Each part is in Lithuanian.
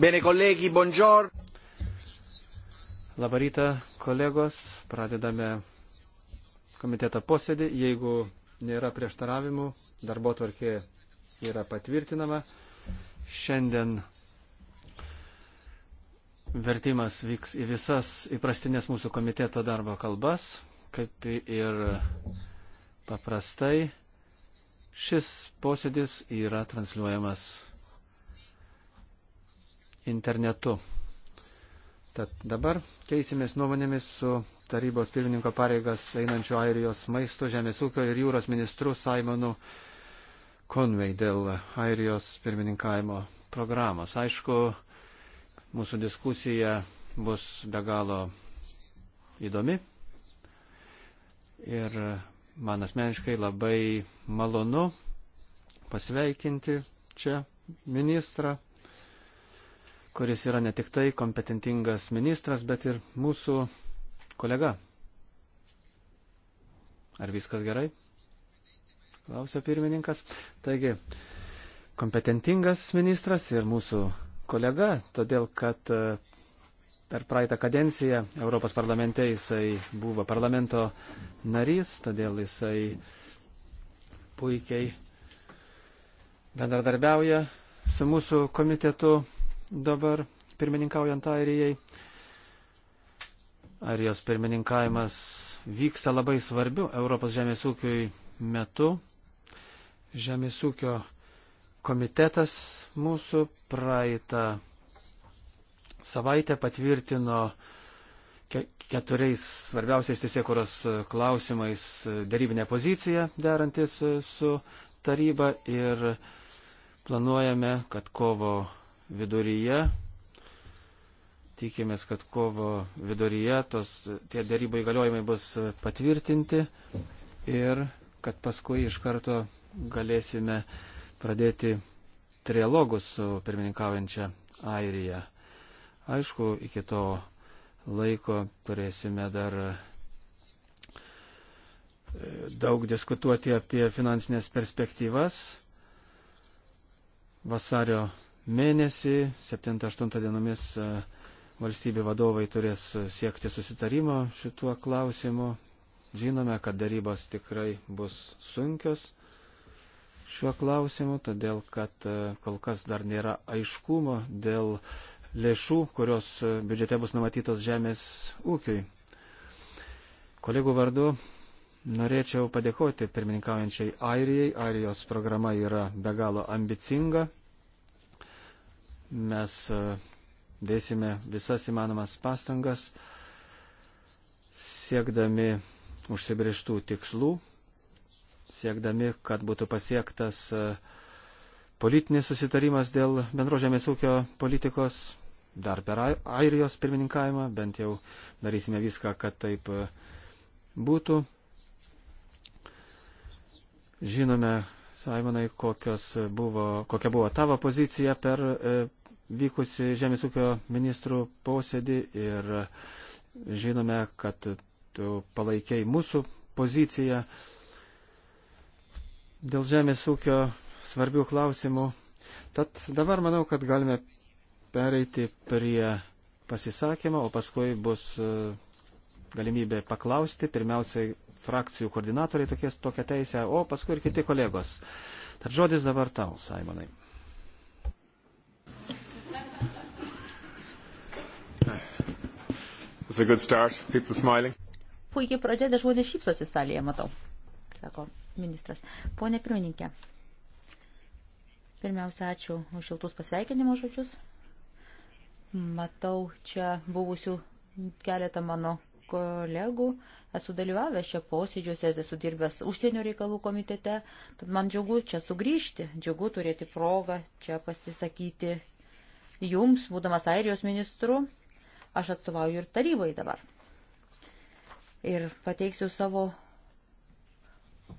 Bene, kolegi, buongiorno. Labą rytą, kolegos. Pradedame komiteto posėdį. Jeigu nėra prieštaravimų, darbo tvarkė yra patvirtinama. Šiandien vertimas vyks į visas įprastinės mūsų komiteto darbo kalbas, kaip ir paprastai. Šis posėdis yra transliuojamas internetu. Tad dabar keisimės nuomonėmis su tarybos pirmininko pareigas einančiu Airijos maisto, žemės ūkio ir jūros ministru Simonu Conway dėl Airijos pirmininkavimo programos. Aišku, mūsų diskusija bus be galo įdomi ir man asmeniškai labai malonu pasveikinti čia ministrą kuris yra ne tik tai kompetentingas ministras, bet ir mūsų kolega. Ar viskas gerai? Klausia pirmininkas. Taigi, kompetentingas ministras ir mūsų kolega, todėl kad e, per praeitą kadenciją Europos parlamente jisai buvo parlamento narys, todėl jisai puikiai bendradarbiauja su mūsų komitetu dabar pirmininkaujant Airijai. Airijos pirmininkavimas vyksta labai svarbiu Europos žemės ūkiui metu. Žemės ūkio komitetas mūsų praeitą savaitę patvirtino keturiais svarbiausiais teisėkuros klausimais darybinę poziciją derantis su taryba ir planuojame, kad kovo viduryje. Tikimės, kad kovo viduryje tos, tie darybų įgaliojimai bus patvirtinti ir kad paskui iš karto galėsime pradėti trialogus su pirmininkaujančia Airija. Aišku, iki to laiko turėsime dar e, daug diskutuoti apie finansinės perspektyvas. Vasario mėnesį, 7-8 dienomis e, valstybių vadovai turės siekti susitarimo šituo klausimu. Žinome, kad darybos tikrai bus sunkios šiuo klausimu, todėl kad e, kol kas dar nėra aiškumo dėl lėšų, kurios e, biudžete bus numatytos žemės ūkiui. Kolegų vardu norėčiau padėkoti pirmininkaujančiai Airijai. Airijos programa yra be galo ambicinga. Mes e, dėsime visas įmanomas pastangas, siekdami užsibrieštų tikslų, siekdami, kad būtų pasiektas e, politinis susitarimas dėl bendro žemės ūkio politikos dar per Airijos pirmininkavimą, bent jau darysime viską, kad taip e, būtų. Žinome, Saimonai, buvo, kokia buvo tavo pozicija per vykusi Žemės ūkio ministrų posėdį ir žinome, kad tu palaikiai mūsų poziciją dėl Žemės ūkio svarbių klausimų. Tad dabar manau, kad galime pereiti prie pasisakymą, o paskui bus e, galimybė paklausti, pirmiausiai frakcijų koordinatoriai tokies tokią teisę, o paskui ir kiti kolegos. Tad žodis dabar tau, Simonai. Puikiai pradžia, dar žmonės šypsosi salėje, matau, sako ministras. Pone pirmininkė, pirmiausia, ačiū už šiltus pasveikinimo žodžius. Matau čia buvusių keletą mano kolegų, esu dalyvavęs čia posėdžiuose, esu dirbęs užsienio reikalų komitete, tad man džiugu čia sugrįžti, džiugu turėti progą čia pasisakyti jums, būdamas Airijos ministru, Aš atstovauju ir tarybai dabar. Ir pateiksiu savo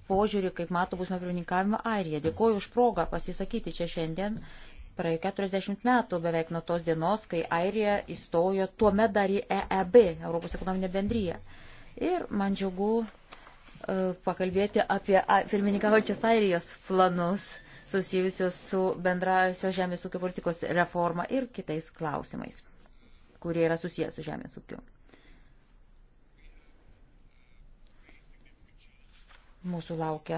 požiūrį, kaip mato būsime pirmininkavimą Airiją. Dėkuoju už progą pasisakyti čia šiandien. Praėjo 40 metų beveik nuo tos dienos, kai Airija įstojo tuo met dar į EEB, Europos ekonominę bendryją. Ir man džiugu uh, pakalbėti apie pirmininkaujančios Airijos planus susijusios su bendrajusio žemės ūkio politikos reforma ir kitais klausimais kurie yra susijęs su žemės ūkiu. Mūsų laukia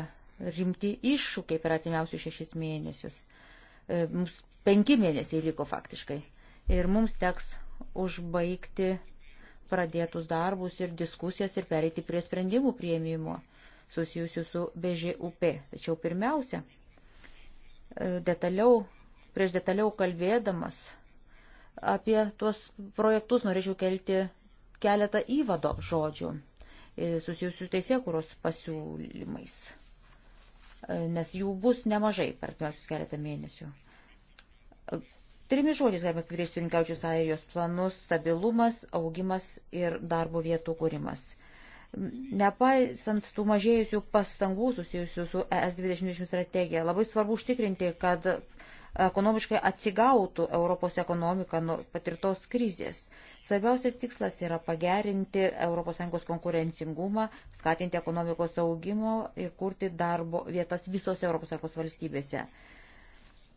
rimti iššūkiai per atimiausius šešis mėnesius. E, mums penki mėnesiai liko faktiškai. Ir mums teks užbaigti pradėtus darbus ir diskusijas ir pereiti prie sprendimų prieimimo susijusių su BŽUP. Tačiau pirmiausia, e, detaliau, prieš detaliau kalbėdamas Apie tuos projektus norėčiau kelti keletą įvado žodžių e, susijusių teisėkūros pasiūlymais, e, nes jų bus nemažai per tuosius keletą mėnesių. E, trimis žodžiais galima apibrėžti pirmkiaučius airijos planus - stabilumas, augimas ir darbo vietų kūrimas. Nepaisant tų mažėjusių pastangų susijusių su ES 2020 strategija, labai svarbu užtikrinti, kad ekonomiškai atsigautų Europos ekonomika nuo patirtos krizės. Svarbiausias tikslas yra pagerinti ES konkurencingumą, skatinti ekonomikos augimo ir kurti darbo vietas visose ES valstybėse.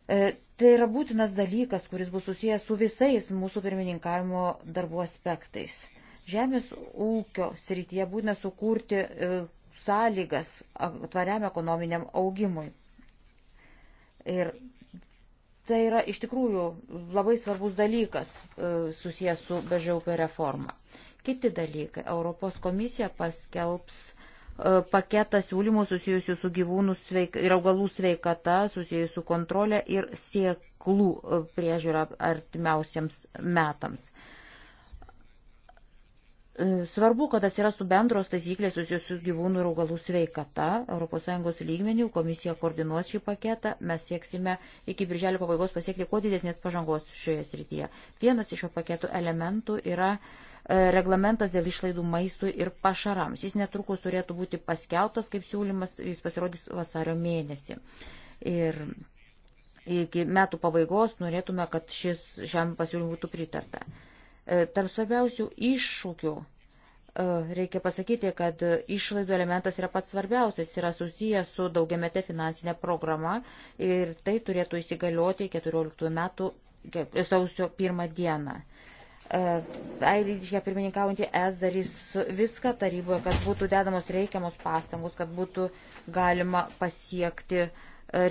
E, tai yra būtinas dalykas, kuris bus susijęs su visais mūsų pirmininkavimo darbų aspektais. Žemės ūkio srityje būtina sukurti e, sąlygas tvariam ekonominiam augimui. Ir Tai yra iš tikrųjų labai svarbus dalykas e, susijęs su BŽUP reforma. Kiti dalykai. Europos komisija paskelbs e, paketą siūlymų susijusių su gyvūnų sveika, ir augalų sveikata, susijusių su kontrolė ir sieklų e, priežiūra artimiausiems metams. Svarbu, kad atsirastų bendros taisyklės susijusių gyvūnų ir augalų sveikata. ES lygmenių komisija koordinuos šį paketą. Mes sieksime iki birželio pabaigos pasiekti kuo didesnės pažangos šioje srityje. Vienas iš šio paketo elementų yra e, reglamentas dėl išlaidų maistui ir pašarams. Jis netrukus turėtų būti paskeltas kaip siūlymas, jis pasirodys vasario mėnesį. Ir iki metų pabaigos norėtume, kad šis, šiam pasiūlymui būtų pritarta. E, tarp svarbiausių iššūkių e, reikia pasakyti, kad išlaidų elementas yra pats svarbiausias, yra susijęs su daugiamete finansinė programa ir tai turėtų įsigalioti 14 metų sausio pirmą dieną. E, Airiškia pirmininkaujantį es darys viską taryboje, kad būtų dedamos reikiamos pastangos, kad būtų galima pasiekti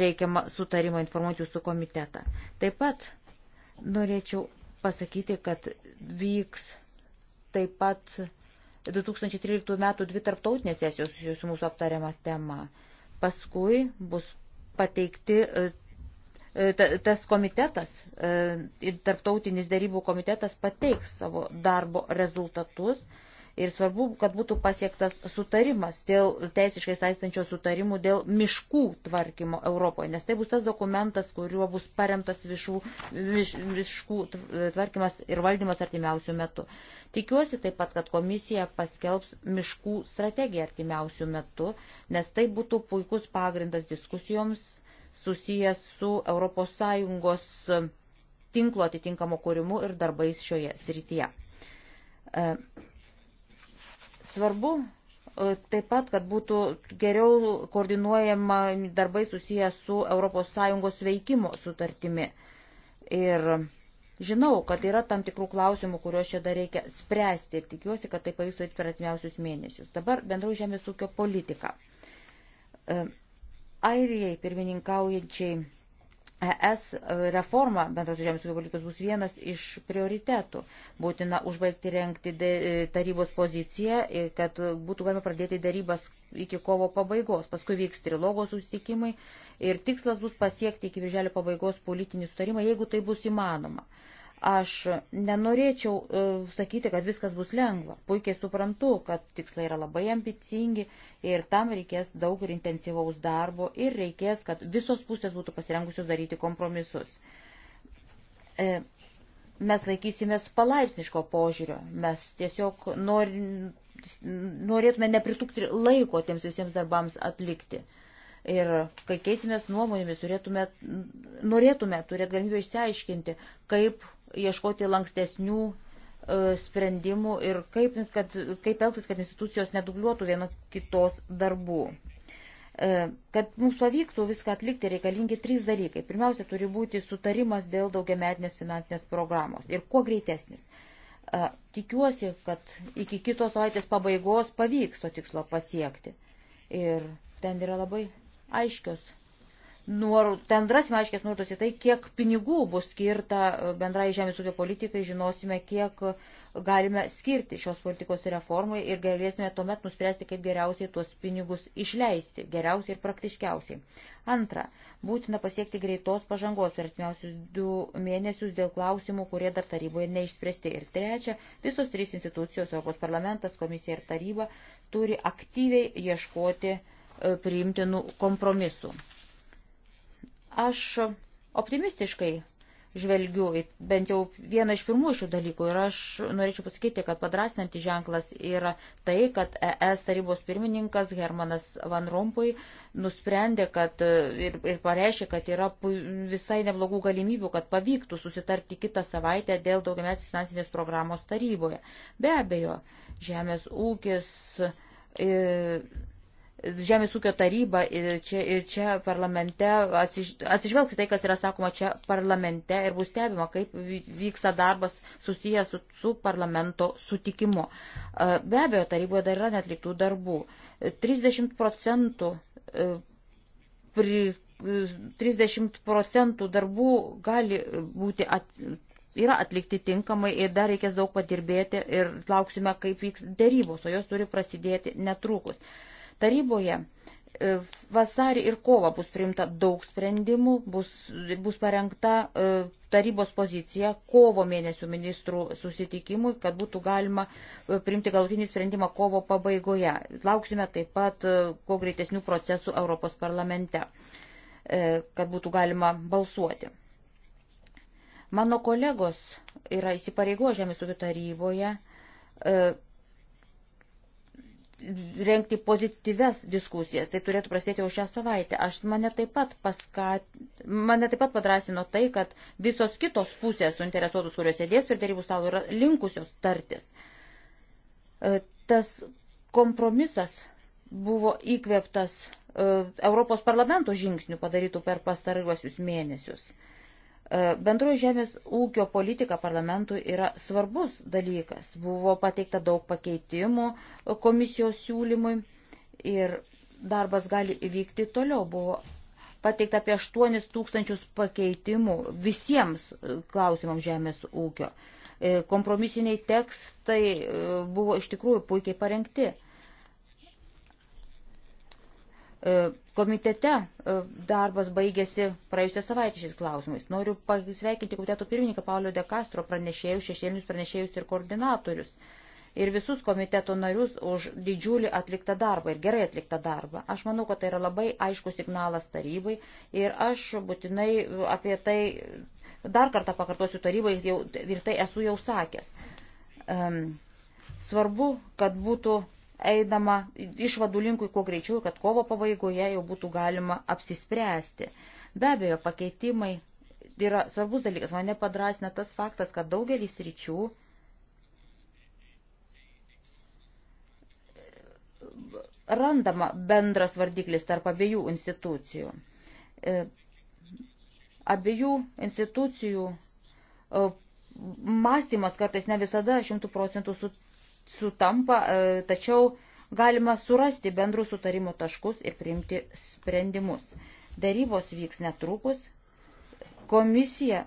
reikiamą sutarimą informuoti jūsų komitetą. Taip pat norėčiau pasakyti, kad vyks taip pat 2013 metų dvi tarptautinės sesijos su mūsų aptariama tema. Paskui bus pateikti e, e, tas komitetas e, ir tarptautinis darybų komitetas pateiks savo darbo rezultatus ir svarbu, kad būtų pasiektas sutarimas dėl teisiškai saistančio sutarimų dėl miškų tvarkymo Europoje, nes tai bus tas dokumentas, kuriuo bus paremtas višų, viš, miškų tvarkymas ir valdymas artimiausių metų. Tikiuosi taip pat, kad komisija paskelbs miškų strategiją artimiausių metų, nes tai būtų puikus pagrindas diskusijoms susijęs su ES tinklo atitinkamo kūrimu ir darbais šioje srityje. E, Svarbu e, taip pat, kad būtų geriau koordinuojama darbai susiję su ES veikimo sutartimi. Ir žinau, kad yra tam tikrų klausimų, kuriuos čia dar reikia spręsti ir tikiuosi, kad tai pavyks daryti per atmiausius mėnesius. Dabar bendrų žemės ūkio politika. E, Airijai pirmininkaujančiai ES reforma bendros žemės ūkio politikos bus vienas iš prioritetų. Būtina užbaigti renkti e, tarybos poziciją, e, kad būtų galima pradėti darybas iki kovo pabaigos. Paskui vyks trilogo susitikimai ir tikslas bus pasiekti iki virželio pabaigos politinį sutarimą, jeigu tai bus įmanoma. Aš nenorėčiau uh, sakyti, kad viskas bus lengva. Puikiai suprantu, kad tikslai yra labai ambicingi ir tam reikės daug ir intensyvaus darbo ir reikės, kad visos pusės būtų pasirengusios daryti kompromisus. E, mes laikysimės palaipsniško požiūrio. Mes tiesiog nor, norėtume nepritukti laiko tiems visiems darbams atlikti. Ir kai keisimės nuomonėmis, norėtume turėti galimybę išsiaiškinti, kaip ieškoti lankstesnių e, sprendimų ir kaip, kad, kaip elgtis, kad institucijos nedubliuotų vieno kitos darbų. E, kad mums pavyktų viską atlikti, reikalingi trys dalykai. Pirmiausia, turi būti sutarimas dėl daugiametinės finansinės programos ir kuo greitesnis. E, tikiuosi, kad iki kitos savaitės pabaigos pavyks to tikslo pasiekti. Ir ten yra labai aiškios nuor, bendras maiškės nuorodos į tai, kiek pinigų bus skirta e, bendrai žemės ūkio politikai, žinosime, kiek e, galime skirti šios politikos reformai ir galėsime tuomet nuspręsti, kaip geriausiai tuos pinigus išleisti, geriausiai ir praktiškiausiai. Antra, būtina pasiekti greitos pažangos per artimiausius du mėnesius dėl klausimų, kurie dar taryboje neišspręsti. Ir trečia, visos trys institucijos, Europos parlamentas, komisija ir taryba, turi aktyviai ieškoti e, priimtinų kompromisų. Aš optimistiškai žvelgiu bent jau vieną iš pirmųjų šių dalykų ir aš norėčiau pasakyti, kad padrasinantis ženklas yra tai, kad ES tarybos pirmininkas Hermanas Van Rompuy nusprendė kad, ir, ir pareiškė, kad yra visai neblogų galimybių, kad pavyktų susitarti kitą savaitę dėl daugiametės finansinės programos taryboje. Be abejo, žemės ūkis. E, Žemės ūkio taryba ir čia, ir čia parlamente atsiž, atsižvelgti tai, kas yra sakoma čia parlamente ir bus stebima, kaip vyksta darbas susijęs su, su parlamento sutikimu. E, be abejo, taryboje dar yra netliktų darbų. 30 procentų, e, pri, 30 e, procentų darbų gali būti at, yra atlikti tinkamai ir dar reikės daug padirbėti ir lauksime, kaip vyks dėrybos, o jos turi prasidėti netrukus. Taryboje e, vasarį ir kovą bus priimta daug sprendimų, bus, bus parengta e, tarybos pozicija kovo mėnesių ministrų susitikimui, kad būtų galima e, priimti galutinį sprendimą kovo pabaigoje. Lauksime taip pat kuo greitesnių procesų Europos parlamente, kad būtų galima balsuoti. Mano kolegos yra įsipareigoję Žemės ūkio taryboje rengti pozityves diskusijas. Tai turėtų prasidėti jau šią savaitę. Aš mane taip pat, paskat... mane taip pat padrasino tai, kad visos kitos pusės suinteresuotus, kurios sėdės prie darybų stalo, yra linkusios tartis. E, tas kompromisas buvo įkvėptas e, Europos parlamento žingsnių padarytų per pastaruosius mėnesius. Uh, E, Bendro žemės ūkio politika parlamentui yra svarbus dalykas. Buvo pateikta daug pakeitimų komisijos siūlymui ir darbas gali įvykti toliau. Buvo pateikta apie 8 tūkstančius pakeitimų visiems klausimams žemės ūkio. E, kompromisiniai tekstai e, buvo iš tikrųjų puikiai parengti. E, komitete e, darbas baigėsi praėjusią savaitę šiais klausimais. Noriu pasveikinti komiteto pirmininką Paulio De Castro pranešėjus, šešėlinius pranešėjus ir koordinatorius. Ir visus komiteto narius už didžiulį atliktą darbą ir gerai atliktą darbą. Aš manau, kad tai yra labai aiškus signalas tarybai ir aš būtinai apie tai dar kartą pakartosiu tarybai jau, ir tai esu jau sakęs. Um, svarbu, kad būtų eidama išvadų linkui kuo greičiau, kad kovo pabaigoje jau būtų galima apsispręsti. Be abejo, pakeitimai yra svarbus dalykas. Mane padrasina tas faktas, kad daugelis ryčių randama bendras vardiklis tarp abiejų institucijų. E, abiejų institucijų e, mąstymas kartais ne visada šimtų procentų sutinka sutampa, e, tačiau galima surasti bendrų sutarimų taškus ir priimti sprendimus. Darybos vyks netrukus. Komisija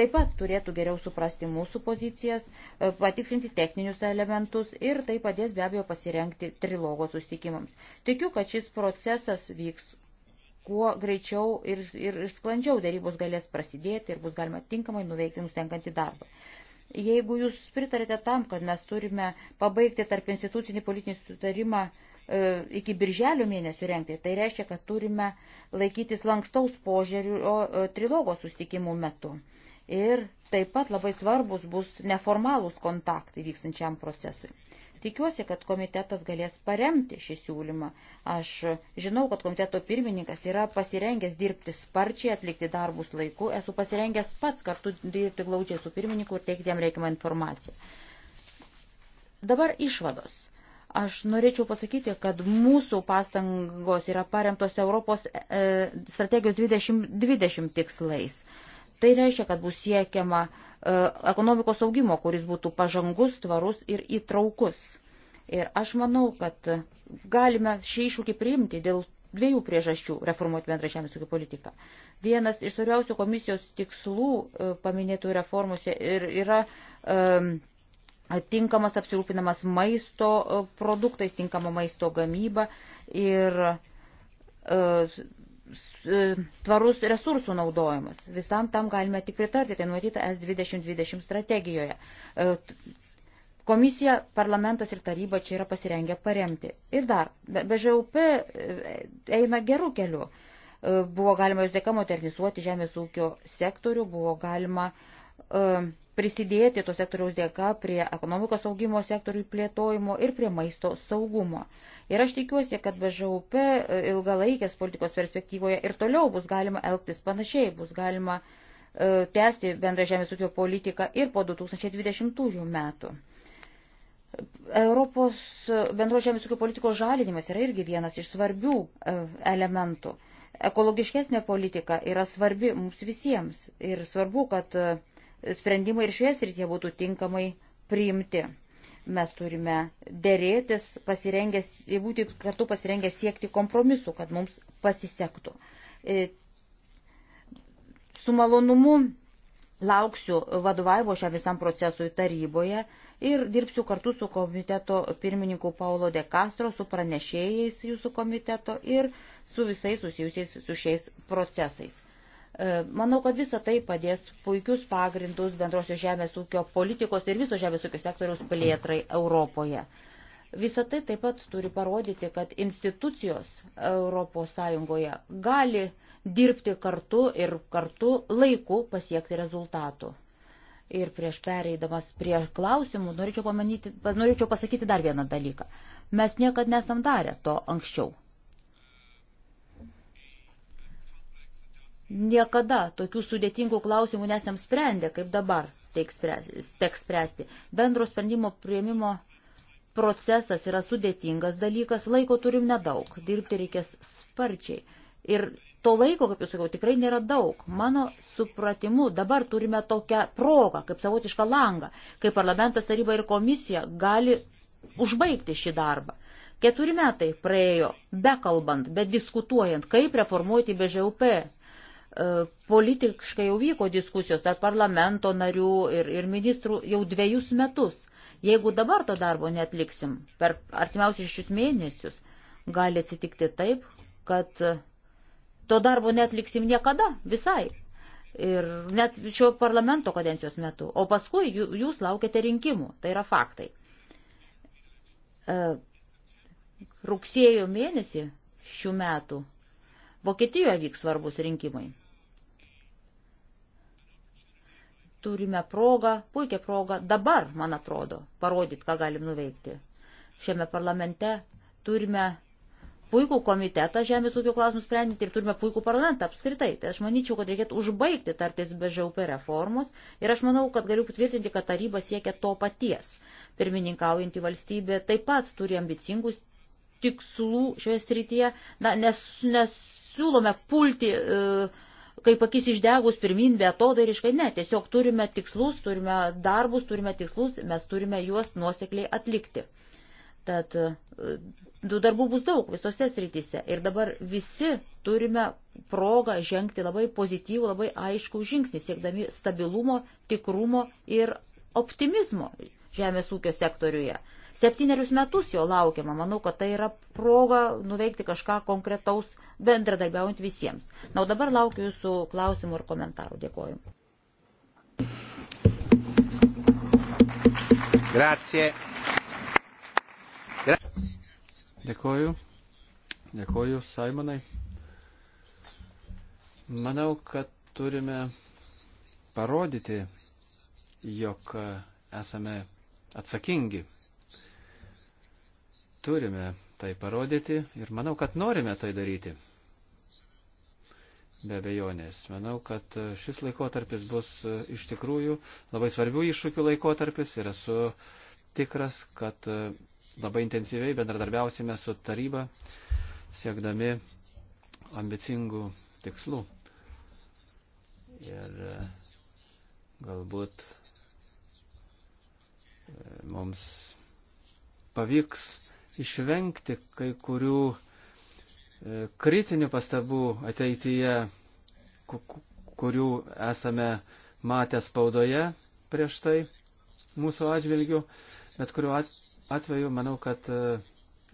taip pat turėtų geriau suprasti mūsų pozicijas, e, patikslinti techninius elementus ir tai padės be abejo pasirengti trilogo susitikimams. Tikiu, kad šis procesas vyks kuo greičiau ir, ir, ir sklandžiau darybos galės prasidėti ir bus galima tinkamai nuveikti nustenkantį darbą. Jeigu jūs pritarite tam, kad mes turime pabaigti tarp institucinį politinį sutarimą e, iki birželio mėnesių rengti, tai reiškia, kad turime laikytis lankstaus požiūrio e, trilogo sustikimų metu. Ir taip pat labai svarbus bus neformalūs kontaktai vykstančiam procesui. Tikiuosi, kad komitetas galės paremti šį siūlymą. Aš žinau, kad komiteto pirmininkas yra pasirengęs dirbti sparčiai, atlikti darbus laiku. Esu pasirengęs pats kartu dirbti glaučiai su pirmininku ir teikti jam reikiamą informaciją. Dabar išvados. Aš norėčiau pasakyti, kad mūsų pastangos yra paremtos Europos e, strategijos 2020 tikslais. Tai reiškia, kad bus siekiama e, E, ekonomikos augimo, kuris būtų pažangus, tvarus ir įtraukus. Ir aš manau, kad galime šį iššūkį priimti dėl dviejų priežasčių reformuoti bendrą žemės ūkio politiką. Vienas iš svarbiausių komisijos tikslų e, paminėtų reformose ir yra um, tinkamas apsirūpinamas maisto produktais, tinkamo maisto gamyba ir uh, E, tvarus resursų naudojimas. Visam tam galime tik pritarti, tai numatyta S2020 strategijoje. E, komisija, parlamentas ir taryba čia yra pasirengę paremti. Ir dar, BŽUP e, eina gerų kelių. Buvo galima jūs dėka modernizuoti žemės ūkio sektorių, buvo galima uh, prisidėti to sektoriaus dėka prie ekonomikos augimo sektorių plėtojimo ir prie maisto saugumo. Ir aš tikiuosi, kad BŽUP e, ilgalaikės politikos perspektyvoje ir toliau bus galima elgtis panašiai, bus galima e, tęsti bendrą žemės ūkio politiką ir po 2020 metų. Europos bendro žemės ūkio politikos žalinimas yra irgi vienas iš svarbių e, elementų. Ekologiškesnė politika yra svarbi mums visiems ir svarbu, kad e, sprendimai ir šioje srityje būtų tinkamai priimti. Mes turime dėrėtis, pasirengęs, būti kartu pasirengę siekti kompromisų, kad mums pasisektų. E, su malonumu lauksiu vadovavimo šiam visam procesui taryboje ir dirbsiu kartu su komiteto pirmininku Paulo De Castro, su pranešėjais jūsų komiteto ir su visais susijusiais su šiais procesais. E, manau, kad visa tai padės puikius pagrindus bendrosios žemės ūkio politikos ir viso žemės ūkio sektoriaus plėtrai Europoje. Visą tai taip pat turi parodyti, kad institucijos ES gali dirbti kartu ir kartu laiku pasiekti rezultatų. Ir prieš pereidamas prie klausimų norėčiau, pamanyti, norėčiau pasakyti dar vieną dalyką. Mes niekad nesam darę to anksčiau niekada tokių sudėtingų klausimų nesam sprendę, kaip dabar teks spręsti. Bendro sprendimo prieimimo procesas yra sudėtingas dalykas, laiko turim nedaug, dirbti reikės sparčiai. Ir to laiko, kaip jūs sakiau, tikrai nėra daug. Mano supratimu, dabar turime tokią progą, kaip savotišką langą, kai parlamentas, taryba ir komisija gali užbaigti šį darbą. Keturi metai praėjo, bekalbant, bediskutuojant, kaip reformuoti BŽUP, E, politiškai jau vyko diskusijos tarp parlamento narių ir, ir ministrų jau dviejus metus. Jeigu dabar to darbo netliksim per artimiausius šis mėnesius, gali atsitikti taip, kad to darbo netliksim niekada visai. Ir net šio parlamento kadencijos metu. O paskui jūs laukiate rinkimų. Tai yra faktai. E, rugsėjo mėnesį šių metų Vokietijoje vyks svarbus rinkimai. Turime progą, puikią progą, dabar, man atrodo, parodyti, ką galim nuveikti. Šiame parlamente turime puikų komitetą žemės ūkio klausimus sprendinti ir turime puikų parlamentą apskritai. Tai aš manyčiau, kad reikėtų užbaigti tartis be ŽUP reformos ir aš manau, kad galiu patvirtinti, kad taryba siekia to paties. Pirmininkaujantį valstybę taip pat turi ambicingus tikslų šioje srityje. Na, nes, nes siūlome pulti, e, kaip akis išdegus pirmin, be atodairiškai, ne, tiesiog turime tikslus, turime darbus, turime tikslus, mes turime juos nuosekliai atlikti. Tad tų e, darbų bus daug visose srityse. Ir dabar visi turime progą žengti labai pozityvų, labai aiškų žingsnį, siekdami stabilumo, tikrumo ir optimizmo žemės ūkio sektoriuje. Septynerius metus jo laukiama, manau, kad tai yra proga nuveikti kažką konkretaus bendradarbiaujant visiems. Na, o dabar laukiu jūsų klausimų ir komentarų. Dėkoju. Grazie. Gra Dėkoju. Dėkoju, Simonai. Manau, kad turime parodyti, jog esame atsakingi Turime tai parodyti ir manau, kad norime tai daryti. Be abejonės. Manau, kad šis laikotarpis bus e, iš tikrųjų labai svarbių iššūkių laikotarpis ir esu tikras, kad e, labai intensyviai bendradarbiausime su taryba, siekdami ambicingų tikslų. Ir e, galbūt mums pavyks išvengti kai kurių e, kritinių pastabų ateityje, kurių esame matę spaudoje prieš tai mūsų atžvilgių, bet kuriuo atveju manau, kad e,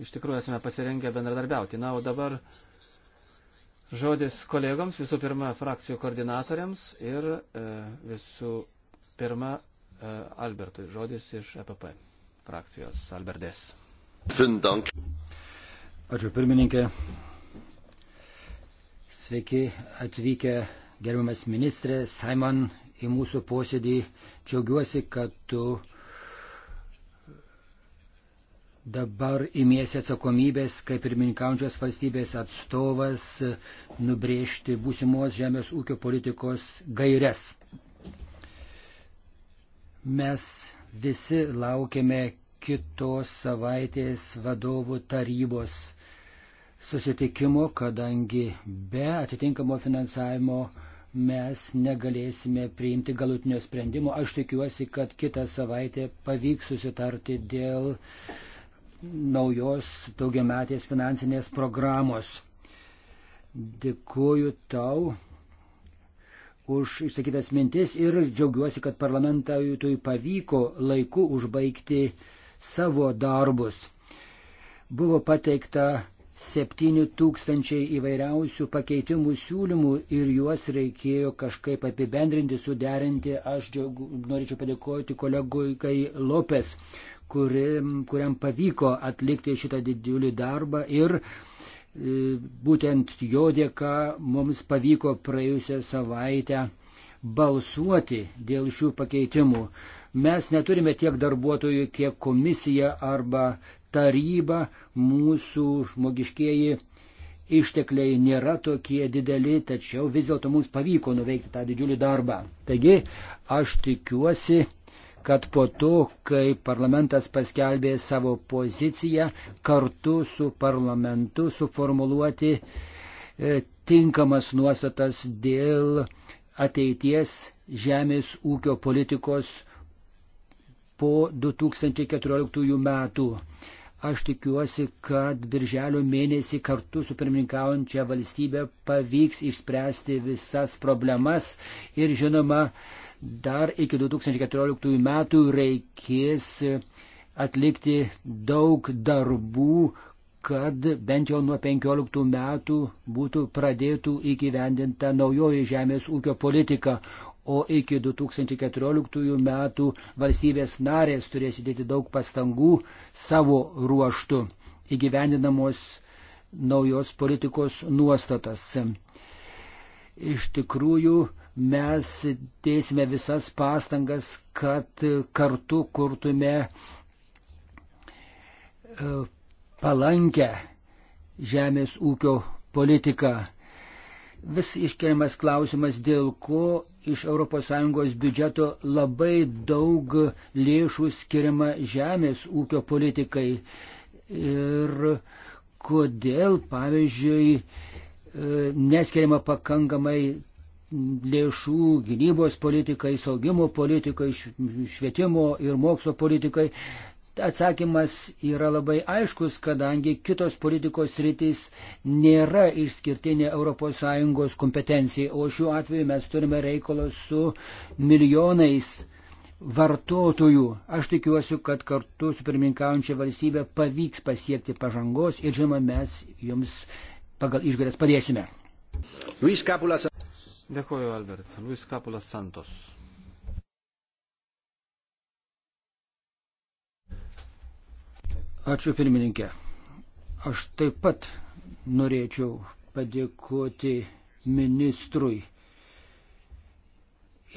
iš tikrųjų esame pasirengę bendradarbiauti. Na, o dabar žodis kolegoms, visų pirma, frakcijų koordinatoriams ir e, visų pirma, Albertui žodis iš EPP frakcijos Alberdės. Ačiū pirmininkė. Sveiki atvykę gerbiamas ministrė Simon į mūsų posėdį. Džiaugiuosi, kad tu dabar imiesi atsakomybės kaip pirmininkaujančios valstybės atstovas nubrėžti būsimos žemės ūkio politikos gairias. Mes visi laukiame kitos savaitės vadovų tarybos susitikimo, kadangi be atitinkamo finansavimo mes negalėsime priimti galutinio sprendimo. Aš tikiuosi, kad kitą savaitę pavyks susitarti dėl naujos daugiametės finansinės programos. Dėkuoju tau už išsakytas mintis ir džiaugiuosi, kad parlamentariui pavyko laiku užbaigti savo darbus. Buvo pateikta 7000 įvairiausių pakeitimų siūlymų ir juos reikėjo kažkaip apibendrinti, suderinti. Aš džiaugu, norėčiau padėkoti kolegui Kai Lopes, kuri, kuriam pavyko atlikti šitą didžiulį darbą ir e, būtent jo dėka mums pavyko praėjusią savaitę balsuoti dėl šių pakeitimų. Mes neturime tiek darbuotojų, kiek komisija arba taryba, mūsų žmogiškieji ištekliai nėra tokie dideli, tačiau vis dėlto mums pavyko nuveikti tą didžiulį darbą. Taigi aš tikiuosi, kad po to, kai parlamentas paskelbė savo poziciją, kartu su parlamentu suformuluoti e, tinkamas nuostatas dėl ateities žemės ūkio politikos po 2014 metų. Aš tikiuosi, kad birželio mėnesį kartu su pirmininkaujančia valstybė pavyks išspręsti visas problemas ir žinoma, dar iki 2014 metų reikės atlikti daug darbų, kad bent jau nuo 15 metų būtų pradėtų įgyvendinta naujoji žemės ūkio politika, o iki 2014 metų valstybės narės turės įdėti daug pastangų savo ruoštų įgyvendinamos naujos politikos nuostatas. Iš tikrųjų, mes dėsime visas pastangas, kad kartu kurtume e, palankę žemės ūkio politiką vis iškeliamas klausimas, dėl ko iš ES biudžeto labai daug lėšų skiriama žemės ūkio politikai ir kodėl, pavyzdžiui, e, neskiriama pakankamai lėšų gynybos politikai, saugimo politikai, švietimo ir mokslo politikai. Atsakymas yra labai aiškus, kadangi kitos politikos rytis nėra išskirtinė ES kompetencija, o šiuo atveju mes turime reikalą su milijonais vartotojų. Aš tikiuosi, kad kartu su pirmininkaujančia valstybė pavyks pasiekti pažangos ir žinoma, mes jums pagal išgalės padėsime. Dėkuoju, Albert. Luis Kapulas Santos. Ačiū pirmininkė. Aš taip pat norėčiau padėkoti ministrui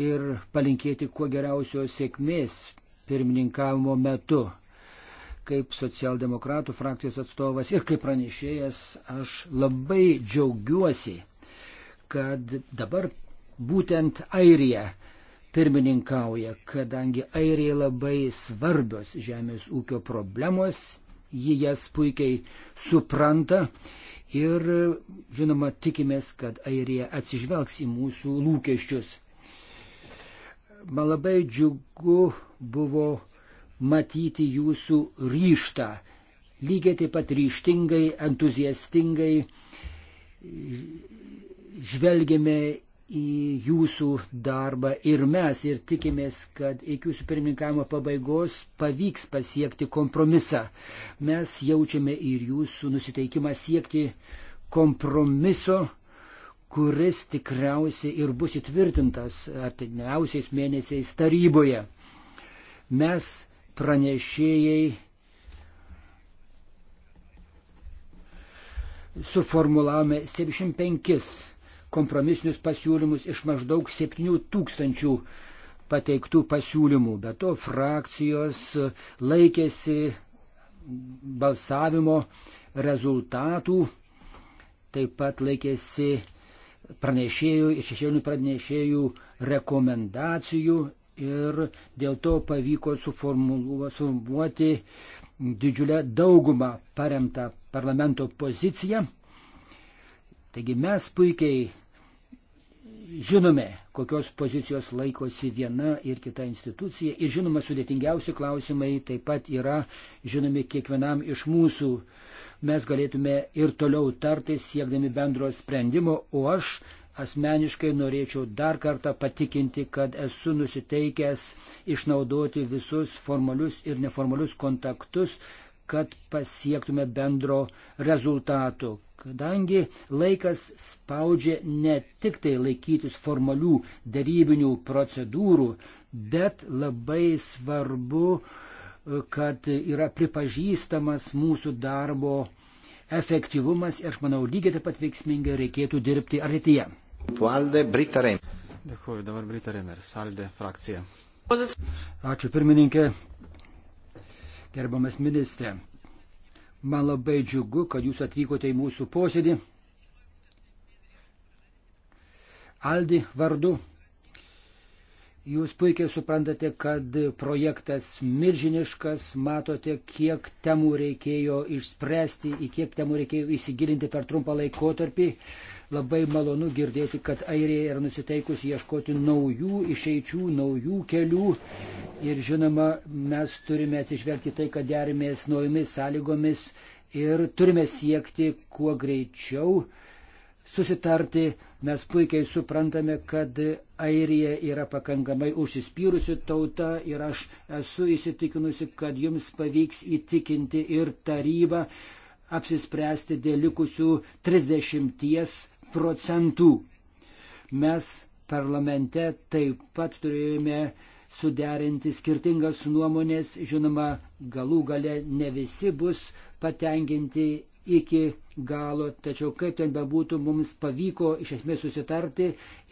ir palinkėti kuo geriausios sėkmės pirmininkavimo metu. Kaip socialdemokratų frakcijos atstovas ir kaip pranešėjas aš labai džiaugiuosi, kad dabar būtent Airija pirmininkauja, kadangi Airijai labai svarbios žemės ūkio problemos, ji jas puikiai supranta ir žinoma tikimės, kad Airija atsižvelgs į mūsų lūkesčius. Man labai džiugu buvo matyti jūsų ryštą, lygiai taip pat ryštingai, entuziastingai žvelgiame į jūsų darbą ir mes ir tikimės, kad iki jūsų pirmininkavimo pabaigos pavyks pasiekti kompromisą. Mes jaučiame ir jūsų nusiteikimą siekti kompromiso, kuris tikriausiai ir bus įtvirtintas artimiausiais mėnesiais taryboje. Mes pranešėjai suformulavome 75 kompromisinius pasiūlymus iš maždaug 7 tūkstančių pateiktų pasiūlymų. Be to frakcijos laikėsi balsavimo rezultatų, taip pat laikėsi pranešėjų ir šešėlinių pranešėjų rekomendacijų ir dėl to pavyko suformuoti didžiulę daugumą paremtą parlamento poziciją. Taigi mes puikiai žinome, kokios pozicijos laikosi viena ir kita institucija ir žinoma sudėtingiausi klausimai taip pat yra žinomi kiekvienam iš mūsų. Mes galėtume ir toliau tartis siekdami bendro sprendimo, o aš asmeniškai norėčiau dar kartą patikinti, kad esu nusiteikęs išnaudoti visus formalius ir neformalius kontaktus, kad pasiektume bendro rezultato, kadangi laikas spaudžia ne tik tai laikytis formalių darybinių procedūrų, bet labai svarbu, e, kad yra pripažįstamas mūsų darbo efektyvumas ir aš manau lygiai taip pat veiksmingai reikėtų dirbti ateityje. Dėkuoju, dabar Brita Remer, Saldė frakcija. Ačiū pirmininkė, Gerbamas ministrė, man labai džiugu, kad jūs atvykote į mūsų posėdį. Aldi vardu. Jūs puikiai suprantate, kad projektas milžiniškas, matote, kiek temų reikėjo išspręsti, į kiek temų reikėjo įsigilinti per trumpą laikotarpį. Labai malonu girdėti, kad Airija yra nusiteikusi ieškoti naujų išeičių, naujų kelių. Ir žinoma, mes turime atsižvelgti tai, kad derimės naujomis sąlygomis ir turime siekti kuo greičiau susitarti. Mes puikiai suprantame, kad Airija yra pakankamai užsispyrusi tauta ir aš esu įsitikinusi, kad jums pavyks įtikinti ir tarybą apsispręsti dėl likusių 30 procentų. Mes parlamente taip pat turėjome suderinti skirtingas nuomonės, žinoma, galų gale ne visi bus patenkinti iki galo, tačiau kaip ten bebūtų, mums pavyko iš esmės susitarti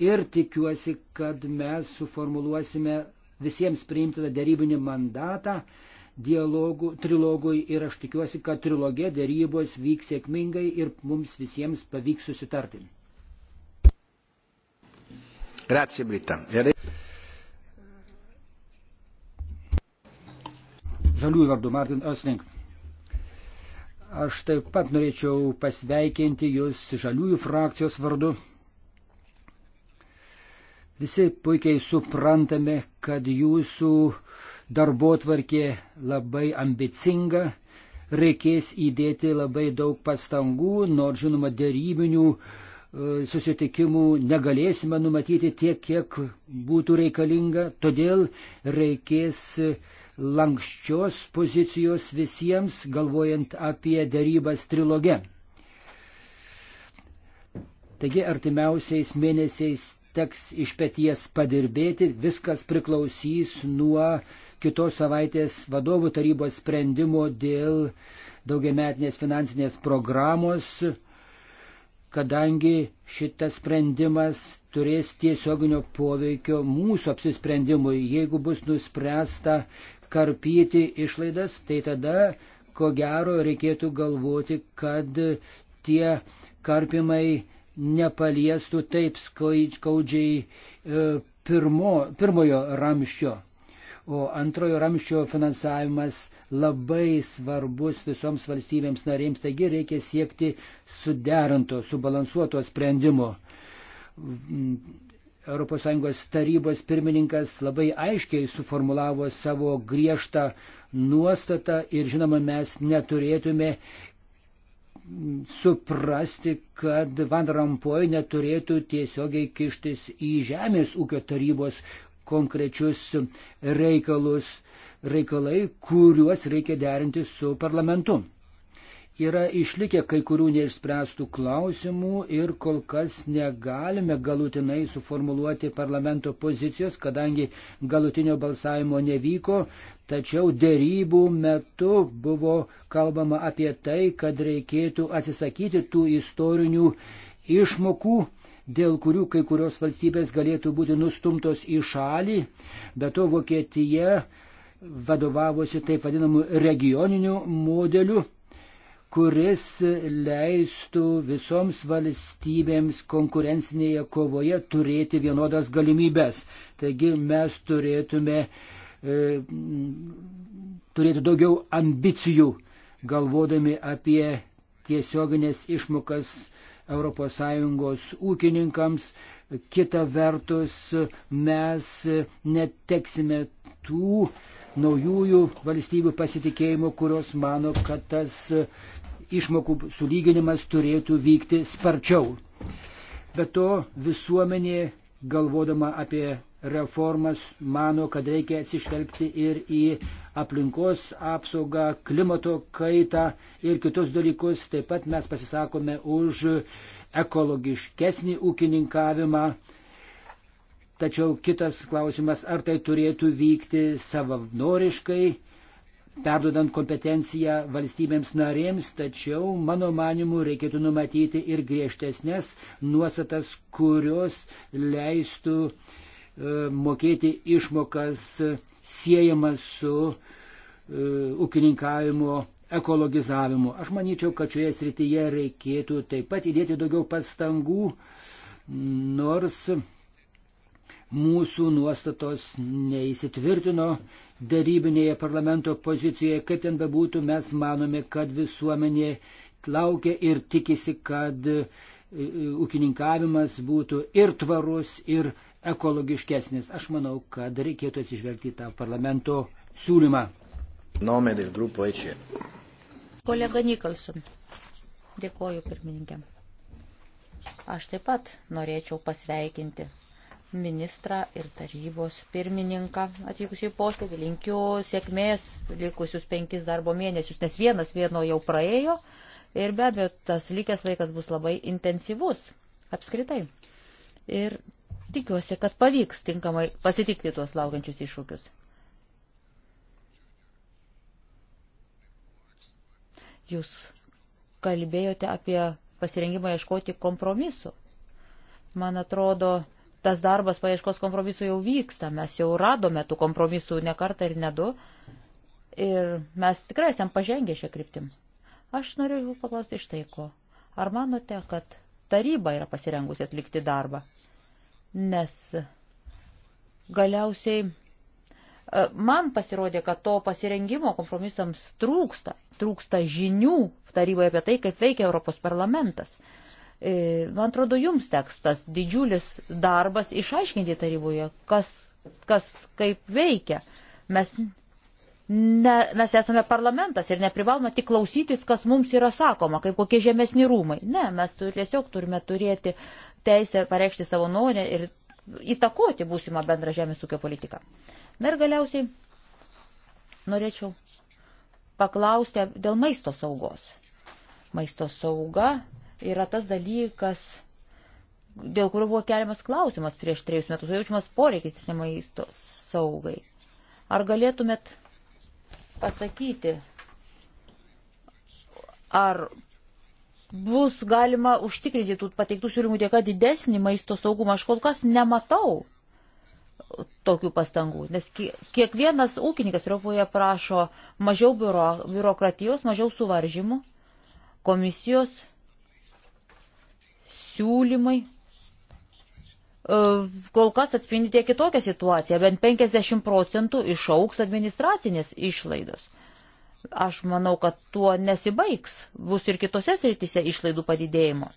ir tikiuosi, kad mes suformuluosime visiems priimtiną darybinį mandatą dialogų, trilogui ir aš tikiuosi, kad trilogė dėrybos vyks sėkmingai ir mums visiems pavyks susitarti. Grazie Brita. E žaliųjų vardu Martin Oslink. Aš taip pat norėčiau pasveikinti Jūs žaliųjų frakcijos vardu. Visi puikiai suprantame, kad Jūsų uh, darbo tvarkė labai ambicinga, reikės įdėti labai daug pastangų, nors žinoma dėrybinių e, susitikimų negalėsime numatyti tiek, kiek būtų reikalinga, todėl reikės lankščios pozicijos visiems, galvojant apie dėrybas trilogę. Taigi artimiausiais mėnesiais teks iš pėties padirbėti, viskas priklausys nuo uh, kitos savaitės vadovų tarybos sprendimo dėl daugiametinės finansinės programos, kadangi šitas sprendimas turės tiesioginio poveikio mūsų apsisprendimui. Jeigu bus nuspręsta karpyti išlaidas, tai tada, ko gero, reikėtų galvoti, kad tie karpimai nepaliestų taip skaudžiai e, pirmo, pirmojo ramščio. O antrojo ramščio finansavimas labai svarbus visoms valstybėms narėms, taigi reikia siekti suderinto, subalansuoto sprendimo. ES tarybos pirmininkas labai aiškiai suformulavo savo griežtą nuostatą ir žinoma mes neturėtume suprasti, kad Van Rampoj neturėtų tiesiogiai kištis į Žemės ūkio tarybos konkrečius reikalus, reikalai, kuriuos reikia derinti su parlamentu. Yra išlikę kai kurių neišspręstų klausimų ir kol kas negalime galutinai suformuluoti parlamento pozicijos, kadangi galutinio balsavimo nevyko, tačiau dėrybų metu buvo kalbama apie tai, kad reikėtų atsisakyti tų istorinių išmokų dėl kurių kai kurios valstybės galėtų būti nustumtos į šalį, bet to Vokietija vadovavosi taip vadinamu regioniniu modeliu, kuris leistų visoms valstybėms konkurencinėje kovoje turėti vienodas galimybės. Taigi mes turėtume e, turėti daugiau ambicijų, galvodami apie tiesioginės išmokas ES ūkininkams. Kita vertus, mes neteksime tų naujųjų valstybių pasitikėjimo, kurios mano, kad tas išmokų sulyginimas turėtų vykti sparčiau. Be to, visuomenė, galvodama apie reformas, mano, kad reikia atsižvelgti ir į aplinkos apsaugą, klimato kaitą ir kitus dalykus. Taip pat mes pasisakome už ekologiškesnį ūkininkavimą. Tačiau kitas klausimas, ar tai turėtų vykti savanoriškai, perdodant kompetenciją valstybėms narėms, tačiau mano manimu reikėtų numatyti ir griežtesnės nuostatas, kurios leistų uh, E, mokėti išmokas siejamas su e, ūkininkavimo ekologizavimu. Aš manyčiau, kad šioje srityje reikėtų taip pat įdėti daugiau pastangų, nors mūsų nuostatos neįsitvirtino darybinėje parlamento pozicijoje, kaip ten bebūtų, mes manome, kad visuomenė laukia ir tikisi, kad e, ūkininkavimas būtų ir tvarus, ir ekologiškesnis. Aš manau, kad reikėtų atsižvelgti tą parlamento siūlymą. Nomė dėl grupo ECE. E. Kolega Nikolson, dėkoju pirmininkė. Aš taip pat norėčiau pasveikinti ministrą ir tarybos pirmininką atvykusiu į posėdį. Linkiu sėkmės likusius penkis darbo mėnesius, nes vienas vieno jau praėjo ir be abejo tas likęs laikas bus labai intensyvus apskritai. Ir Tikiuosi, kad pavyks tinkamai pasitikti tuos laukiančius iššūkius. Jūs kalbėjote apie pasirengimą ieškoti kompromisu. Man atrodo, tas darbas paieškos kompromisu jau vyksta. Mes jau radome tų kompromisų ne kartą ir ne du. Ir mes tikrai esam pažengę šią kryptim. Aš norėjau paklausti iš tai ko. Ar manote, kad taryba yra pasirengusi atlikti darbą? nes galiausiai e, man pasirodė, kad to pasirengimo kompromisams trūksta, trūksta žinių taryboje apie tai, kaip veikia Europos parlamentas. E, man atrodo, jums teks tas didžiulis darbas išaiškinti taryboje, kas, kas kaip veikia. Mes, ne, mes esame parlamentas ir neprivalome tik klausytis, kas mums yra sakoma, kaip kokie žemesni rūmai. Ne, mes tiesiog turime turėti teisę pareikšti savo nuomonę ir įtakoti būsimą bendrą žemės ūkio politiką. Na ir galiausiai norėčiau paklausti dėl maisto saugos. Maisto sauga yra tas dalykas, dėl kurio buvo keliamas klausimas prieš trejus metus, jaučiamas poreikis maisto saugai. Ar galėtumėt pasakyti, ar bus galima užtikrinti tų pateiktų siūlymų dėka didesnį maisto saugumą, aš kol kas nematau tokių pastangų, nes kiekvienas ūkininkas Europoje prašo mažiau biuro, biurokratijos, mažiau suvaržymų, komisijos siūlymai. E, kol kas atspindi tiek kitokią situaciją, bent 50 procentų išauks administracinės išlaidos. Uh, Aš manau, kad tuo nesibaigs, bus ir kitose srityse išlaidų padidėjimo.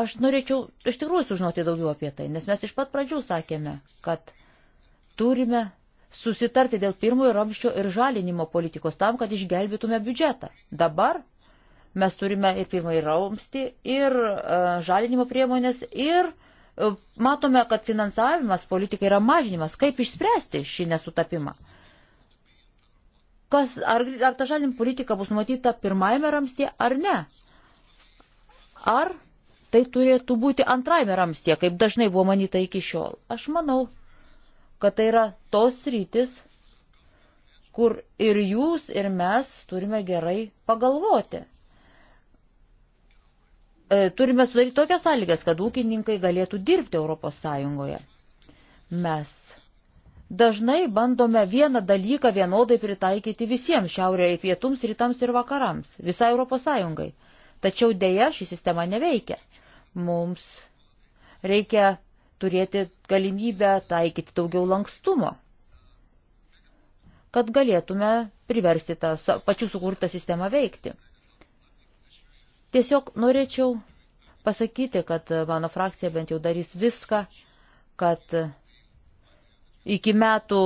Aš norėčiau iš tikrųjų sužinoti daugiau apie tai, nes mes iš pat pradžių sakėme, kad turime susitarti dėl pirmojo ramščio ir žalinimo politikos tam, kad išgelbėtume biudžetą. Dabar mes turime ir pirmąjį ramstį, ir uh, žalinimo priemonės, ir uh, E, matome, kad finansavimas politikai yra mažinimas. Kaip išspręsti šį nesutapimą? Kas, ar, ar ta žalim politika bus numatyta pirmajame ramstie ar ne? Ar tai turėtų būti antrajame ramstie, kaip dažnai buvo manyta iki šiol? Aš manau, kad tai yra tos rytis, kur ir jūs, ir mes turime gerai pagalvoti. E, turime sudaryti tokias sąlygas, kad ūkininkai galėtų dirbti ES. Mes dažnai bandome vieną dalyką vienodai pritaikyti visiems šiaurėje, pietums, rytams ir vakarams, visai ES. Tačiau dėja ši sistema neveikia. Mums reikia turėti galimybę taikyti daugiau lankstumo, kad galėtume priversti tą pačių sukurtą sistemą veikti. Tiesiog norėčiau pasakyti, kad mano frakcija bent jau darys viską, kad iki metų,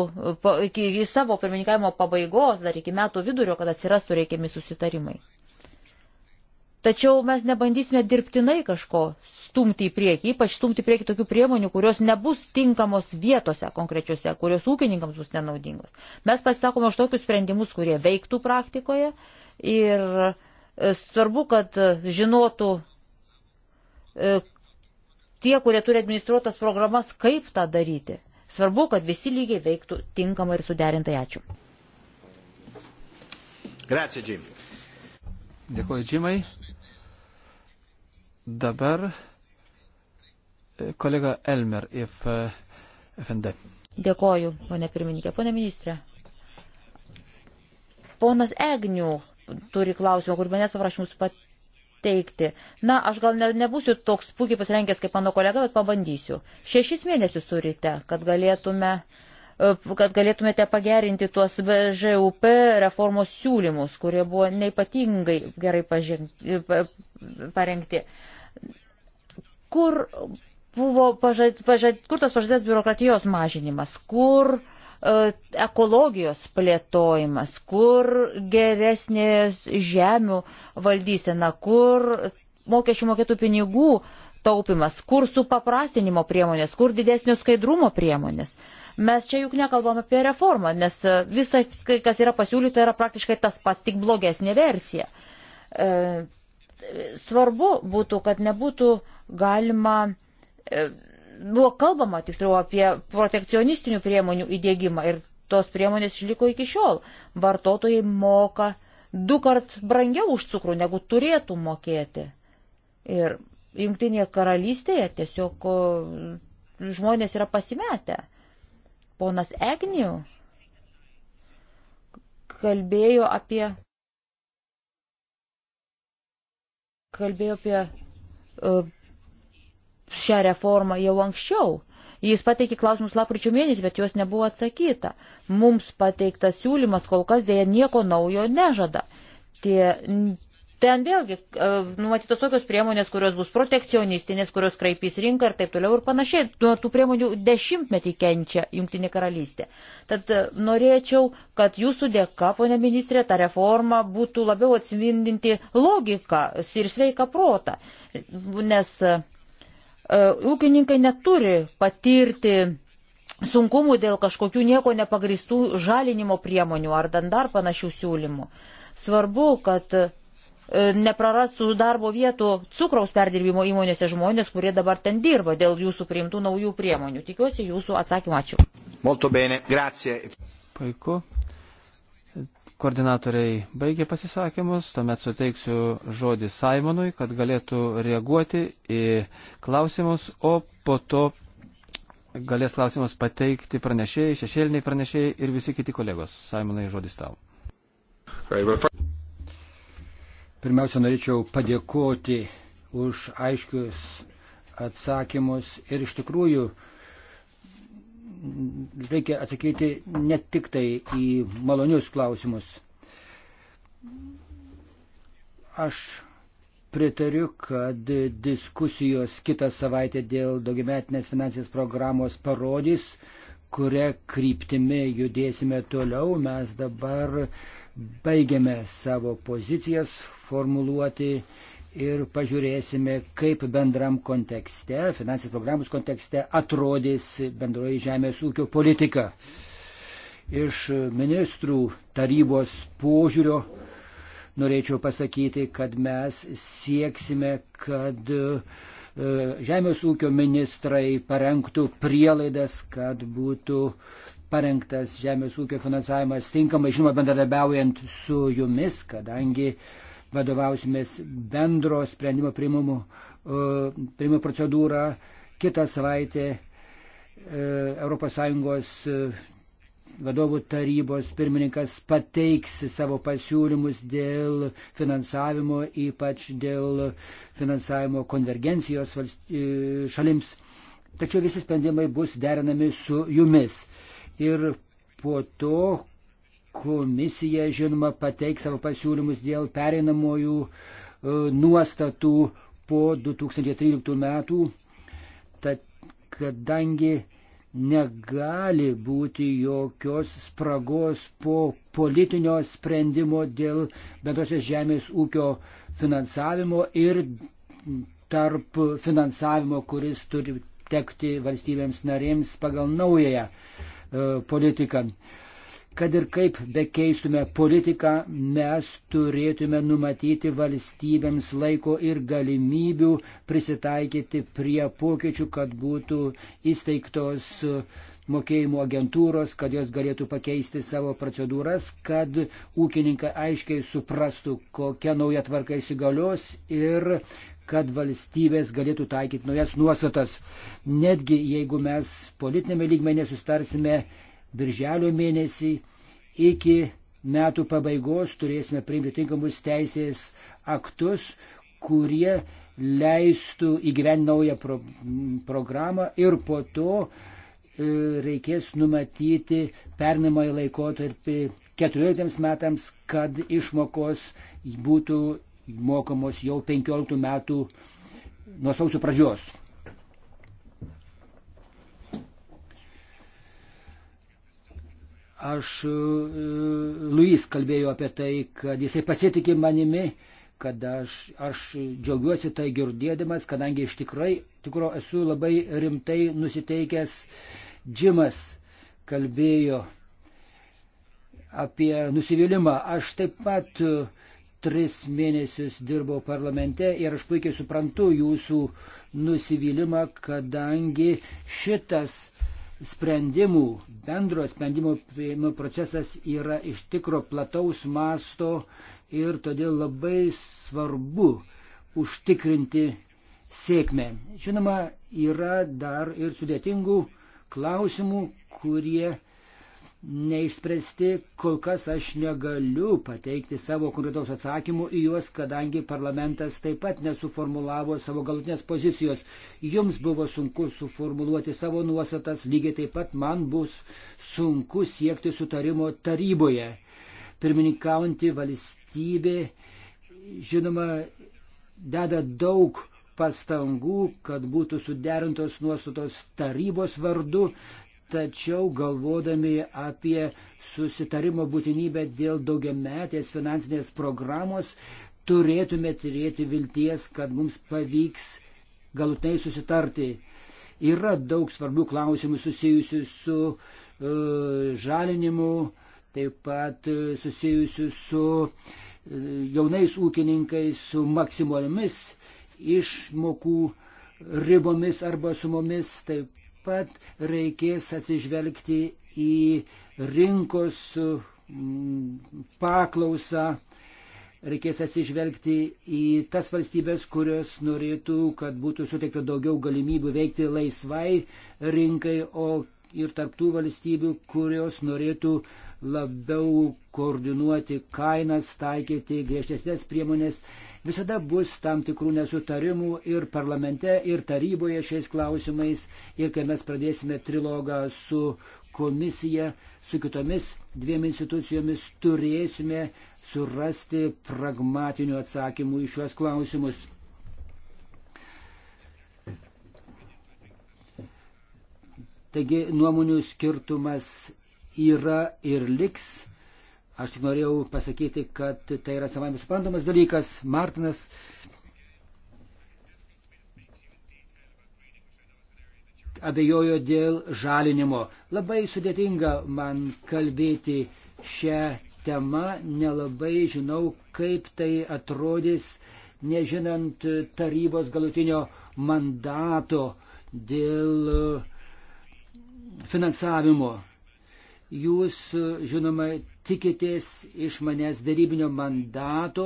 iki, iki savo pirmininkavimo pabaigos, dar iki metų vidurio, kad atsirastų reikiami susitarimai. Tačiau mes nebandysime dirbtinai kažko stumti į priekį, ypač stumti į priekį tokių priemonių, kurios nebus tinkamos vietose konkrečiose, kurios ūkininkams bus nenaudingos. Mes pasisakome už tokius sprendimus, kurie veiktų praktikoje ir uh, E, svarbu, kad žinotų e, tie, kurie turi administruotas programas, kaip tą daryti. Svarbu, kad visi lygiai veiktų tinkamai ir suderintai. Ačiū. Grazie, Jim. Dėkuoju, Džimai. Dabar e, kolega Elmer, if FND. Dėkoju, ponė pirmininkė. Pone ministrė, ponas Egnių turi klausimą, kur manęs paprašymus pateikti. Na, aš gal ne, nebūsiu toks puikiai pasirengęs kaip mano kolega, bet pabandysiu. Šešis mėnesius turite, kad, galėtume, kad galėtumėte pagerinti tuos BŽUP reformos siūlymus, kurie buvo neipatingai gerai pažengti, parengti. Kur buvo pažad, pažad, kur tas pažadės biurokratijos mažinimas, kur uh, E, ekologijos plėtojimas, kur geresnės žemių valdysena, kur mokesčių mokėtų pinigų taupimas, kur supaprastinimo priemonės, kur didesnio skaidrumo priemonės. Mes čia juk nekalbam apie reformą, nes visa, kas yra pasiūlyta, yra praktiškai tas pats, tik blogesnė versija. E, svarbu būtų, kad nebūtų galima e, buvo kalbama tiksliau apie protekcionistinių priemonių įdėgymą ir tos priemonės išliko iki šiol. Vartotojai moka du kart brangiau už cukrų, negu turėtų mokėti. Ir jungtinėje karalystėje tiesiog žmonės yra pasimetę. Ponas Egnijų kalbėjo apie. Kalbėjo apie uh, šią reformą jau anksčiau. Jis pateikė klausimus lapkričio mėnesį, bet juos nebuvo atsakyta. Mums pateiktas siūlymas kol kas dėja nieko naujo nežada. Tie, ten vėlgi e, numatytos tokios priemonės, kurios bus protekcionistinės, kurios kraipys rinką ir taip toliau ir panašiai. Nuo tų priemonių dešimtmetį kenčia Junktinė karalystė. Tad e, norėčiau, kad jūsų dėka, ponė ministrė, ta reforma būtų labiau atsvindinti logiką ir sveiką protą. Nes e, E, ūkininkai neturi patirti sunkumų dėl kažkokių nieko nepagristų žalinimo priemonių ar dar panašių siūlymų. Svarbu, kad e, neprarastų darbo vietų cukraus perdirbimo įmonėse žmonės, kurie dabar ten dirba dėl jūsų priimtų naujų priemonių. Tikiuosi jūsų atsakymą. Ačiū. Molto bene, grazie. Puiku, Koordinatoriai baigė pasisakymus, tuomet suteiksiu žodį Simonui, kad galėtų reaguoti į klausimus, o po to galės klausimus pateikti pranešėjai, šešėliniai pranešėjai ir visi kiti kolegos. Simonai, žodis tau. Pirmiausia, norėčiau padėkoti už aiškius atsakymus ir iš tikrųjų reikia atsakyti ne tik tai į malonius klausimus. Aš pritariu, kad diskusijos kitą savaitę dėl daugiametinės finansinės programos parodys, kuria kryptimi judėsime toliau. Mes dabar baigiame savo pozicijas formuluoti ir pažiūrėsime, kaip bendram kontekste, finansinės programos kontekste atrodys bendroji žemės ūkio politika. Iš ministrų tarybos požiūrio norėčiau pasakyti, kad mes sieksime, kad e, žemės ūkio ministrai parengtų prielaidas, kad būtų parengtas žemės ūkio finansavimas tinkamai, žinoma, bendradarbiaujant su jumis, kadangi uh, vadovausimės bendro sprendimo priimimo, e, priimimo procedūrą. Kitą savaitę ES e, vadovų tarybos pirmininkas pateiks savo pasiūlymus dėl finansavimo, ypač dėl finansavimo konvergencijos e, šalims. Tačiau visi sprendimai bus derinami su jumis. Ir po to Komisija, žinoma, pateiks savo pasiūlymus dėl pereinamojų e, nuostatų po 2013 metų, tad kadangi negali būti jokios spragos po politinio sprendimo dėl bendrosios žemės ūkio finansavimo ir tarp finansavimo, kuris turi tekti valstybėms narėms pagal naująją e, politiką. E, kad ir kaip bekeistume politiką, mes turėtume numatyti valstybėms laiko ir galimybių prisitaikyti prie pokyčių, kad būtų įsteigtos mokėjimo agentūros, kad jos galėtų pakeisti savo procedūras, kad ūkininkai aiškiai suprastų, kokia nauja tvarka įsigalios ir kad valstybės galėtų taikyti naujas nuostatas. Netgi jeigu mes politinėme lygmenė sustarsime birželio mėnesį iki metų pabaigos turėsime priimti tinkamus teisės aktus, kurie leistų įgyventi naują pro, programą ir po to e, reikės numatyti pernamąjį laikotarpį 14 metams, kad išmokos būtų mokamos jau 15 metų nuo sausio pradžios. Aš, e, Luis kalbėjo apie tai, kad jisai pasitikė manimi, kad aš, aš džiaugiuosi tai girdėdamas, kadangi iš tikrai, tikro esu labai rimtai nusiteikęs. Džimas kalbėjo apie nusivylimą. Aš taip pat e, tris mėnesius dirbau parlamente ir aš puikiai suprantu jūsų nusivylimą, kadangi šitas sprendimų, bendro sprendimo prieimimo procesas yra iš tikro plataus masto ir todėl labai svarbu užtikrinti sėkmę. Žinoma, yra dar ir sudėtingų klausimų, kurie neišspręsti, kol kas aš negaliu pateikti savo konkretaus atsakymų į juos, kadangi parlamentas taip pat nesuformulavo savo galutinės pozicijos. Jums buvo sunku suformuluoti savo nuostatas, lygiai taip pat man bus sunku siekti sutarimo taryboje. Pirmininkaujanti valstybė, žinoma, deda daug pastangų, kad būtų suderintos nuostatos tarybos vardu, Tačiau galvodami apie susitarimo būtinybę dėl daugiametės finansinės programos, turėtume turėti vilties, kad mums pavyks galutinai susitarti. Yra daug svarbių klausimų susijusių su uh, žalinimu, taip pat uh, susijusių su uh, jaunais ūkininkais, su maksimaliomis išmokų ribomis arba sumomis, taip pat reikės atsižvelgti į rinkos mm, paklausą, reikės atsižvelgti į tas valstybės, kurios norėtų, kad būtų suteikta daugiau galimybių veikti laisvai rinkai, o ir tarptų valstybių, kurios norėtų labiau koordinuoti kainas, taikyti griežtesnės priemonės Visada bus tam tikrų nesutarimų ir parlamente, ir taryboje šiais klausimais. Ir kai mes pradėsime trilogą su komisija, su kitomis dviem institucijomis, turėsime surasti pragmatinių atsakymų į šiuos klausimus. Taigi nuomonių skirtumas yra ir liks Aš tik norėjau pasakyti, kad tai yra savami suprantamas dalykas. Martinas abejojo dėl žalinimo. Labai sudėtinga man kalbėti šią temą, nelabai žinau, kaip tai atrodys, nežinant tarybos galutinio mandato dėl finansavimo. Jūs, žinoma, tikitės iš manęs darybinio mandato,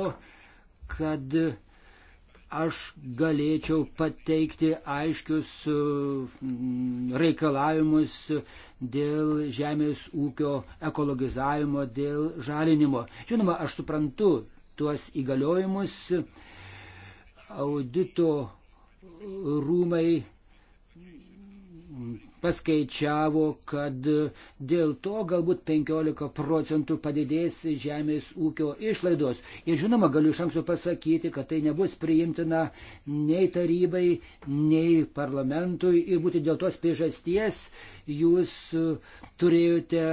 kad aš galėčiau pateikti aiškius mm, reikalavimus dėl žemės ūkio ekologizavimo, dėl žalinimo. Žinoma, aš suprantu tuos įgaliojimus. Audito rūmai paskaičiavo, kad dėl to galbūt 15 procentų padidės žemės ūkio išlaidos. Ir žinoma, galiu iš anksto pasakyti, kad tai nebus priimtina nei tarybai, nei parlamentui ir būtent dėl tos priežasties jūs turėjote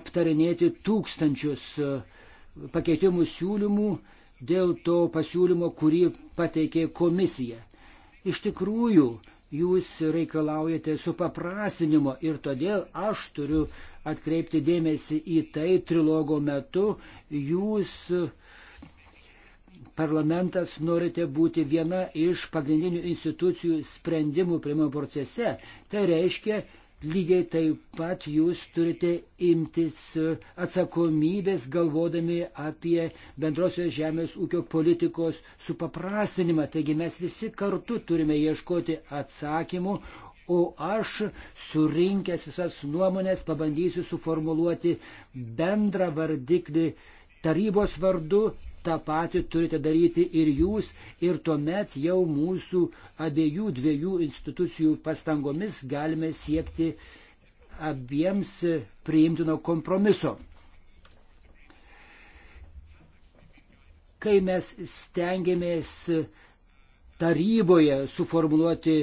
aptarinėti tūkstančius pakeitimų siūlymų dėl to pasiūlymo, kurį pateikė komisija. Iš tikrųjų, jūs reikalaujate supaprastinimo ir todėl aš turiu atkreipti dėmesį į tai trilogo metu. Jūs parlamentas norite būti viena iš pagrindinių institucijų sprendimų primo procese. Tai reiškia, lygiai taip pat jūs turite imtis atsakomybės galvodami apie bendrosios žemės ūkio politikos supaprastinimą. Taigi mes visi kartu turime ieškoti atsakymų, o aš surinkęs visas nuomonės pabandysiu suformuluoti bendrą vardiklį tarybos vardu tą patį turite daryti ir jūs ir tuomet jau mūsų abiejų dviejų institucijų pastangomis galime siekti abiems priimtino kompromiso. Kai mes stengiamės taryboje suformuoluoti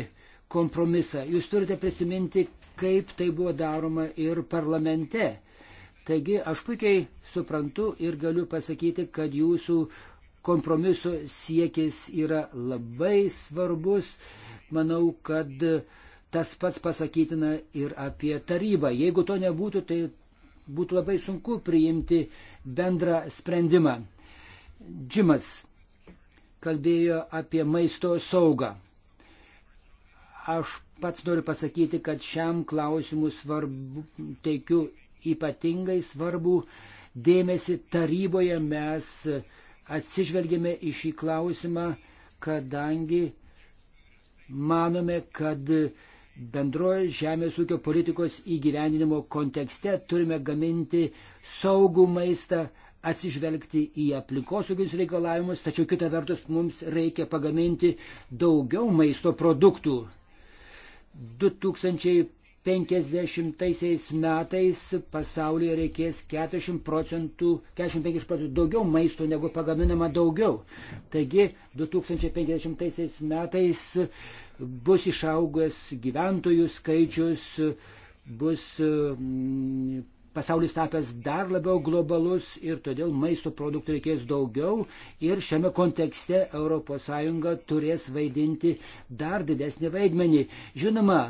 kompromisą, jūs turite prisiminti, kaip tai buvo daroma ir parlamente. Taigi aš puikiai suprantu ir galiu pasakyti, kad jūsų kompromiso siekis yra labai svarbus. Manau, kad tas pats pasakytina ir apie tarybą. Jeigu to nebūtų, tai būtų labai sunku priimti bendrą sprendimą. Džimas kalbėjo apie maisto saugą. Aš pats noriu pasakyti, kad šiam klausimui svarbu teikiu ypatingai svarbu dėmesį taryboje mes atsižvelgėme į šį klausimą, kadangi manome, kad bendroje žemės ūkio politikos įgyvendinimo kontekste turime gaminti saugų maistą, atsižvelgti į aplinkosauginius reikalavimus, tačiau kita vertus mums reikia pagaminti daugiau maisto produktų. 2000 50 metais pasaulyje reikės 40 procentų, 45 procentų daugiau maisto negu pagaminama daugiau. Taigi 2050 metais bus išaugęs gyventojų skaičius, bus mm, pasaulis tapęs dar labiau globalus ir todėl maisto produktų reikės daugiau ir šiame kontekste ES turės vaidinti dar didesnį vaidmenį. Žinoma,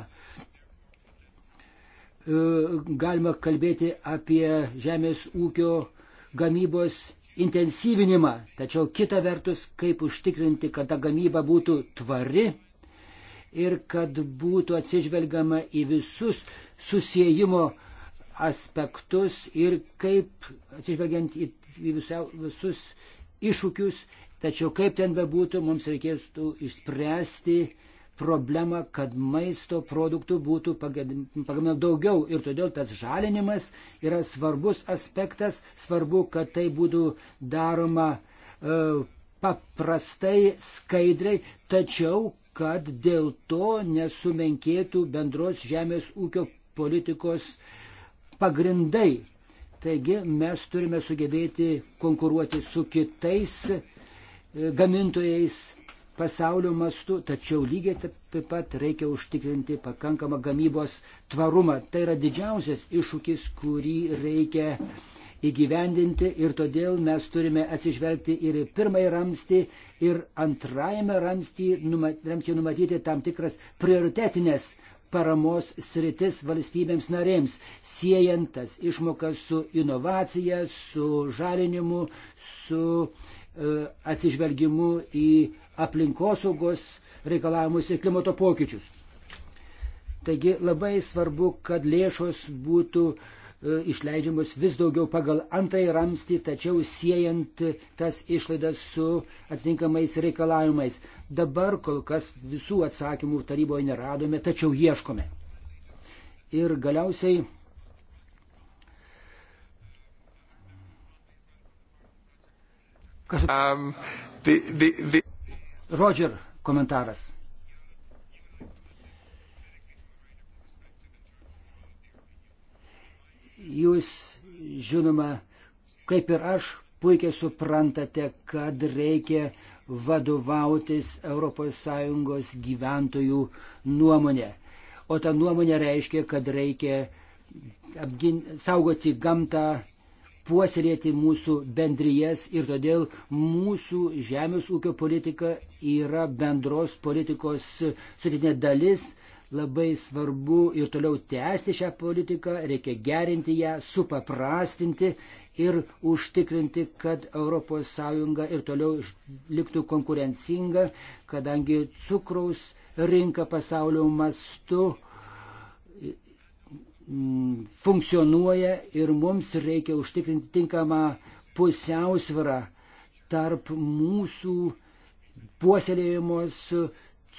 E, galima kalbėti apie žemės ūkio gamybos intensyvinimą, tačiau kita vertus, kaip užtikrinti, kad ta gamyba būtų tvari ir kad būtų atsižvelgiama į visus susijimo aspektus ir kaip atsižvelgiant į visus iššūkius, tačiau kaip ten bebūtų, mums reikėtų išspręsti uh, problemą, kad maisto produktų būtų pagaminama daugiau ir todėl tas žalinimas yra svarbus aspektas, svarbu, kad tai būtų daroma e, paprastai, skaidrai, tačiau kad dėl to nesumenkėtų bendros žemės ūkio politikos pagrindai. Taigi mes turime sugebėti konkuruoti su kitais e, gamintojais pasaulio mastu, tačiau lygiai taip pat reikia užtikrinti pakankamą gamybos tvarumą. Tai yra didžiausias iššūkis, kurį reikia įgyvendinti ir todėl mes turime atsižvelgti ir pirmąjį ramstį, ir antrajame ramstį, ramstį numatyti tam tikras prioritetinės paramos sritis valstybėms narėms, siejant tas išmokas su inovacija, su žalinimu, su e, atsižvelgimu į aplinkosaugos reikalavimus ir klimato pokyčius. Taigi labai svarbu, kad lėšos būtų e, išleidžiamos vis daugiau pagal antrąjį ramstį, tačiau siejant tas išlaidas su atitinkamais reikalavimais. Dabar kol kas visų atsakymų taryboje neradome, tačiau ieškome. Ir galiausiai Kas... Um, the, the, the... Roger komentaras. Jūs, žinoma, kaip ir aš, puikiai suprantate, kad reikia vadovautis ES gyventojų nuomonė. O ta nuomonė reiškia, kad reikia apgin, saugoti gamtą, puoselėti mūsų bendrijas ir todėl mūsų žemės ūkio politika yra bendros politikos sudėtinė dalis. Labai svarbu ir toliau tęsti šią politiką, reikia gerinti ją, supaprastinti ir užtikrinti, kad ES ir toliau liktų konkurencinga, kadangi cukraus rinka pasaulio mastu Mm, funkcionuoja ir mums reikia užtikrinti tinkamą pusiausvyrą tarp mūsų puoselėjimos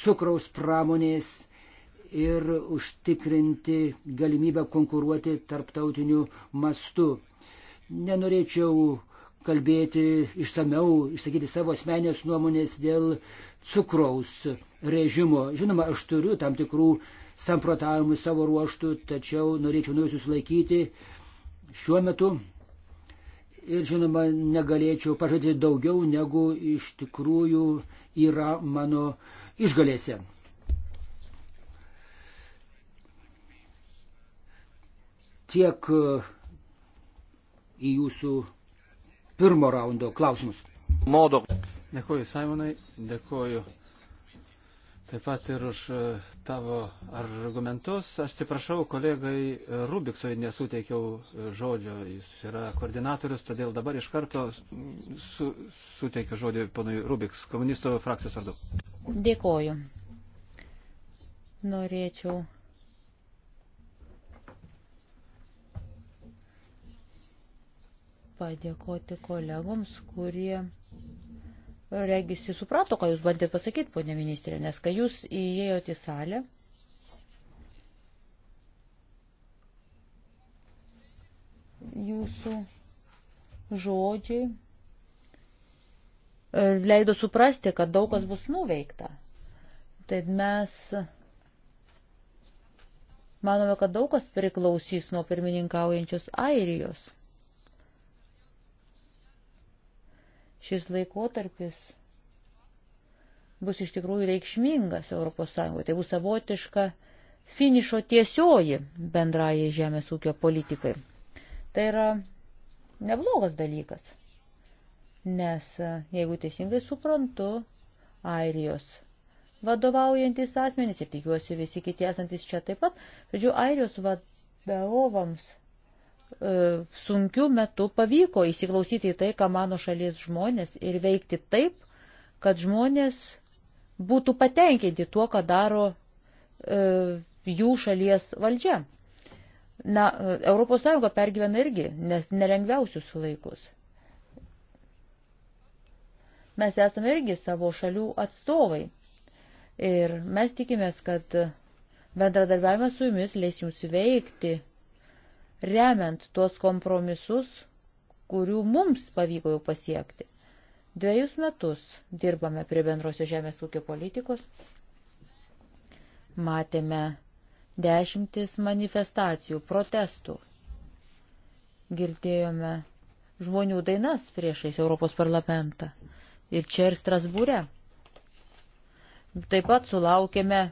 cukraus pramonės ir užtikrinti galimybę konkuruoti tarptautiniu mastu. Nenorėčiau kalbėti išsameu, išsakyti savo asmenės nuomonės dėl cukraus režimo. Žinoma, aš turiu tam tikrų samprotavimus savo ruoštų, tačiau norėčiau nuo jūsų sulaikyti šiuo metu. Ir žinoma, negalėčiau pažadėti daugiau, negu iš tikrųjų yra mano išgalėse. Tiek e, į jūsų pirmo raundo klausimus. Modo. Dėkuoju Simonai, dėkuoju taip pat ir už e, tavo argumentus. Aš atsiprašau, kolegai Rubiksui nesuteikiau e, žodžio, jis yra koordinatorius, todėl dabar iš karto su, suteikiu žodį ponui Rubiks, komunisto frakcijos vardu. Dėkoju. Norėčiau padėkoti kolegoms, kurie regisi suprato, ką jūs bandėte pasakyti, ponė ministrė, nes kai jūs įėjote į salę, jūsų žodžiai e, leido suprasti, kad daug kas bus nuveikta. Tai mes manome, kad daug kas priklausys nuo pirmininkaujančios Airijos. Šis laikotarpis bus iš tikrųjų reikšmingas ES. Tai bus savotiška finišo tiesioji bendrajai žemės ūkio politikai. Tai yra neblogas dalykas. Nes, e, jeigu teisingai suprantu, Airijos vadovaujantis asmenys ir tikiuosi visi kiti esantis čia taip pat, žodžiu, Airijos vadovams E, sunkiu metu pavyko įsiklausyti į tai, ką mano šalies žmonės ir veikti taip, kad žmonės būtų patenkinti tuo, ką daro e, jų šalies valdžia. Na, ES pergyvena irgi, nes nelengviausius laikus. Mes esame irgi savo šalių atstovai. Ir mes tikimės, kad bendradarbiavimas su jumis leis jums veikti remiant tuos kompromisus, kurių mums pavyko jau pasiekti. Dviejus metus dirbame prie bendrosios žemės ūkio politikos. Matėme dešimtis manifestacijų, protestų. Girdėjome žmonių dainas priešais Europos parlamentą ir čia ir Strasbūre. Taip pat sulaukėme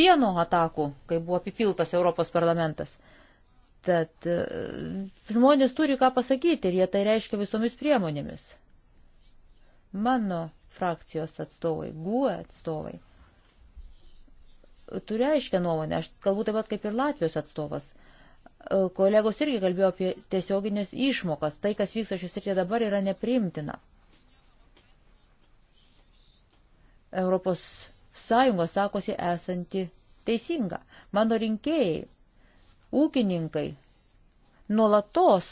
pieno atakų, kai buvo apipiltas Europos parlamentas. Tad e, žmonės turi ką pasakyti ir jie tai reiškia visomis priemonėmis. Mano frakcijos atstovai, GUE atstovai, turi aiškę nuomonę, aš kalbu taip pat kaip ir Latvijos atstovas. E, kolegos irgi kalbėjo apie tiesioginės išmokas, tai, kas vyksta šis ir dabar, yra neprimtina. Europos Sąjunga sakosi esanti teisinga. Mano rinkėjai Ūkininkai nuolatos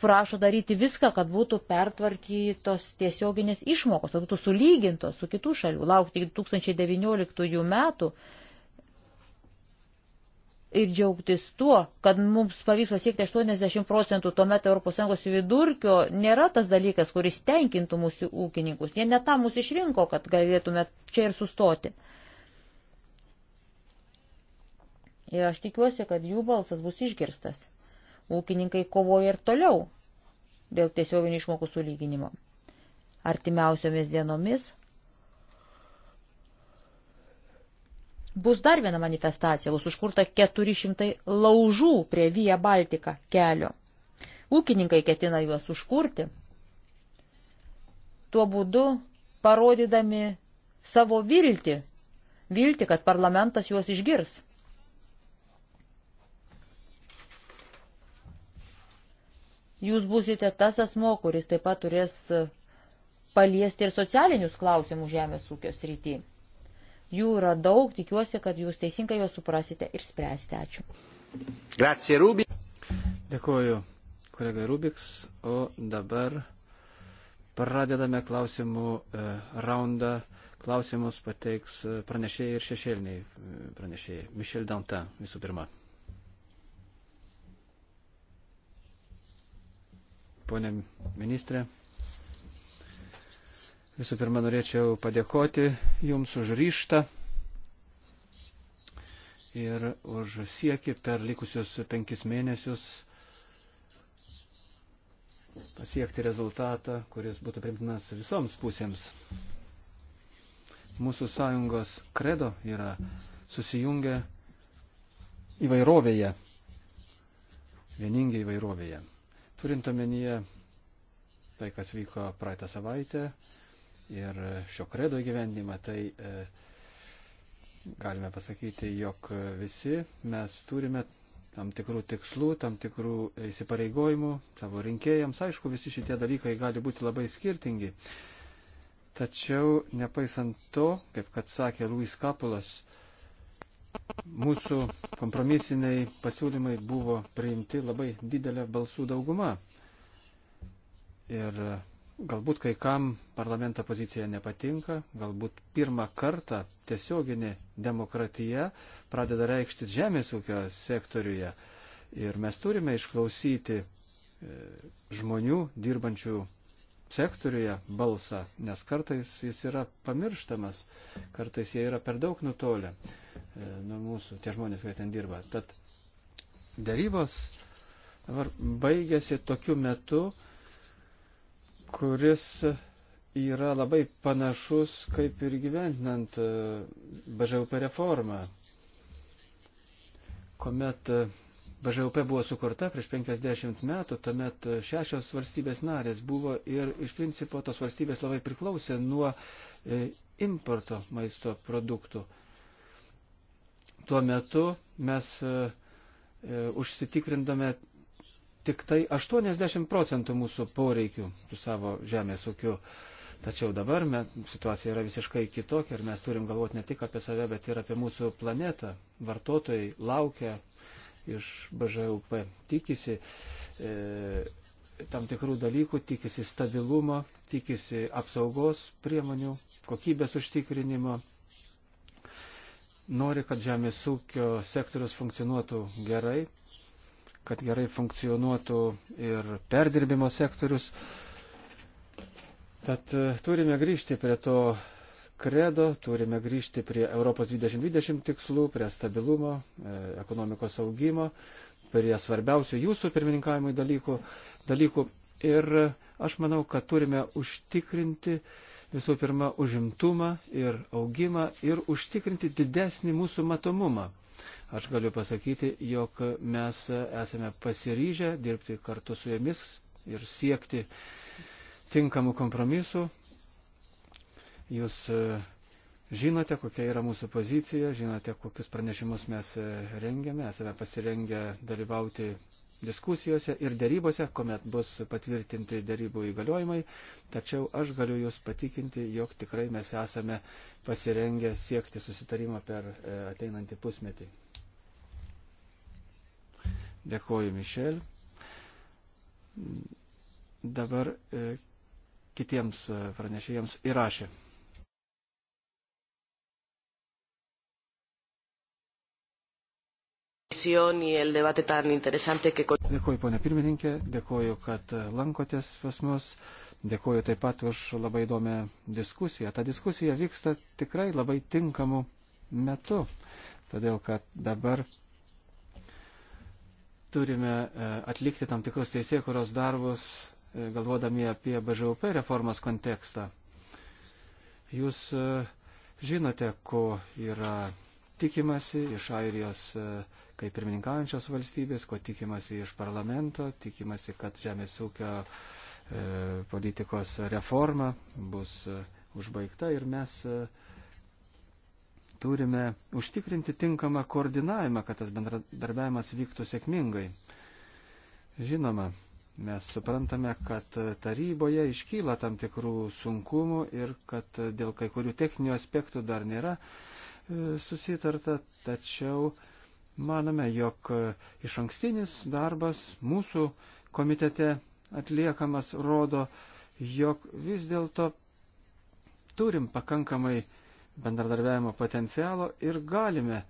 prašo daryti viską, kad būtų pertvarkytos tiesioginės išmokos, kad būtų sulygintos su kitų šalių, laukti 2019 metų ir džiaugtis tuo, kad mums pavyks pasiekti 80 procentų tuomet ES vidurkio, nėra tas dalykas, kuris tenkintų mūsų ūkininkus. Jie netą mūsų išrinko, kad galėtume čia ir sustoti. Uh, Ir aš tikiuosi, kad jų balsas bus išgirstas. Ūkininkai kovoja ir toliau dėl tiesioginių išmokų sulyginimo. Artimiausiomis dienomis bus dar viena manifestacija, bus užkurta 400 laužų prie Vija Baltika kelio. Ūkininkai ketina juos užkurti, tuo būdu parodydami savo viltį, viltį, kad parlamentas juos išgirs. jūs būsite tas asmo, kuris taip pat turės e, paliesti ir socialinius klausimus žemės ūkio srity. Jų yra daug, tikiuosi, kad jūs teisingai juos suprasite ir spręsite. Ačiū. Grazie, Rubik. Dėkuoju, kolega Rubiks. O dabar pradedame klausimų e, raundą. Klausimus pateiks e, pranešėjai ir šešėliniai pranešėjai. Mišel Danta visų pirma. ponė ministrė. Visų pirma, norėčiau padėkoti Jums už ryštą ir už siekį per likusius penkis mėnesius pasiekti rezultatą, kuris būtų primtinas visoms pusėms. Mūsų sąjungos kredo yra susijungę įvairovėje, vieningai įvairovėje. Turint omenyje tai, kas vyko praeitą savaitę ir šio kredo gyvendimą, tai e, galime pasakyti, jog visi mes turime tam tikrų tikslų, tam tikrų įsipareigojimų savo rinkėjams. Aišku, visi šitie dalykai gali būti labai skirtingi. Tačiau, nepaisant to, kaip kad sakė Luis Kapulas, mūsų kompromisiniai pasiūlymai buvo priimti labai didelė balsų dauguma. Ir galbūt kai kam parlamento pozicija nepatinka, galbūt pirmą kartą tiesioginė demokratija pradeda reikštis žemės ūkio sektoriuje. Ir mes turime išklausyti e, žmonių dirbančių sektoriuje balsą, nes kartais jis yra pamirštamas, kartais jie yra per daug nutolę e, nuo mūsų, tie žmonės, kurie ten dirba. Tad darybos dabar baigėsi tokiu metu, kuris yra labai panašus kaip ir gyventinant e, BŽUP reformą, kuomet e, BŽUP buvo sukurta prieš 50 metų, tuomet šešios valstybės narės buvo ir iš principo tos valstybės labai priklausė nuo e, importo maisto produktų. Tuo metu mes e, e, užsitikrindome tik tai 80 procentų mūsų poreikių su savo žemės ūkiu. Tačiau dabar met, situacija yra visiškai kitokia ir mes turim galvoti ne tik apie save, bet ir apie mūsų planetą. Vartotojai laukia iš BŽUP tikisi e, tam tikrų dalykų, tikisi stabilumo, tikisi apsaugos priemonių, kokybės užtikrinimo, nori, kad žemės ūkio sektorius funkcionuotų gerai, kad gerai funkcionuotų ir perdirbimo sektorius. Tad e, turime grįžti prie to kredo, turime grįžti prie Europos 2020 tikslų, prie stabilumo, e, ekonomikos augimo, prie svarbiausių jūsų pirmininkavimui dalykų. dalykų. Ir aš manau, kad turime užtikrinti visų pirma užimtumą ir augimą ir užtikrinti didesnį mūsų matomumą. Aš galiu pasakyti, jog mes esame pasiryžę dirbti kartu su jumis ir siekti tinkamų kompromisų Jūs e, žinote, kokia yra mūsų pozicija, žinote, kokius pranešimus mes e, rengiame, esame pasirengę dalyvauti diskusijose ir dėrybose, kuomet bus patvirtinti dėrybų įgaliojimai, tačiau aš galiu Jūs patikinti, jog tikrai mes esame pasirengę siekti susitarimą per e, ateinantį pusmetį. Dėkuoju, Mišel. Dabar kitiems pranešėjams įrašė. comisión y el debate tan interesante que. Dėkuoju, ponia pirmininkė, dėkuoju, kad lankotės pas mus, dėkuoju taip pat už labai įdomią diskusiją. Ta diskusija vyksta tikrai labai tinkamu metu, todėl kad dabar turime e, atlikti tam tikrus teisėkuros darbus, e, galvodami apie BŽUP reformos kontekstą. Jūs e, žinote, ko yra tikimasi iš Airijos kaip pirmininkaujančios valstybės, ko tikimasi iš parlamento, tikimasi, kad žemės ūkio e, politikos reforma bus e, užbaigta ir mes e, turime užtikrinti tinkamą koordinavimą, kad tas bendradarbiavimas vyktų sėkmingai. Žinoma, mes suprantame, kad taryboje iškyla tam tikrų sunkumų ir kad dėl kai kurių techninių aspektų dar nėra e, susitarta, tačiau Manome, jog e, iš ankstinis darbas mūsų komitete atliekamas rodo, jog vis dėlto turim pakankamai bendradarbiavimo potencialo ir galime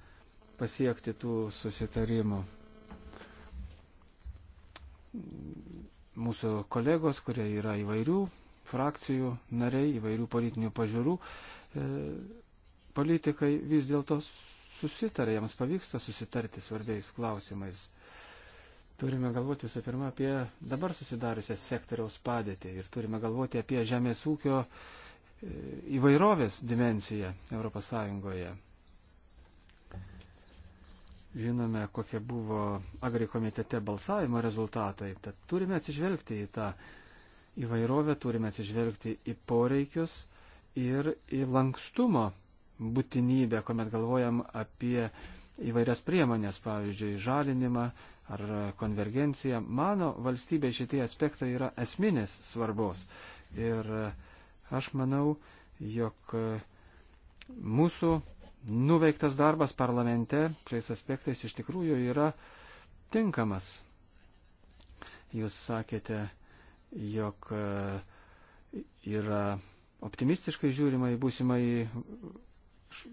pasiekti tų susitarimų. Mūsų kolegos, kurie yra įvairių frakcijų nariai, įvairių politinių pažiūrų, e, politikai vis dėlto susitarė, jiems pavyksta susitarti svarbiais klausimais. Turime galvoti visų pirma apie dabar susidariusią sektoriaus padėtį ir turime galvoti apie žemės ūkio e, įvairovės dimenciją ES. Žinome, kokie buvo agrikomitete balsavimo rezultatai, tad turime atsižvelgti į tą įvairovę, turime atsižvelgti į poreikius ir į lankstumo būtinybę, kuomet galvojam apie įvairias priemonės, pavyzdžiui, žalinimą ar konvergenciją. Mano valstybė šitie aspektai yra esminės svarbos. Ir aš manau, jog mūsų nuveiktas darbas parlamente šiais aspektais iš tikrųjų yra tinkamas. Jūs sakėte, jog yra optimistiškai žiūrima į būsimą į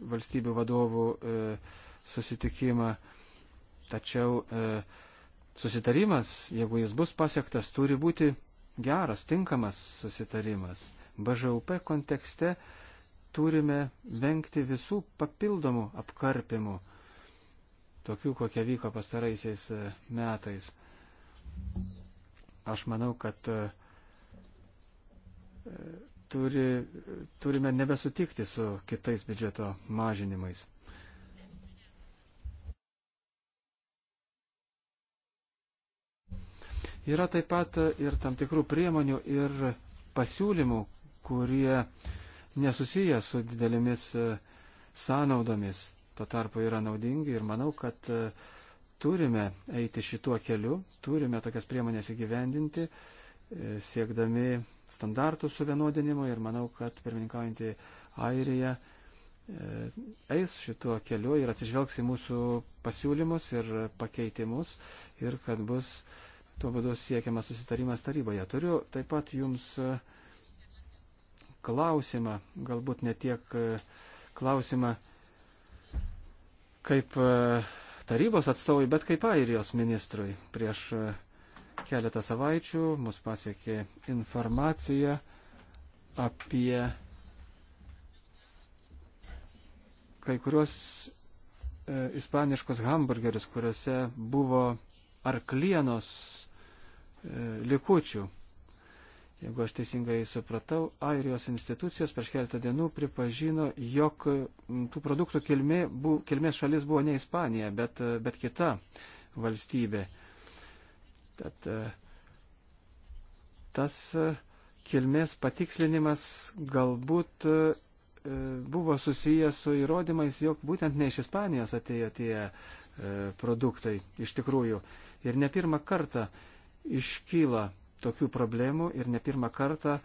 valstybių vadovų e, susitikimą. Tačiau e, susitarimas, jeigu jis bus pasiektas, turi būti geras, tinkamas susitarimas. BŽUP kontekste turime vengti visų papildomų apkarpimų, tokių, kokie vyko pastaraisiais e, metais. Aš manau, kad turi, turime nebesutikti su kitais biudžeto mažinimais. Yra taip pat ir tam tikrų priemonių ir pasiūlymų, kurie nesusiję su didelėmis e, sąnaudomis. Tuo tarpu yra naudingi ir manau, kad e, turime eiti šituo keliu, turime tokias priemonės įgyvendinti siekdami standartų suvienodinimo ir manau, kad pirmininkaujantį Airiją e, eis šituo keliu ir atsižvelgs į mūsų pasiūlymus ir pakeitimus ir kad bus tuo būdu siekiamas susitarimas taryboje. Turiu taip pat jums e, klausimą, galbūt ne tiek e, klausimą kaip tarybos atstovai, bet kaip airijos ministrui prieš keletą savaičių mus pasiekė informacija apie kai kurios e, ispaniškos hamburgerius, kuriuose buvo arklienos e, likučių. Jeigu aš teisingai supratau, airijos institucijos prieš keletą dienų pripažino, jog tų produktų kilmė, bu, kilmės šalis buvo ne Ispanija, bet, e, bet kita valstybė. E, Tad e, tas e, kilmės patikslinimas galbūt e, buvo susijęs su įrodymais, jog būtent ne iš Ispanijos atėjo tie produktai iš tikrųjų. Ir ne pirmą kartą iškyla tokių problemų ir ne pirmą kartą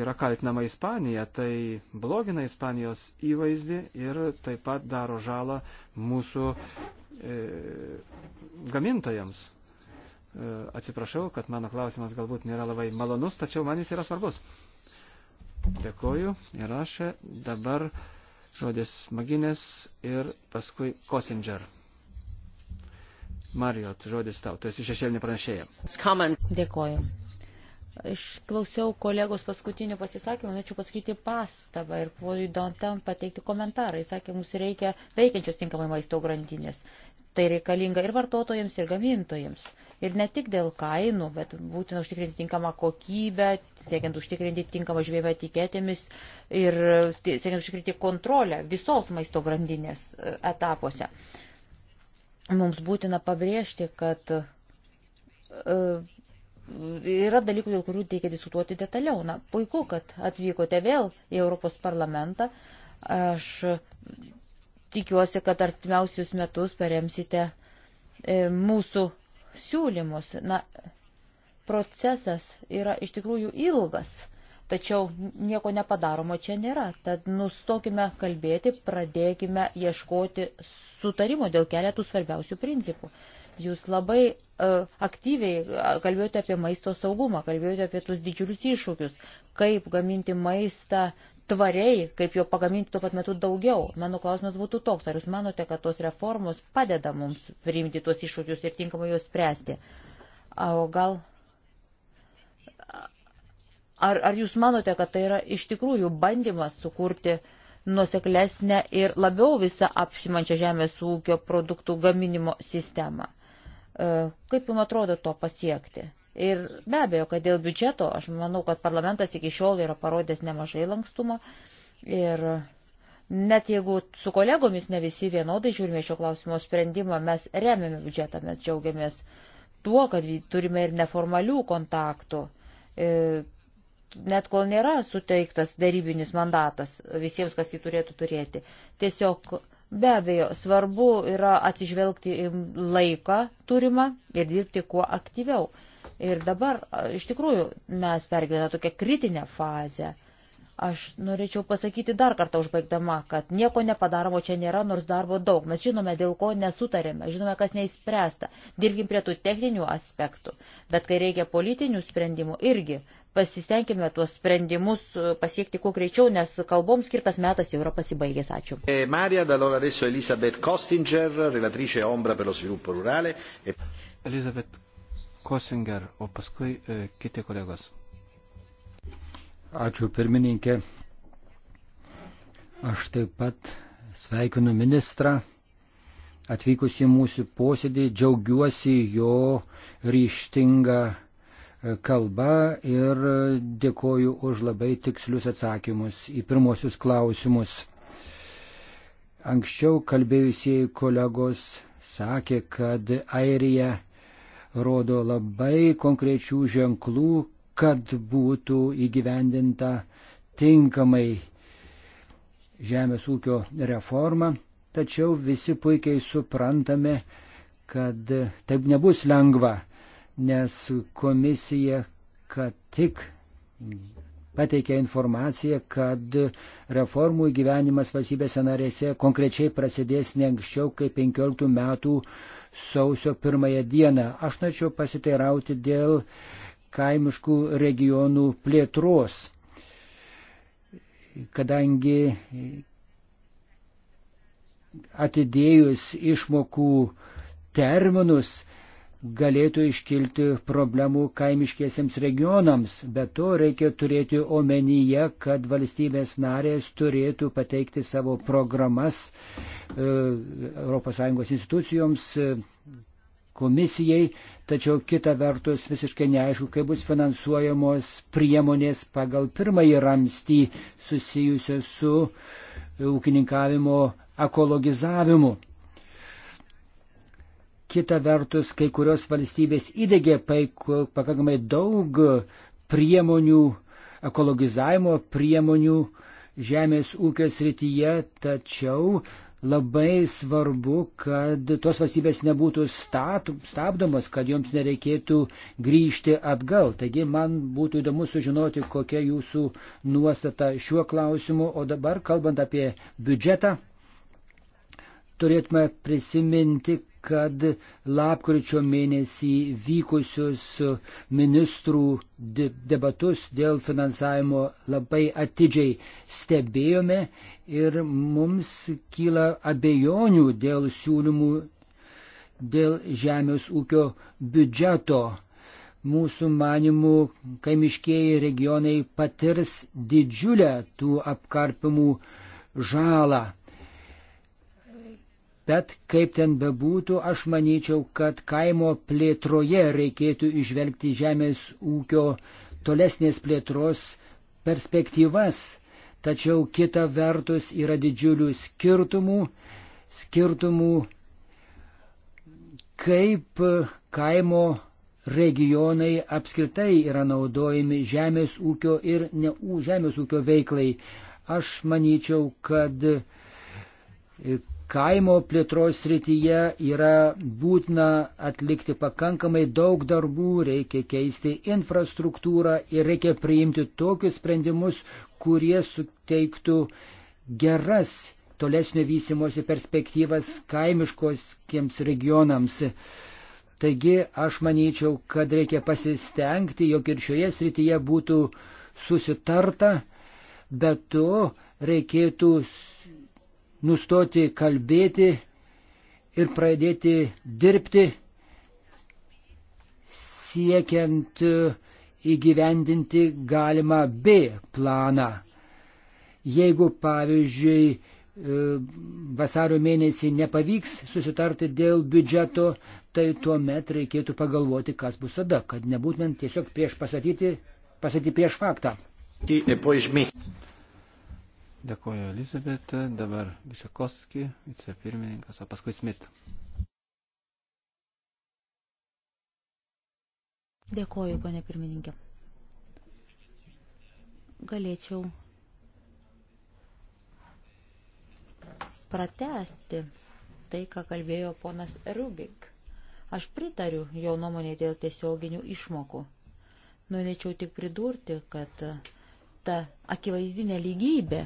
yra kaltinama Ispanija, tai blogina Ispanijos įvaizdį ir taip pat daro žalą mūsų e, gamintojams. E, atsiprašau, kad mano klausimas galbūt nėra labai malonus, tačiau man jis yra svarbus. Dėkoju ir aš dabar žodis Maginės ir paskui Kosinger. Marijot, žodis tau, tu esi šešėlinė pranešėja. Dėkoju. Išklausiau kolegos paskutinių pasisakymų, norėčiau pasakyti pastabą ir puoliu Dantam pateikti komentarą. Jis sakė, mums reikia veikiančios tinkamai maisto grandinės. Tai reikalinga ir vartotojams, ir gamintojams. Ir ne tik dėl kainų, bet būtina užtikrinti tinkamą kokybę, siekiant užtikrinti tinkamą žvėjimą etiketėmis ir siekiant užtikrinti kontrolę visos maisto grandinės e, etapuose. Mums būtina pabrėžti, kad e, yra dalykų, dėl kurių teikia diskutuoti detaliau. Na, puiku, kad atvykote vėl į Europos parlamentą. Aš tikiuosi, kad artimiausius metus paremsite e, mūsų siūlymus. Na, procesas yra iš tikrųjų ilgas, tačiau nieko nepadaromo čia nėra. Tad nustokime kalbėti, pradėkime ieškoti sutarimo dėl keletų svarbiausių principų. Jūs labai uh, aktyviai e, kalbėjote apie maisto saugumą, kalbėjote apie tuos didžiulius iššūkius, kaip gaminti maistą tvariai, kaip jo pagaminti tuo pat metu daugiau. Mano klausimas būtų toks, ar jūs manote, kad tos reformos padeda mums priimti tuos iššūkius ir tinkamai juos spręsti? O gal. Ar, ar jūs manote, kad tai yra iš tikrųjų bandymas sukurti nuseklesnę ir labiau visą apšimančią žemės ūkio produktų gaminimo sistemą? E, kaip jums atrodo to pasiekti? Ir be abejo, kad dėl biudžeto, aš manau, kad parlamentas iki šiol yra parodęs nemažai lankstumo. Ir net jeigu su kolegomis ne visi vienodai žiūrime šio klausimo sprendimą, mes remiame biudžetą, mes džiaugiamės tuo, kad turime ir neformalių kontaktų. E, net kol nėra suteiktas darybinis mandatas visiems, kas jį turėtų turėti. Tiesiog be abejo svarbu yra atsižvelgti laiką turimą ir dirbti kuo aktyviau Ir dabar iš tikrųjų mes pergyvename tokią kritinę fazę. Aš norėčiau pasakyti dar kartą užbaigdama, kad nieko nepadaromo čia nėra, nors darbo daug. Mes žinome, dėl ko nesutarėme, žinome, kas neįspręsta. Dirbkim prie tų techninių aspektų. Bet kai reikia politinių sprendimų, irgi pasistengime tuos sprendimus pasiekti kuo greičiau, nes kalboms skirtas metas jau yra pasibaigęs. Ačiū. E, Marija, dalora adesso Elisabeth Kostinger, relatrice Ombra per lo sviluppo rurale. E... Elisabeth Kosinger, o paskui e, kiti kolegos. Ačiū pirmininkė. Aš taip pat sveikinu ministrą atvykus į mūsų posėdį, džiaugiuosi jo ryštinga e, kalba ir dėkoju už labai tikslius atsakymus į pirmosius klausimus. Anksčiau kalbėjusieji kolegos sakė, kad Airija rodo labai konkrečių ženklų, kad būtų įgyvendinta tinkamai žemės ūkio reforma, tačiau visi puikiai suprantame, kad taip nebus lengva, nes komisija, kad tik pateikė informaciją, kad reformų įgyvenimas valstybėse narėse konkrečiai prasidės ne anksčiau kaip 15 metų sausio pirmąją dieną. Aš norėčiau pasiteirauti dėl kaimiškų regionų plėtros, kadangi atidėjus išmokų terminus galėtų iškilti problemų kaimiškiesiems regionams. Be to reikia turėti omenyje, kad valstybės narės turėtų pateikti savo programas e, ES institucijoms, e, komisijai, tačiau kita vertus visiškai neaišku, kaip bus finansuojamos priemonės pagal pirmąjį ramstį susijusios su ūkininkavimo ekologizavimu. Kita vertus, kai kurios valstybės įdėgė pakankamai daug priemonių, ekologizavimo priemonių žemės ūkio srityje, tačiau labai svarbu, kad tos valstybės nebūtų statų, stabdomos, kad joms nereikėtų grįžti atgal. Taigi man būtų įdomu sužinoti, kokia jūsų nuostata šiuo klausimu. O dabar, kalbant apie biudžetą, turėtume prisiminti, kad lapkričio mėnesį vykusius ministrų debatus dėl finansavimo labai atidžiai stebėjome ir mums kyla abejonių dėl siūlymų dėl žemės ūkio biudžeto. Mūsų manimų kaimiškieji regionai patirs didžiulę tų apkarpimų žalą Bet kaip ten bebūtų, aš manyčiau, kad kaimo plėtroje reikėtų išvelgti žemės ūkio tolesnės plėtros perspektyvas. Tačiau kita vertus yra didžiulių skirtumų, skirtumų kaip kaimo regionai apskritai yra naudojami žemės ūkio ir ne žemės ūkio veiklai. Aš manyčiau, kad kaimo plėtros srityje yra būtina atlikti pakankamai daug darbų, reikia keisti infrastruktūrą ir reikia priimti tokius sprendimus, kurie suteiktų geras tolesnio vystimosi perspektyvas kaimiškoskiems regionams. Taigi aš manyčiau, kad reikia pasistengti, jog ir šioje srityje būtų susitarta, bet to reikėtų nustoti kalbėti ir pradėti dirbti siekiant e, įgyvendinti galimą B planą. Jeigu, pavyzdžiui, e, vasario mėnesį nepavyks susitarti dėl biudžeto, tai tuo met reikėtų pagalvoti, kas bus tada, kad nebūtumėm tiesiog prieš pasakyti, pasakyti prieš faktą. Dėkuoju Elizabet, dabar Višakovski, vicepirmininkas, o paskui Smith. Dėkuoju, ponė pirmininkė. Galėčiau pratesti tai, ką kalbėjo ponas Rubik. Aš pritariu jo nuomonė dėl tiesioginių išmokų. Norėčiau tik pridurti, kad ta akivaizdinė lygybė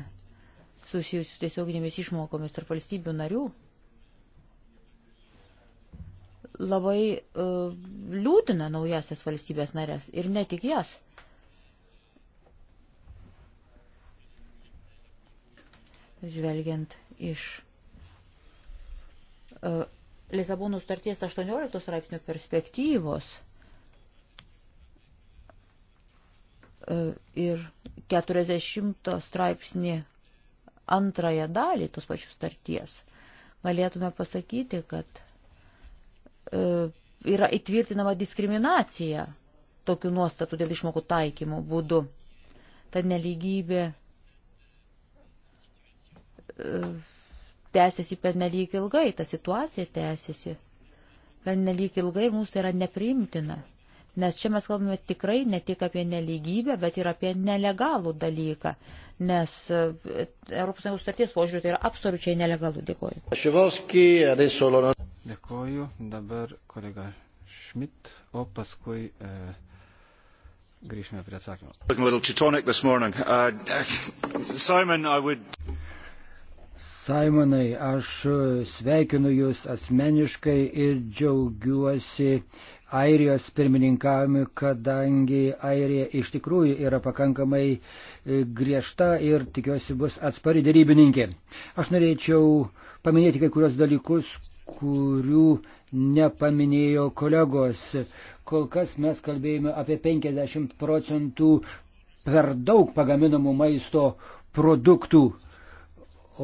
susijusių su tiesioginėmis išmokomis tarp valstybių narių labai uh, liūdina naujasias valstybės narės ir ne tik jas. Žvelgiant iš uh, Lisabonų starties 18 straipsnio perspektyvos uh, ir 40 straipsnį antrąją dalį tos pačios starties, galėtume pasakyti, kad e, yra įtvirtinama diskriminacija tokių nuostatų dėl išmokų taikymo būdu. Ta neligybė e, tęsiasi per nelik ilgai, ta situacija tęsiasi. Per nelik ilgai mums tai yra neprimtina. Nes čia mes kalbame tikrai ne tik apie neligybę, bet ir apie nelegalų dalyką. Nes ES sutarties požiūrį tai yra absoliučiai nelegalų. Dėkoju. Dėkoju. Dabar kolega Šmit, o paskui. E... Grįžime prie atsakymo. Uh, Simonai, aš sveikinu Jūs asmeniškai ir džiaugiuosi uh, Airijos pirmininkavimu, kadangi Airija iš tikrųjų yra pakankamai e, griežta ir tikiuosi bus atspari dėrybininkė. Aš norėčiau paminėti kai kurios dalykus, kurių nepaminėjo kolegos. Kol kas mes kalbėjome apie 50 procentų per daug pagaminamų maisto produktų,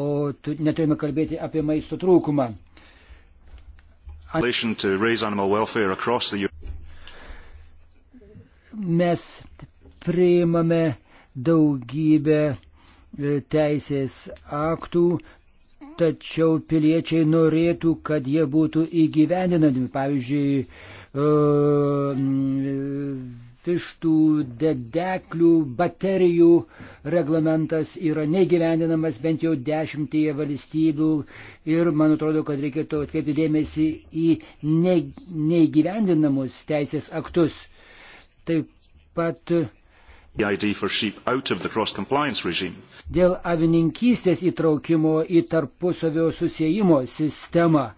o neturime kalbėti apie maisto trūkumą. Mes priimame daugybę e, teisės aktų, tačiau piliečiai norėtų, kad jie būtų įgyvendinami. Pavyzdžiui, e, vištų, dedeklių, baterijų reglamentas yra negyvendinamas bent jau dešimtyje valstybių ir man atrodo, kad reikėtų atkreipti dėmesį į ne, neįgyvendinamus teisės aktus. Taip pat dėl avininkystės įtraukimo į tarpusavio susijimo sistemą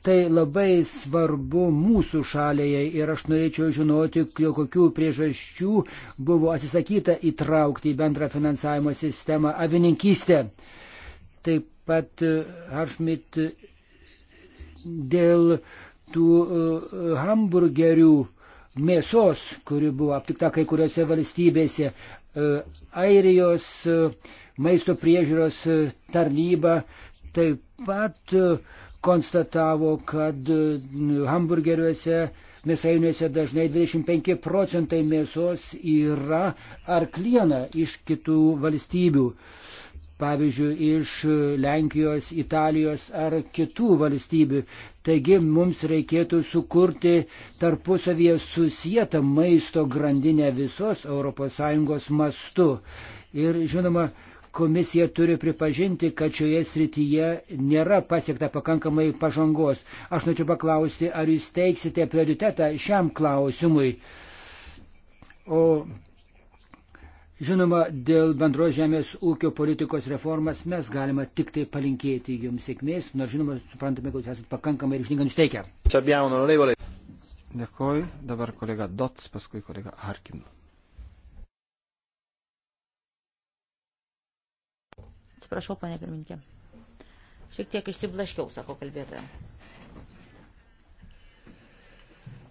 Tai labai svarbu mūsų šaliai ir aš norėčiau žinoti, kokių priežasčių buvo atsisakyta įtraukti į bendrą finansavimo sistemą avininkystę. Taip pat e, Haršmit dėl tų e, hamburgerių mėsos, kuri buvo aptikta kai kuriuose valstybėse, e, Airijos maisto priežiūros tarnyba taip pat uh, konstatavo, kad e, hamburgeriuose mėsainiuose dažnai 25 procentai mėsos yra arkliena iš kitų valstybių. Pavyzdžiui, iš Lenkijos, Italijos ar kitų valstybių. Taigi mums reikėtų sukurti tarpusavyje susijęta maisto grandinę visos ES mastu. Ir žinoma, Komisija turi pripažinti, kad šioje srityje nėra pasiekta pakankamai pažangos. Aš norėčiau paklausti, ar jūs teiksite prioritetą šiam klausimui. O žinoma, dėl bendros žemės ūkio politikos reformas mes galime tik tai palinkėti jums sėkmės, nors žinoma, suprantame, kad jūs esate pakankamai ryštingai nusteikę. Dėkoju, dabar kolega Dots, paskui kolega Harkin. Atsiprašau, ponė pirminkė. Šiek tiek išsiblaškiau, sako kalbėtoja.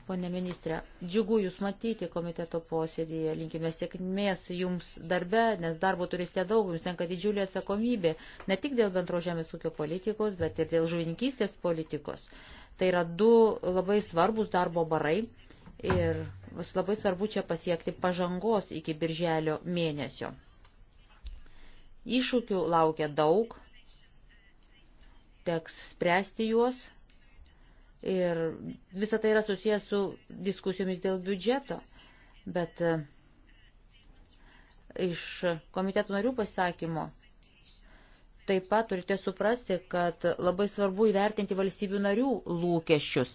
Pone ministrė, džiugu Jūs matyti komiteto posėdėje, linkime sėkmės Jums darbe, nes darbo turite daug, Jums tenka didžiulė atsakomybė, ne tik dėl bendro žemės ūkio politikos, bet ir dėl žuvininkystės politikos. Tai yra du labai svarbus darbo barai ir labai svarbu čia pasiekti pažangos iki birželio mėnesio. Iššūkių laukia daug, teks spręsti juos ir visa tai yra susijęs su diskusijomis dėl biudžeto, bet e, iš komitetų narių pasakymo Taip pat turite suprasti, kad labai svarbu įvertinti valstybių narių lūkesčius,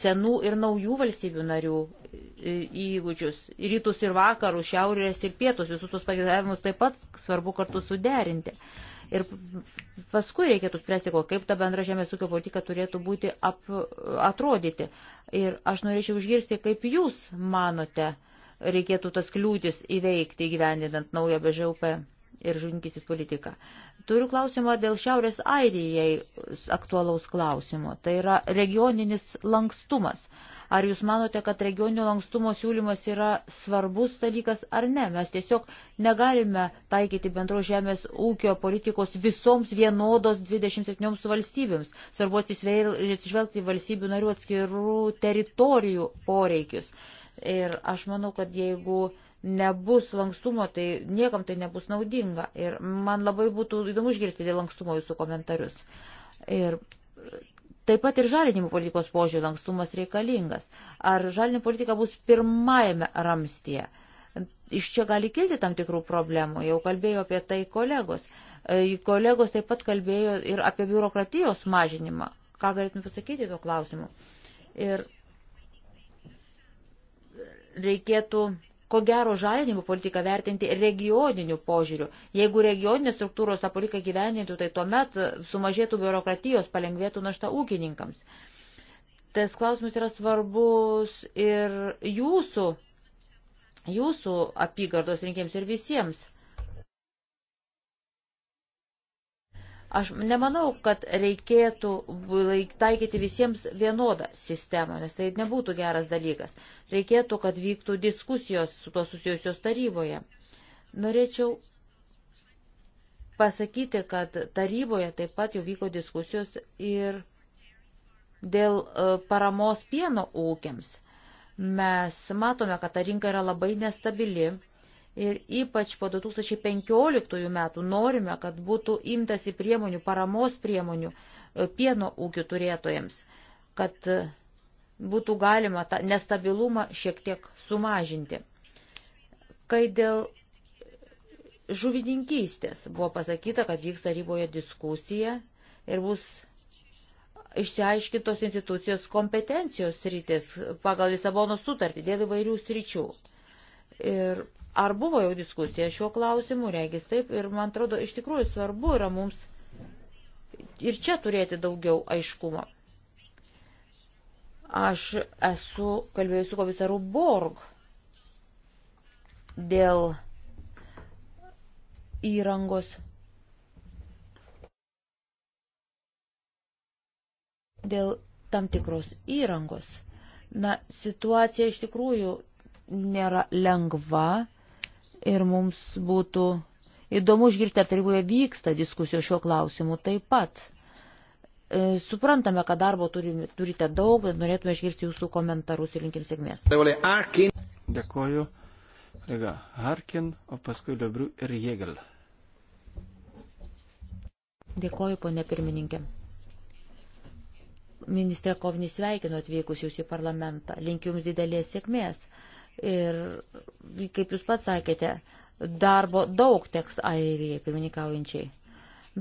senų ir naujų valstybių narių e, įgūdžius, rytus ir vakarus, šiaurės ir pietus, visus tos pagėdavimus taip pat svarbu kartu suderinti. Ir paskui reikėtų spręsti, ko, kaip ta bendra žemės ūkio politika turėtų būti ap, atrodyti. Ir aš norėčiau užgirsti, kaip jūs manote, reikėtų tas kliūtis įveikti įgyvendinant naują BŽUP ir žuvinkistės politiką. Turiu klausimą dėl Šiaurės Airijai aktualaus klausimo. Tai yra regioninis lankstumas. Ar jūs manote, kad regioninio lankstumo siūlymas yra svarbus dalykas ar ne? Mes tiesiog negalime taikyti bendro žemės ūkio politikos visoms vienodos 27 valstybėms. Svarbu atsižvelgti į valstybių narių atskirų teritorijų poreikius. Ir aš manau, kad jeigu uh, nebus lankstumo, tai niekam tai nebus naudinga. Ir man labai būtų įdomu išgirti dėl lankstumo jūsų komentarius. Ir taip pat ir žalinimo politikos požiūrį lankstumas reikalingas. Ar žalinimo politika bus pirmajame ramstyje? Iš čia gali kilti tam tikrų problemų, jau kalbėjo apie tai kolegos. E, kolegos taip pat kalbėjo ir apie biurokratijos mažinimą. Ką galėtume pasakyti tuo klausimu? Ir reikėtų ko gero žalinimo politiką vertinti regioniniu požiūriu. Jeigu regioninės struktūros tą politiką gyvenintų, tai tuomet sumažėtų biurokratijos, palengvėtų našta ūkininkams. Tas klausimas yra svarbus ir jūsų, jūsų apygardos rinkėjams ir visiems. Aš nemanau, kad reikėtų taikyti visiems vienodą sistemą, nes tai nebūtų geras dalykas. Reikėtų, kad vyktų diskusijos su to susijusios taryboje. Norėčiau pasakyti, kad taryboje taip pat jau vyko diskusijos ir dėl e, paramos pieno ūkiams. Mes matome, kad ta rinka yra labai nestabili Ir ypač po 2015 metų norime, kad būtų imtasi priemonių, paramos priemonių e, pieno ūkių turėtojams, kad e, būtų galima tą nestabilumą šiek tiek sumažinti. Kai dėl žuvininkystės buvo pasakyta, kad vyks taryboje diskusija ir bus išsiaiškintos institucijos kompetencijos sritis pagal Lisabono sutartį dėl įvairių sričių. Ir Ar buvo jau diskusija šiuo klausimu, regis taip, ir man atrodo, iš tikrųjų svarbu yra mums ir čia turėti daugiau aiškumo. Aš esu kalbėjusi su komisaru Borg dėl įrangos. Dėl tam tikros įrangos. Na, situacija iš tikrųjų nėra lengva, Ir mums būtų įdomu išgirti, ar taryboje vyksta diskusijos šiuo klausimu taip pat. E, suprantame, kad darbo turime, turite daug, bet norėtume išgirti jūsų komentarus ir linkim sėkmės. Dėkoju. Kolega Harkin, o paskui Lebriu ir Jėgel. Dėkoju, ponė pirmininkė. Ministrė Kovnis sveikinu atvykus jūs į parlamentą. Linkiu jums didelės sėkmės. Ir, kaip jūs pats sakėte, darbo daug teks airijai pirmininkaujančiai.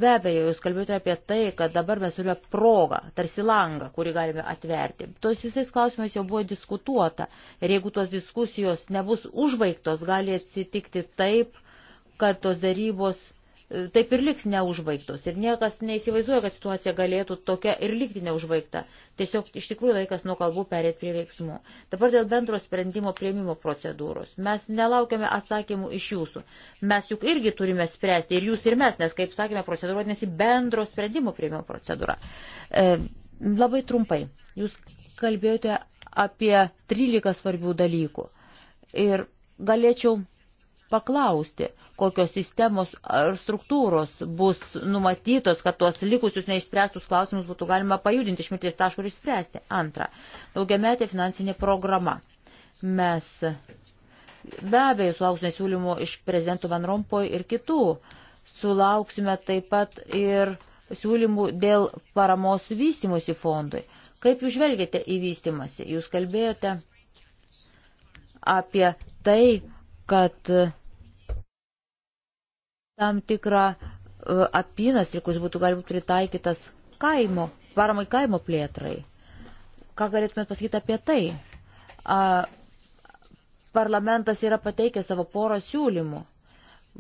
Be abejo, jūs kalbėjote apie tai, kad dabar mes turime progą, tarsi langą, kurį galime atverti. Tos visais klausimais jau buvo diskutuota ir jeigu tos diskusijos nebus užbaigtos, gali atsitikti taip, kad tos darybos taip ir liks neužbaigtos. Ir niekas neįsivaizduoja, kad situacija galėtų tokia ir likti neužbaigta. Tiesiog iš tikrųjų laikas nuo kalbų perėti prie veiksmų. Dabar dėl bendro sprendimo prieimimo procedūros. Mes nelaukiame atsakymų iš jūsų. Mes juk irgi turime spręsti, ir jūs, ir mes, nes, kaip sakėme, procedūra vadinasi bendro sprendimo prieimimo procedūra. E, labai trumpai. Jūs kalbėjote apie 13 svarbių dalykų. Ir galėčiau paklausti, kokios sistemos ar struktūros bus numatytos, kad tuos likusius neišspręstus klausimus būtų galima pajudinti iš mirties taško ir išspręsti. Antra, daugiametė finansinė programa. Mes be abejo sulauksime siūlymų iš prezidentų Van Rompoj ir kitų. Sulauksime taip pat ir siūlymų dėl paramos vystimusi fondui. Kaip jūs žvelgiate į vystimąsi? Jūs kalbėjote apie tai, kad tam tikrą e, apinas, kuris būtų galbūt pritaikytas kaimo, paramai kaimo plėtrai. Ką galėtumėt pasakyti apie tai? A, parlamentas yra pateikęs savo porą siūlymų.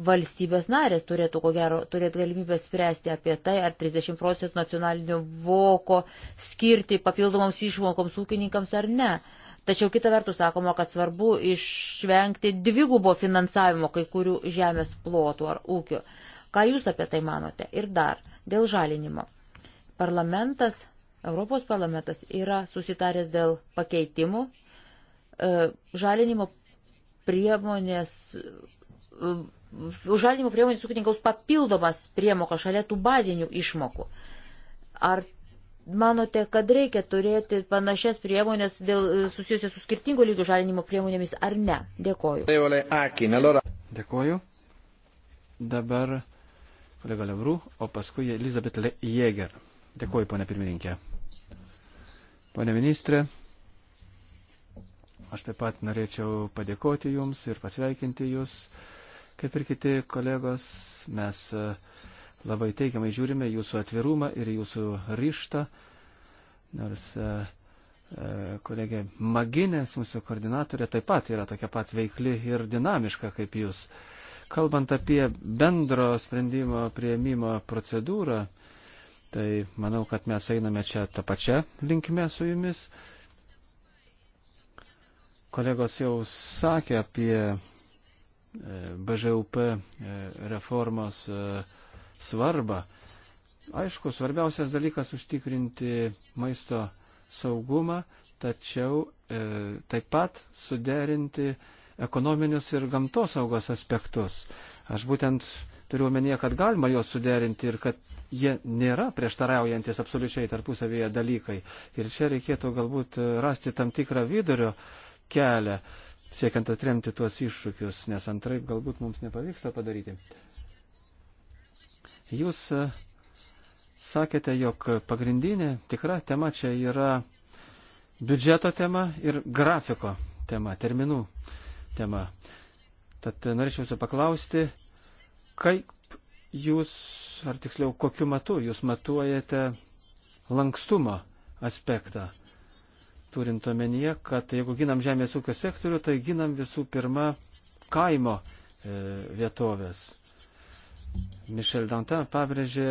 Valstybės narės turėtų, ko gero, turėti galimybę spręsti apie tai, ar 30 procentų nacionalinio voko skirti papildomoms išmokoms ūkininkams ar ne. Uh, Tačiau kita vertus sakoma, kad svarbu išvengti dvigubo finansavimo kai kurių žemės plotų ar ūkių. Ką Jūs apie tai manote? Ir dar dėl žalinimo. Parlamentas, Europos parlamentas yra susitaręs dėl pakeitimų. E, žalinimo priemonės už e, žalinimo priemonės ūkininkaus papildomas priemoka šalia tų bazinių išmokų. Ar manote, kad reikia turėti panašias priemonės dėl e, susijusios su skirtingo lygio žalinimo priemonėmis ar ne? Dėkoju. Dėkoju. Dabar kolega Levrų, o paskui Elizabeth Jėger. Dėkoju, ponė pirmininkė. Pone ministrė, aš taip pat norėčiau padėkoti Jums ir pasveikinti Jūs, kaip ir kiti kolegos. Mes uh, labai teigiamai žiūrime jūsų atvirumą ir jūsų ryštą, nors e, e, kolegė Maginės, mūsų koordinatorė, taip pat yra tokia pat veikli ir dinamiška kaip jūs. Kalbant apie bendro sprendimo prieimimo procedūrą, tai manau, kad mes einame čia tą pačią linkmę su jumis. Kolegos jau sakė apie e, BŽUP reformos uh, svarbą. Aišku, svarbiausias dalykas užtikrinti maisto saugumą, tačiau e, taip pat suderinti ekonominius ir gamtosaugos aspektus. Aš būtent turiu omenyje, kad galima juos suderinti ir kad jie nėra prieštaraujantis absoliučiai tarpusavėje dalykai. Ir čia reikėtų galbūt rasti tam tikrą vidurio kelią, siekiant atremti tuos iššūkius, nes antraip galbūt mums nepavyks to padaryti. Jūs e, sakėte, jog pagrindinė tikra tema čia yra biudžeto tema ir grafiko tema, terminų tema. Tad norėčiau jūsų paklausti, kaip jūs, ar tiksliau, kokiu matu jūs matuojate lankstumo aspektą, turint omenyje, kad jeigu ginam žemės ūkio sektorių, tai ginam visų pirma kaimo e, vietovės. Mišel Danta pabrėžė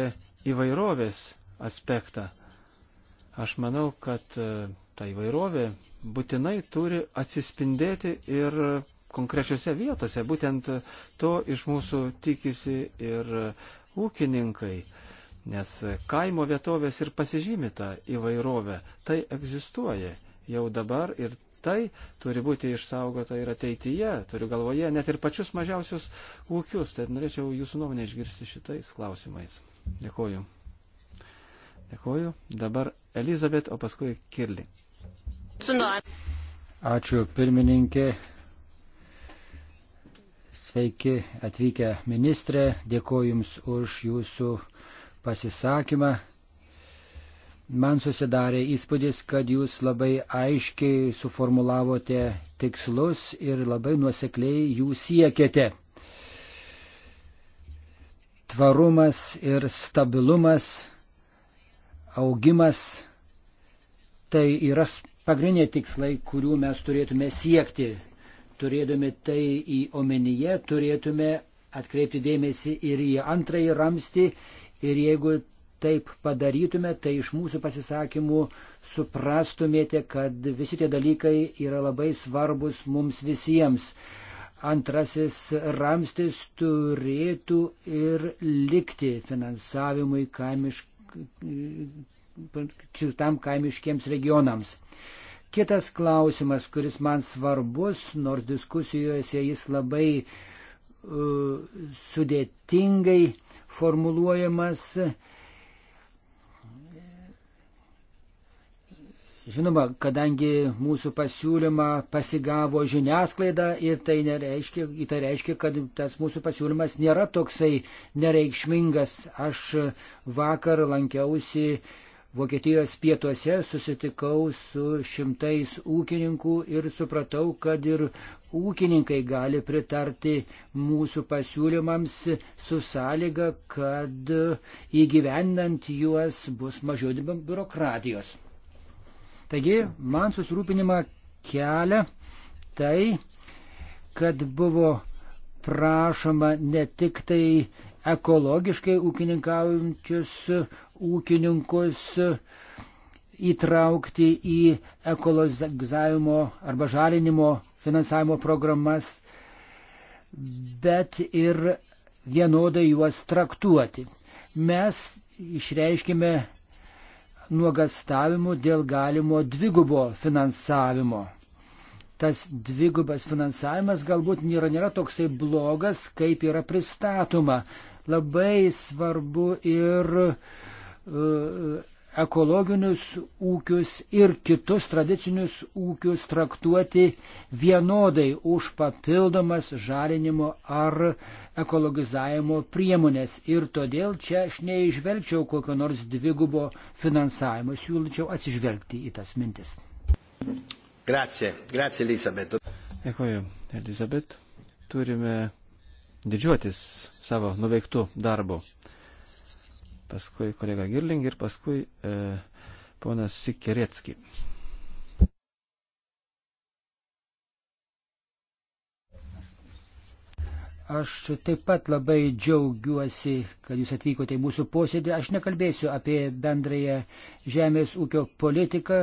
įvairovės aspektą. Aš manau, kad e, ta įvairovė būtinai turi atsispindėti ir konkrečiose vietose. Būtent to iš mūsų tikisi ir ūkininkai, nes kaimo vietovės ir pasižymita įvairovė. Tai egzistuoja jau dabar ir tai turi būti išsaugota ir ateityje, turiu galvoje net ir pačius mažiausius ūkius. Tad norėčiau jūsų nuomonę išgirsti šitais klausimais. Dėkuoju. Dėkuoju. Dabar Elizabet, o paskui Kirli. Ačiū pirmininkė. Sveiki atvykę ministrė, dėkuoju Jums už Jūsų pasisakymą. Man susidarė įspūdis, kad jūs labai aiškiai suformulavote tikslus ir labai nuosekliai jų siekėte. Tvarumas ir stabilumas, augimas - tai yra pagrindiniai tikslai, kurių mes turėtume siekti. Turėdami tai į omenyje, turėtume atkreipti dėmesį ir į antrąjį ramstį ir jeigu taip padarytume, tai iš mūsų pasisakymų suprastumėte, kad visi tie dalykai yra labai svarbus mums visiems. Antrasis ramstis turėtų ir likti finansavimui kaimišk... tam kaimiškiems regionams. Kitas klausimas, kuris man svarbus, nors diskusijose jis labai uh, sudėtingai formuluojamas, uh, Žinoma, kadangi mūsų pasiūlymą pasigavo žiniasklaida ir tai, nereiškia, tai reiškia, kad tas mūsų pasiūlymas nėra toksai nereikšmingas. Aš vakar lankiausi Vokietijos pietuose, susitikau su šimtais ūkininkų ir supratau, kad ir ūkininkai gali pritarti mūsų pasiūlymams su sąlyga, kad įgyvendant juos bus mažiau biurokratijos. Taigi man susirūpinimą kelia tai, kad buvo prašoma ne tik tai ekologiškai ūkininkaujančius ūkininkus įtraukti į ekologizavimo arba žalinimo finansavimo programas, bet ir vienodai juos traktuoti. Mes išreiškime nuogastavimų dėl galimo dvigubo finansavimo. Tas dvigubas finansavimas galbūt nėra, nėra toksai blogas, kaip yra pristatoma. Labai svarbu ir uh, ekologinius ūkius ir kitus tradicinius ūkius traktuoti vienodai už papildomas žalinimo ar ekologizavimo priemonės. Ir todėl čia aš neižvelgčiau kokio nors dvigubo finansavimo, siūlyčiau atsižvelgti į tas mintis. Grazie, grazie Elisabet. Dėkuoju, Elisabet. Turime didžiuotis savo nuveiktų darbų paskui kolega Girling ir paskui e, ponas Sikeretski. Aš taip pat labai džiaugiuosi, kad jūs atvykote į mūsų posėdį. Aš nekalbėsiu apie bendrąją žemės ūkio politiką.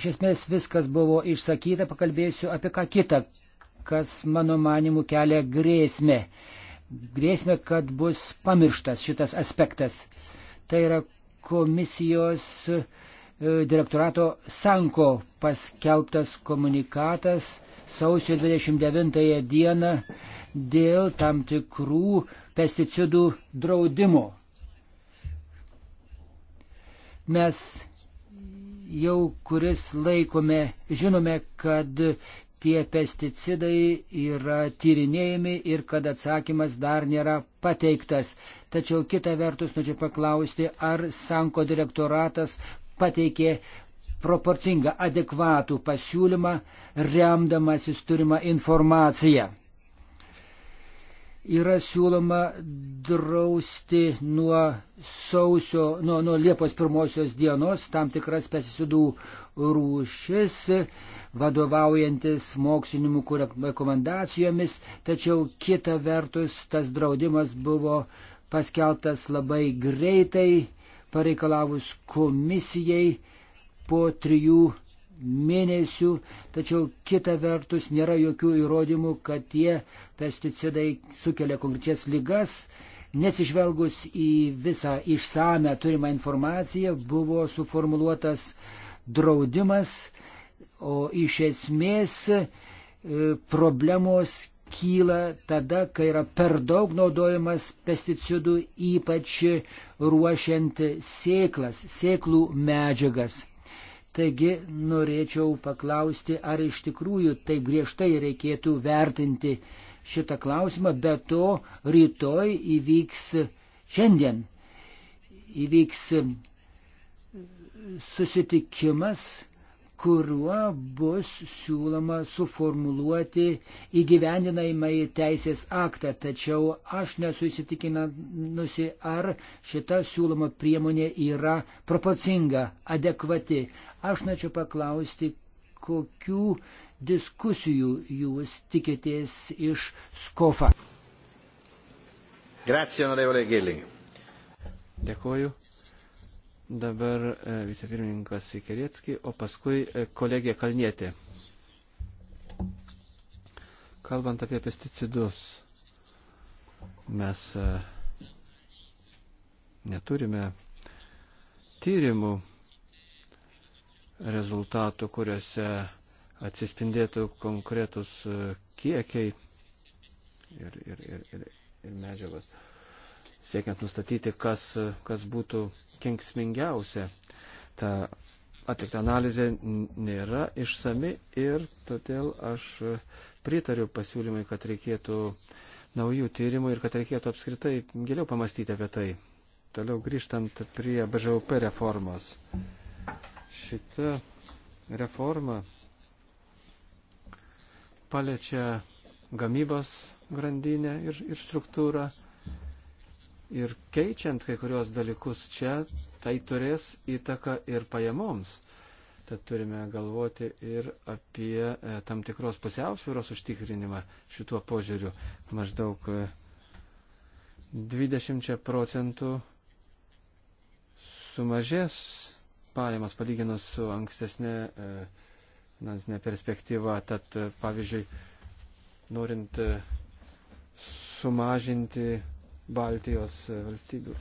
Iš esmės viskas buvo išsakyta, pakalbėsiu apie ką kitą, kas mano manimu kelia grėsmę grėsmę, kad bus pamirštas šitas aspektas. Tai yra komisijos e, direktorato Sanko paskelbtas komunikatas sausio 29 dieną dėl tam tikrų pesticidų draudimo. Mes jau kuris laikome, žinome, kad tie pesticidai yra tyrinėjami ir kad atsakymas dar nėra pateiktas. Tačiau kita vertus, norėčiau paklausti, ar Sanko direktoratas pateikė proporcingą, adekvatų pasiūlymą, remdamasis turimą informaciją. Yra siūloma drausti nuo sausio, nuo, nuo Liepos pirmosios dienos tam tikras pesticidų rūšis vadovaujantis mokslininkų rekomendacijomis, tačiau kita vertus tas draudimas buvo paskeltas labai greitai, pareikalavus komisijai po trijų mėnesių, tačiau kita vertus nėra jokių įrodymų, kad tie pesticidai sukelia konkrečias lygas. Nesižvelgus į visą išsame turimą informaciją buvo suformuluotas draudimas o iš esmės e, problemos kyla tada, kai yra per daug naudojamas pesticidų, ypač ruošiant sėklas, sėklų medžiagas. Taigi norėčiau paklausti, ar iš tikrųjų tai griežtai reikėtų vertinti šitą klausimą, bet to rytoj įvyks šiandien. Įvyks susitikimas kuriuo bus siūloma suformuluoti įgyvendinamąjį teisės aktą, tačiau aš nesusitikinusi, ar šita siūloma priemonė yra proporcinga, adekvati. Aš norėčiau paklausti, kokių diskusijų jūs tikitės iš skofa. Grazie, onorevole Gėlį. Dėkuoju. Dabar e, vicepirmininkas Sikerietski, o paskui e, kolegė Kalnietė. Kalbant apie pesticidus, mes e, neturime tyrimų rezultatų, kuriuose atsispindėtų konkretus kiekiai ir, ir, ir, ir, ir medžiagos, siekiant nustatyti, kas, kas būtų kenksmingiausia. Ta atlikta analizė nėra išsami ir todėl aš pritariu pasiūlymui, kad reikėtų naujų tyrimų ir kad reikėtų apskritai giliau pamastyti apie tai. Toliau grįžtant prie BŽUP reformos. Šita reforma paliečia gamybos grandinę ir, ir struktūrą Ir keičiant kai kurios dalykus čia, tai turės įtaką ir pajamoms. Tad turime galvoti ir apie e, tam tikros pusiausvėros užtikrinimą šituo požiūriu. Maždaug 20 e, procentų sumažės pajamas palyginus su ankstesnė e, finansinė perspektyva. Tad, e, pavyzdžiui, norint e, sumažinti Baltijos valstybių.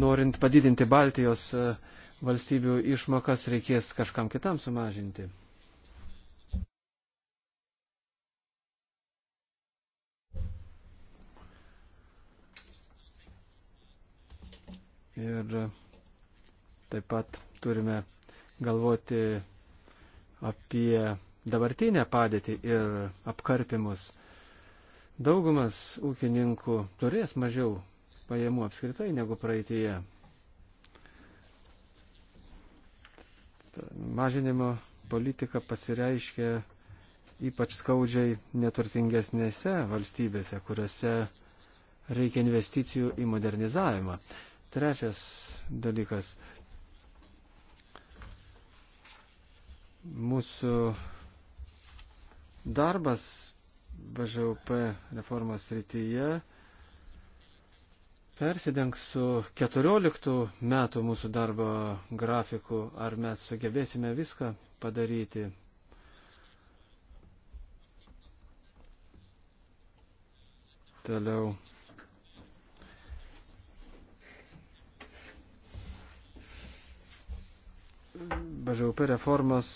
Norint padidinti Baltijos e, valstybių išmokas, reikės kažkam kitam sumažinti. Ir e, taip pat turime galvoti apie dabartinę padėtį ir apkarpimus. Daugumas ūkininkų turės mažiau pajamų apskritai negu praeitėje. Mažinimo politika pasireiškia ypač skaudžiai neturtingesnėse valstybėse, kuriuose reikia investicijų į modernizavimą. Trečias dalykas. Mūsų darbas BŽUP reformos rytyje persidengs su 14 metų mūsų darbo grafiku, ar mes sugebėsime viską padaryti. Toliau. BŽUP reformos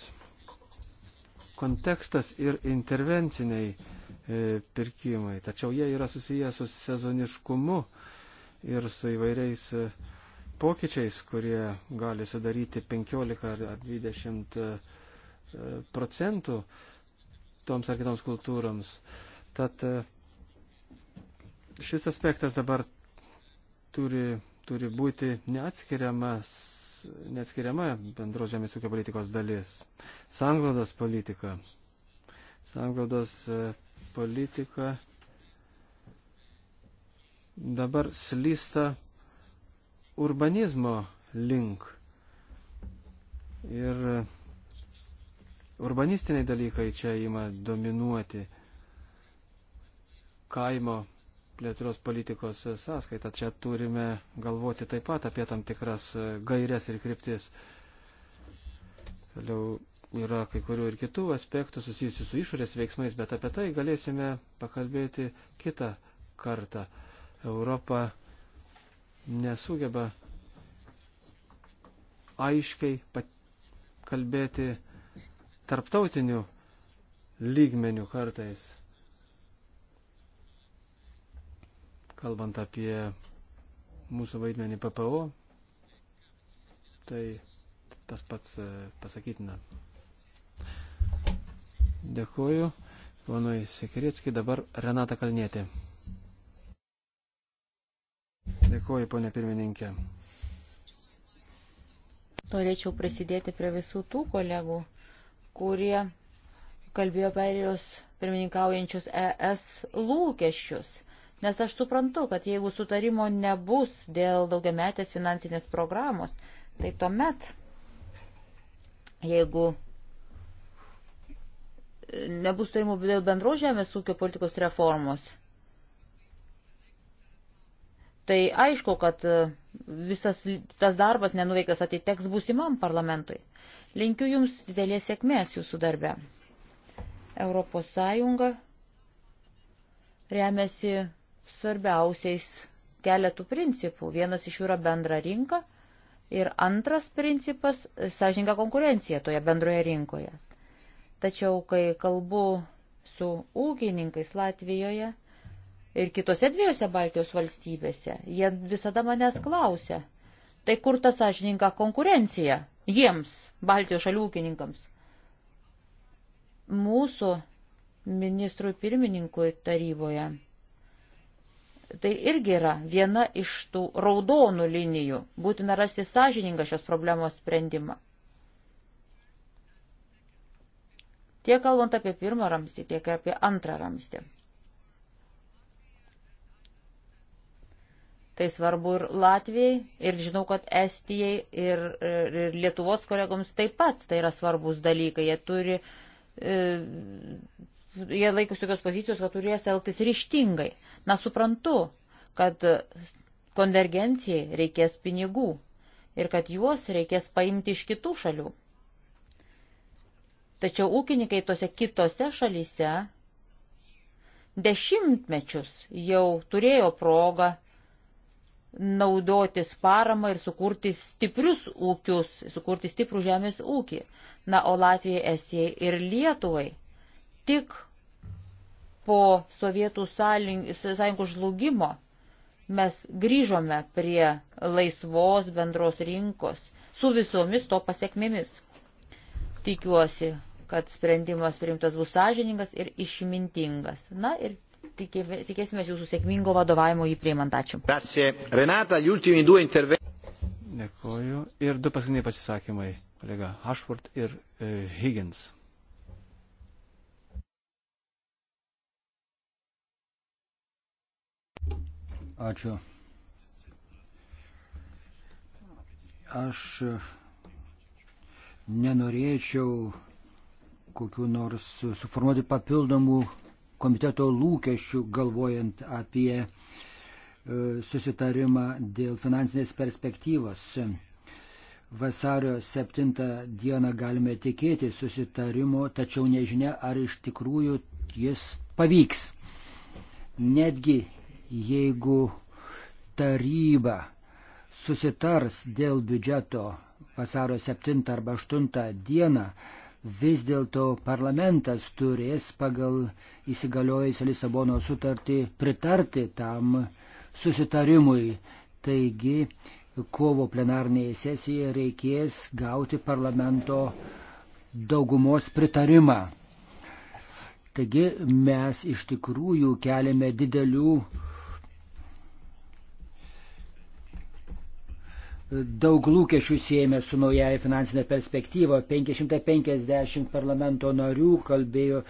kontekstas ir intervenciniai E, pirkimai. Tačiau jie yra susiję su sezoniškumu ir su įvairiais e, pokyčiais, kurie gali sudaryti 15 ar 20 e, procentų toms ar kitoms kultūroms. Tad šis aspektas dabar turi, turi būti neatskiriamas neatskiriama bendros žemės ūkio politikos dalis. Sanglaudos politika. Sanglaudos politika dabar slysta urbanizmo link. Ir urbanistiniai dalykai čia ima dominuoti kaimo plėtros politikos sąskaitą. Čia turime galvoti taip pat apie tam tikras gairias ir kryptis. Toliau Yra kai kurių ir kitų aspektų susijusių su išorės veiksmais, bet apie tai galėsime pakalbėti kitą kartą. Europa nesugeba aiškiai kalbėti tarptautinių lygmenių kartais. Kalbant apie mūsų vaidmenį PPO, tai tas pats e, pasakytina Dėkuoju. Ponui Sekiritskiai dabar Renata Kalnietė. Dėkuoju, ponė pirmininkė. Norėčiau prisidėti prie visų tų kolegų, kurie kalbėjo perėjus pirmininkaujančius ES lūkesčius. Nes aš suprantu, kad jeigu sutarimo nebus dėl daugiametės finansinės programos, tai tuomet, jeigu nebus turimų dėl bendro žemės ūkio politikos reformos, tai aišku, kad e, visas tas darbas nenuveiktas atiteks būsimam parlamentui. Linkiu Jums didelės sėkmės Jūsų darbe. Europos Sąjunga remiasi svarbiausiais keletų principų. Vienas iš jų yra bendra rinka ir antras principas - sąžininga konkurencija toje bendroje rinkoje. Tačiau, kai kalbu su ūkininkais Latvijoje ir kitose dviejose Baltijos valstybėse, jie visada manęs klausia, tai kur ta sąžininka konkurencija jiems, Baltijos šalių ūkininkams. Mūsų ministrui pirmininkui taryboje. Tai irgi yra viena iš tų raudonų linijų. Būtina rasti sąžiningą šios problemos sprendimą. Tiek kalbant apie pirmą ramstį, tiek apie antrą ramstį. Tai svarbu ir Latvijai, ir žinau, kad Estijai, ir, ir Lietuvos kolegoms taip pat tai yra svarbus dalykai. Jie turi, e, jie laikus tokios pozicijos, kad turės elgtis ryštingai. Na, suprantu, kad konvergencijai reikės pinigų ir kad juos reikės paimti iš kitų šalių. Tačiau ūkininkai tose kitose šalyse dešimtmečius jau turėjo progą naudotis paramą ir sukurti stiprius ūkius, sukurti stiprų žemės ūkį. Na, o Latvijai, Estijai ir Lietuvai tik po Sovietų sąjungų žlugimo mes grįžome prie laisvos bendros rinkos su visomis to pasiekmėmis. Tikiuosi, kad sprendimas priimtas bus sąžiningas ir išmintingas. Na ir tikėsime jūsų sėkmingo vadovavimo jį priimant. Ačiū. Grazie. Renata, gli ultimi due interventi. Dėkuoju. Ir du paskutiniai pasisakymai, kolega Ashford ir e, Higgins. Ačiū. Aš nenorėčiau kokiu nors suformuoti papildomų komiteto lūkesčių, galvojant apie e, susitarimą dėl finansinės perspektyvos. Vasario 7 dieną galime tikėti susitarimo, tačiau nežinia, ar iš tikrųjų jis pavyks. Netgi jeigu taryba susitars dėl biudžeto vasaro 7 arba 8 dieną, vis dėlto parlamentas turės pagal įsigaliojusią Lisabono sutartį pritarti tam susitarimui. Taigi kovo plenarnėje sesijoje reikės gauti parlamento daugumos pritarimą. Taigi mes iš tikrųjų keliame didelių daug lūkesčių siejame su naujaja finansinė perspektyva. 550 parlamento narių kalbėjo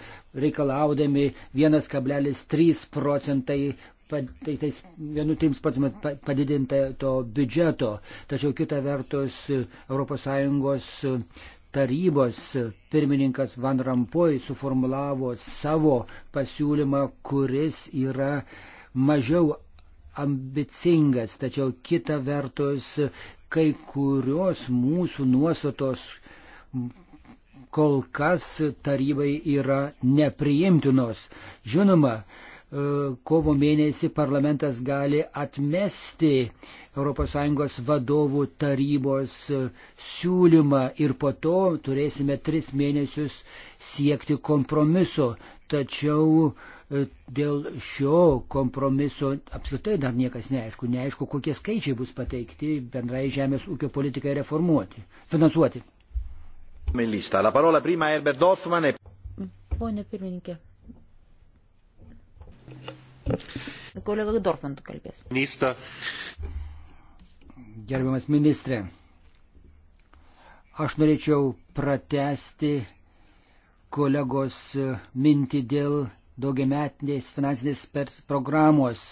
reikalaudami 1,3 procentai tai, tais vienu trims procentais padidinta to biudžeto. Tačiau kita vertus ES tarybos pirmininkas Van Rampoj suformulavo savo pasiūlymą, kuris yra mažiau ambicingas, tačiau kita vertus kai kurios mūsų nuostatos kol kas tarybai yra nepriimtinos. Žinoma, e, kovo mėnesį parlamentas gali atmesti ES vadovų tarybos siūlymą ir po to turėsime tris mėnesius siekti kompromiso tačiau e, dėl šio kompromiso apskritai dar niekas neaišku. Neaišku, kokie skaičiai bus pateikti bendrai žemės ūkio politikai reformuoti, finansuoti. E- Pone pirmininkė. Kolega Dorfman kalbės. Ministra. Gerbiamas ministrė, aš norėčiau pratesti kolegos mintį dėl daugiametinės finansinės programos.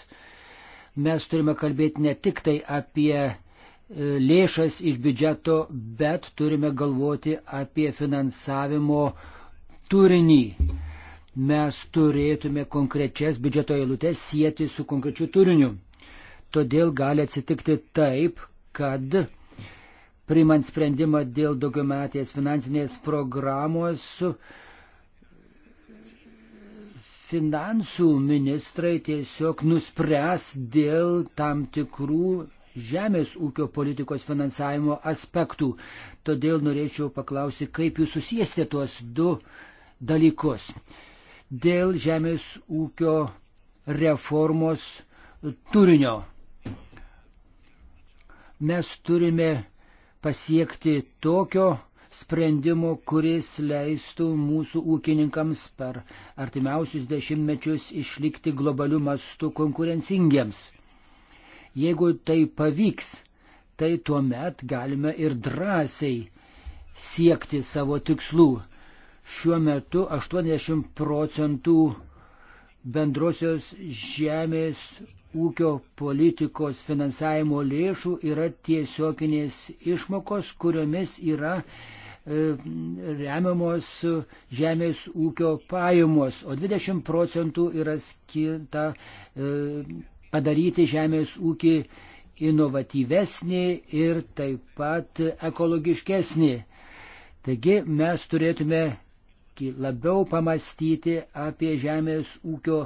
Mes turime kalbėti ne tik tai apie e, lėšas iš biudžeto, bet turime galvoti apie finansavimo turinį. Mes turėtume konkrečias biudžeto eilutės sieti su konkrečiu turiniu. Todėl gali atsitikti taip, kad priimant sprendimą dėl daugiametės finansinės programos, finansų ministrai tiesiog nuspręs dėl tam tikrų žemės ūkio politikos finansavimo aspektų. Todėl norėčiau paklausyti, kaip jūs susijęsite tuos du dalykus. Dėl žemės ūkio reformos turinio. Mes turime pasiekti tokio sprendimo, kuris leistų mūsų ūkininkams per artimiausius dešimtmečius išlikti globalių mastų konkurencingiems. Jeigu tai pavyks, tai tuomet galime ir drąsiai siekti savo tikslų. Šiuo metu 80 procentų bendrosios žemės ūkio politikos finansavimo lėšų yra tiesioginės išmokos, kuriomis yra E, remiamos žemės ūkio pajamos, o 20 procentų yra skirta e, padaryti žemės ūkį inovatyvesnį ir taip pat ekologiškesnį. Taigi mes turėtume labiau pamastyti apie žemės ūkio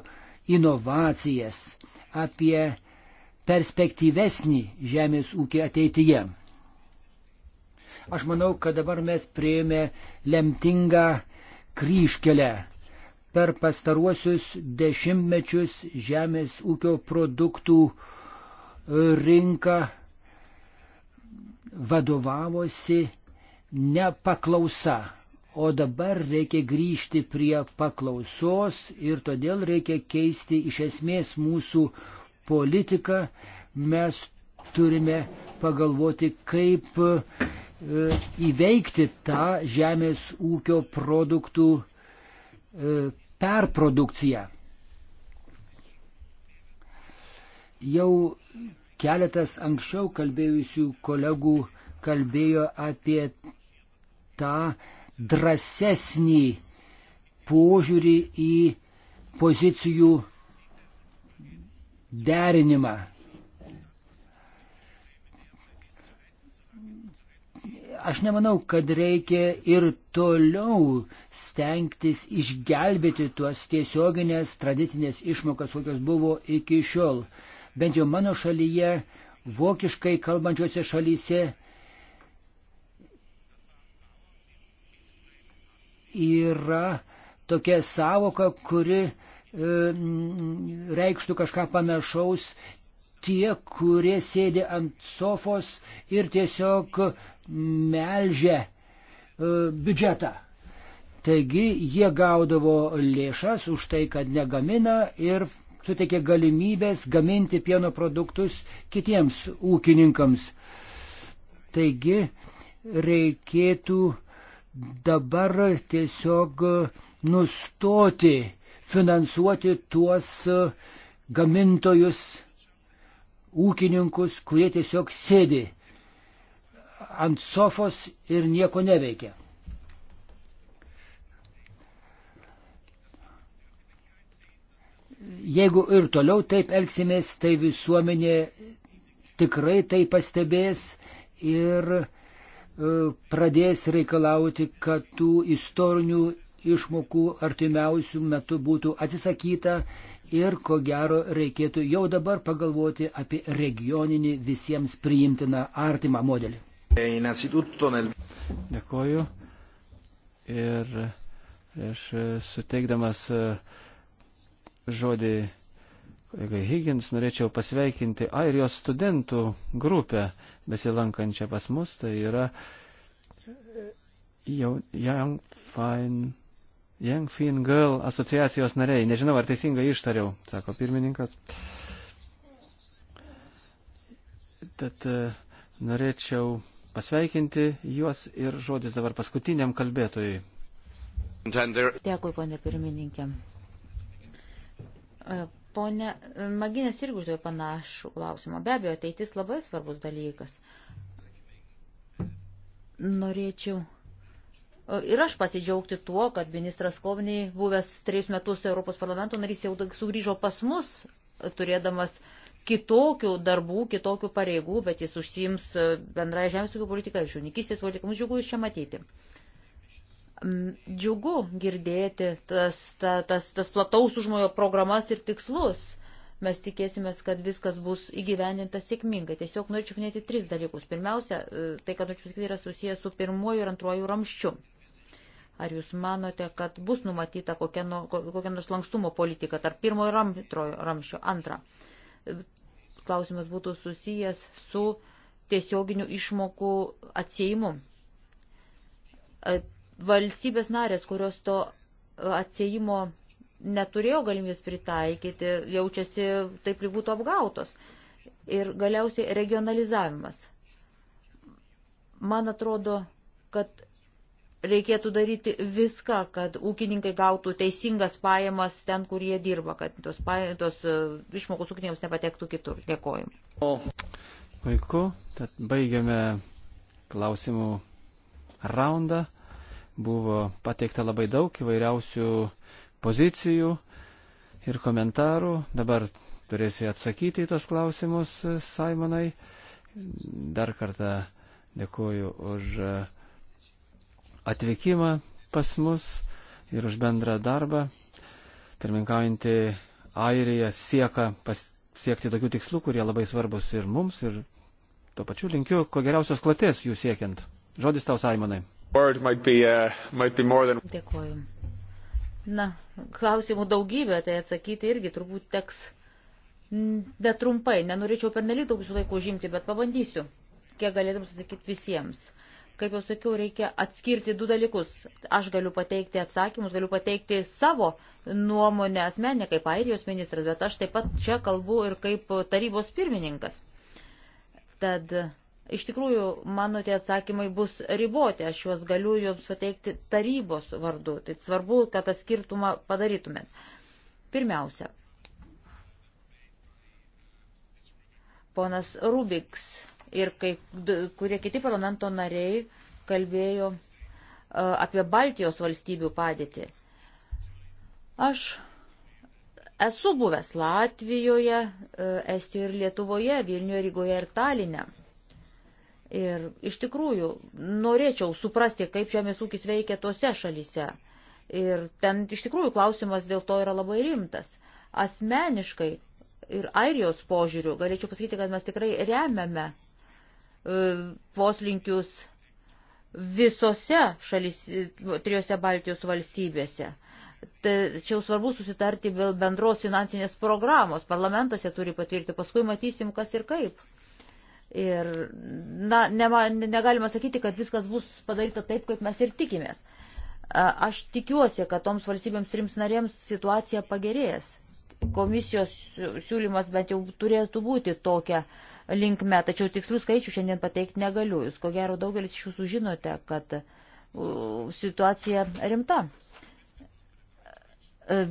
inovacijas, apie perspektyvesnį žemės ūkį ateityje. Aš manau, kad dabar mes prieėmė lemtingą kryškelę. Per pastaruosius dešimtmečius žemės ūkio produktų e, rinka vadovavosi ne paklausa, o dabar reikia grįžti prie paklausos ir todėl reikia keisti iš esmės mūsų politiką. Mes turime pagalvoti, kaip E, įveikti tą žemės ūkio produktų e, perprodukciją. Jau keletas anksčiau kalbėjusių kolegų kalbėjo apie tą drąsesnį požiūrį į pozicijų derinimą. aš nemanau, kad reikia ir toliau stengtis išgelbėti tuos tiesioginės tradicinės išmokas, kokios buvo iki šiol. Bent jau mano šalyje, vokiškai kalbančiose šalyse yra tokia savoka, kuri e, reikštų kažką panašaus tie, kurie sėdi ant sofos ir tiesiog melžia e, biudžetą. Taigi jie gaudavo lėšas už tai, kad negamina ir suteikė galimybės gaminti pieno produktus kitiems ūkininkams. Taigi reikėtų dabar tiesiog nustoti finansuoti tuos gamintojus ūkininkus, kurie tiesiog sėdi ant sofos ir nieko neveikia. Jeigu ir toliau taip elgsimės, tai visuomenė tikrai tai pastebės ir e, pradės reikalauti, kad tų istorinių išmokų artimiausių metų būtų atsisakyta ir ko gero reikėtų jau dabar pagalvoti apie regioninį visiems priimtiną artimą modelį. E, Dėkuoju. Ir prieš e, suteikdamas e, žodį kolegai Higgins norėčiau pasveikinti Airijos studentų grupę besilankančią pas mus. Tai yra Young Fine Young Fin Girl asociacijos nariai. Nežinau, ar teisingai ištariau, sako pirmininkas. Tad e, norėčiau pasveikinti juos ir žodis dabar paskutiniam kalbėtojui. Dėkui, ponė pirmininkė. E, Pone Maginės irgi uždavė panašų klausimą. Be abejo, ateitis labai svarbus dalykas. Norėčiau Ir aš pasidžiaugti tuo, kad ministras Kovniai, buvęs trejus metus Europos parlamento narys, jau sugrįžo pas mus, turėdamas kitokių darbų, kitokių pareigų, bet jis užsiims e, bendrąją žemės ūkio politiką, žiūnikistės politiką. Mums džiugu jūs čia matyti. Mm, džiugu girdėti tas, ta, tas, tas plataus užmojo programas ir tikslus. Mes tikėsime, kad viskas bus įgyvendinta sėkmingai. Tiesiog norėčiau minėti tris dalykus. Pirmiausia, e, tai, kad norėčiau pasakyti, yra susijęs su pirmoju ir antruoju ramščiu. Ar jūs manote, kad bus numatyta kokia, nu, kokia nors lankstumo politika tarp pirmojo ir antrojo ramščio? Antra. Klausimas būtų susijęs su tiesioginių išmokų atsėjimu. Valstybės narės, kurios to atsėjimo neturėjo galimybės pritaikyti, jaučiasi taip ir būtų apgautos. Ir galiausiai regionalizavimas. Man atrodo, kad reikėtų daryti viską, kad ūkininkai gautų teisingas pajamas ten, kur jie dirba, kad tos, tos e, išmokos ūkininkams nepatektų kitur. Dėkoju. Puiku, tad baigiame klausimų raundą. Buvo pateikta labai daug įvairiausių pozicijų ir komentarų. Dabar turėsi atsakyti į tos klausimus, Simonai. Dar kartą dėkoju už. Uh, atvykimą pas mus ir už bendrą darbą. Pirminkaujantį Airiją sieka pas, siekti tokių tikslų, kurie labai svarbus ir mums, ir tuo pačiu linkiu ko geriausios klotės jų siekiant. Žodis tau, Simonai. Uh, Dėkuoju. Na, klausimų daugybė, tai atsakyti irgi turbūt teks netrumpai. Nenorėčiau pernelyg daug jūsų laiko užimti, bet pabandysiu, kiek galėtum atsakyti visiems. Kaip jau sakiau, reikia atskirti du dalykus. Aš galiu pateikti atsakymus, galiu pateikti savo nuomonę asmenę kaip airijos ministras, bet aš taip pat čia kalbu ir kaip tarybos pirmininkas. Tad iš tikrųjų mano tie atsakymai bus riboti, aš juos galiu jums suteikti tarybos vardu. Tai svarbu, kad tą skirtumą padarytumėt. Pirmiausia, ponas Rubiks ir kai kurie kiti parlamento nariai kalbėjo e, apie Baltijos valstybių padėtį. Aš esu buvęs Latvijoje, e, Estijoje ir Lietuvoje, Vilniuje, Rygoje ir Taline. Ir iš tikrųjų norėčiau suprasti, kaip žemės ūkis veikia tose šalyse. Ir ten iš tikrųjų klausimas dėl to yra labai rimtas. Asmeniškai ir airijos požiūrių galėčiau pasakyti, kad mes tikrai remiame E, poslinkius visose šalis, trijose Baltijos valstybėse. Tačiau svarbu susitarti dėl bendros finansinės programos. Parlamentas ją turi patvirti, paskui matysim, kas ir kaip. Ir na, ne, negalima sakyti, kad viskas bus padaryta taip, kaip mes ir tikimės. Aš tikiuosi, kad toms valstybėms trims narėms situacija pagerės. Komisijos siūlymas bent jau turėtų būti tokia uh, linkme, tačiau tikslių skaičių šiandien pateikti negaliu. Jūs ko gero daugelis iš jūsų žinote, kad situacija rimta.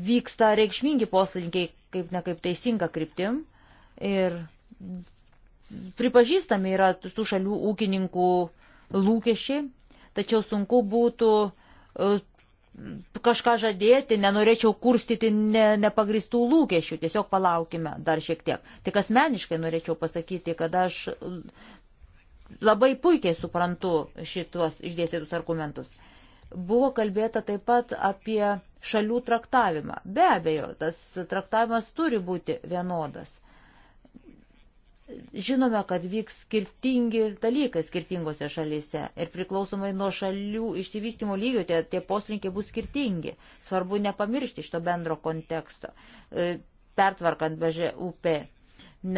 Vyksta reikšmingi poslinkiai, kaip ne kaip teisinga kryptim ir pripažįstami yra tų šalių ūkininkų lūkesčiai, tačiau sunku būtų kažką žadėti, nenorėčiau kurstyti ne, nepagristų lūkesčių, tiesiog palaukime dar šiek tiek. Tik asmeniškai norėčiau pasakyti, kad aš labai puikiai suprantu šitos išdėstytus argumentus. Buvo kalbėta taip pat apie šalių traktavimą. Be abejo, tas traktavimas turi būti vienodas. Žinome, kad vyks skirtingi dalykai skirtingose šalyse ir priklausomai nuo šalių išsivystimo lygio tie, tie poslinkiai bus skirtingi. Svarbu nepamiršti šito bendro konteksto, e, pertvarkant BŽUP.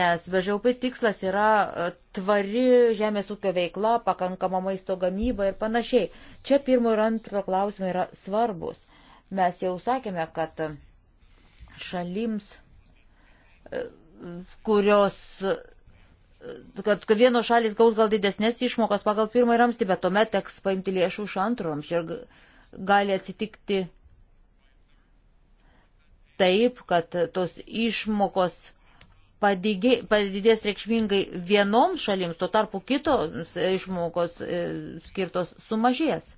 Nes BŽUP tikslas yra e, tvari žemės ūkio veikla, pakankama maisto gamyba ir panašiai. Čia pirmo ir antro klausimai yra svarbus. Mes jau sakėme, kad e, šalims kurios kad, kad vienos šalis gaus gal didesnės išmokas pagal pirmąjį ramstį, bet tuomet teks paimti lėšų iš antro ramščio ir gali atsitikti taip, kad tos išmokos padidė, padidės reikšmingai vienoms šalims, tuo tarpu kitos išmokos e, skirtos sumažės.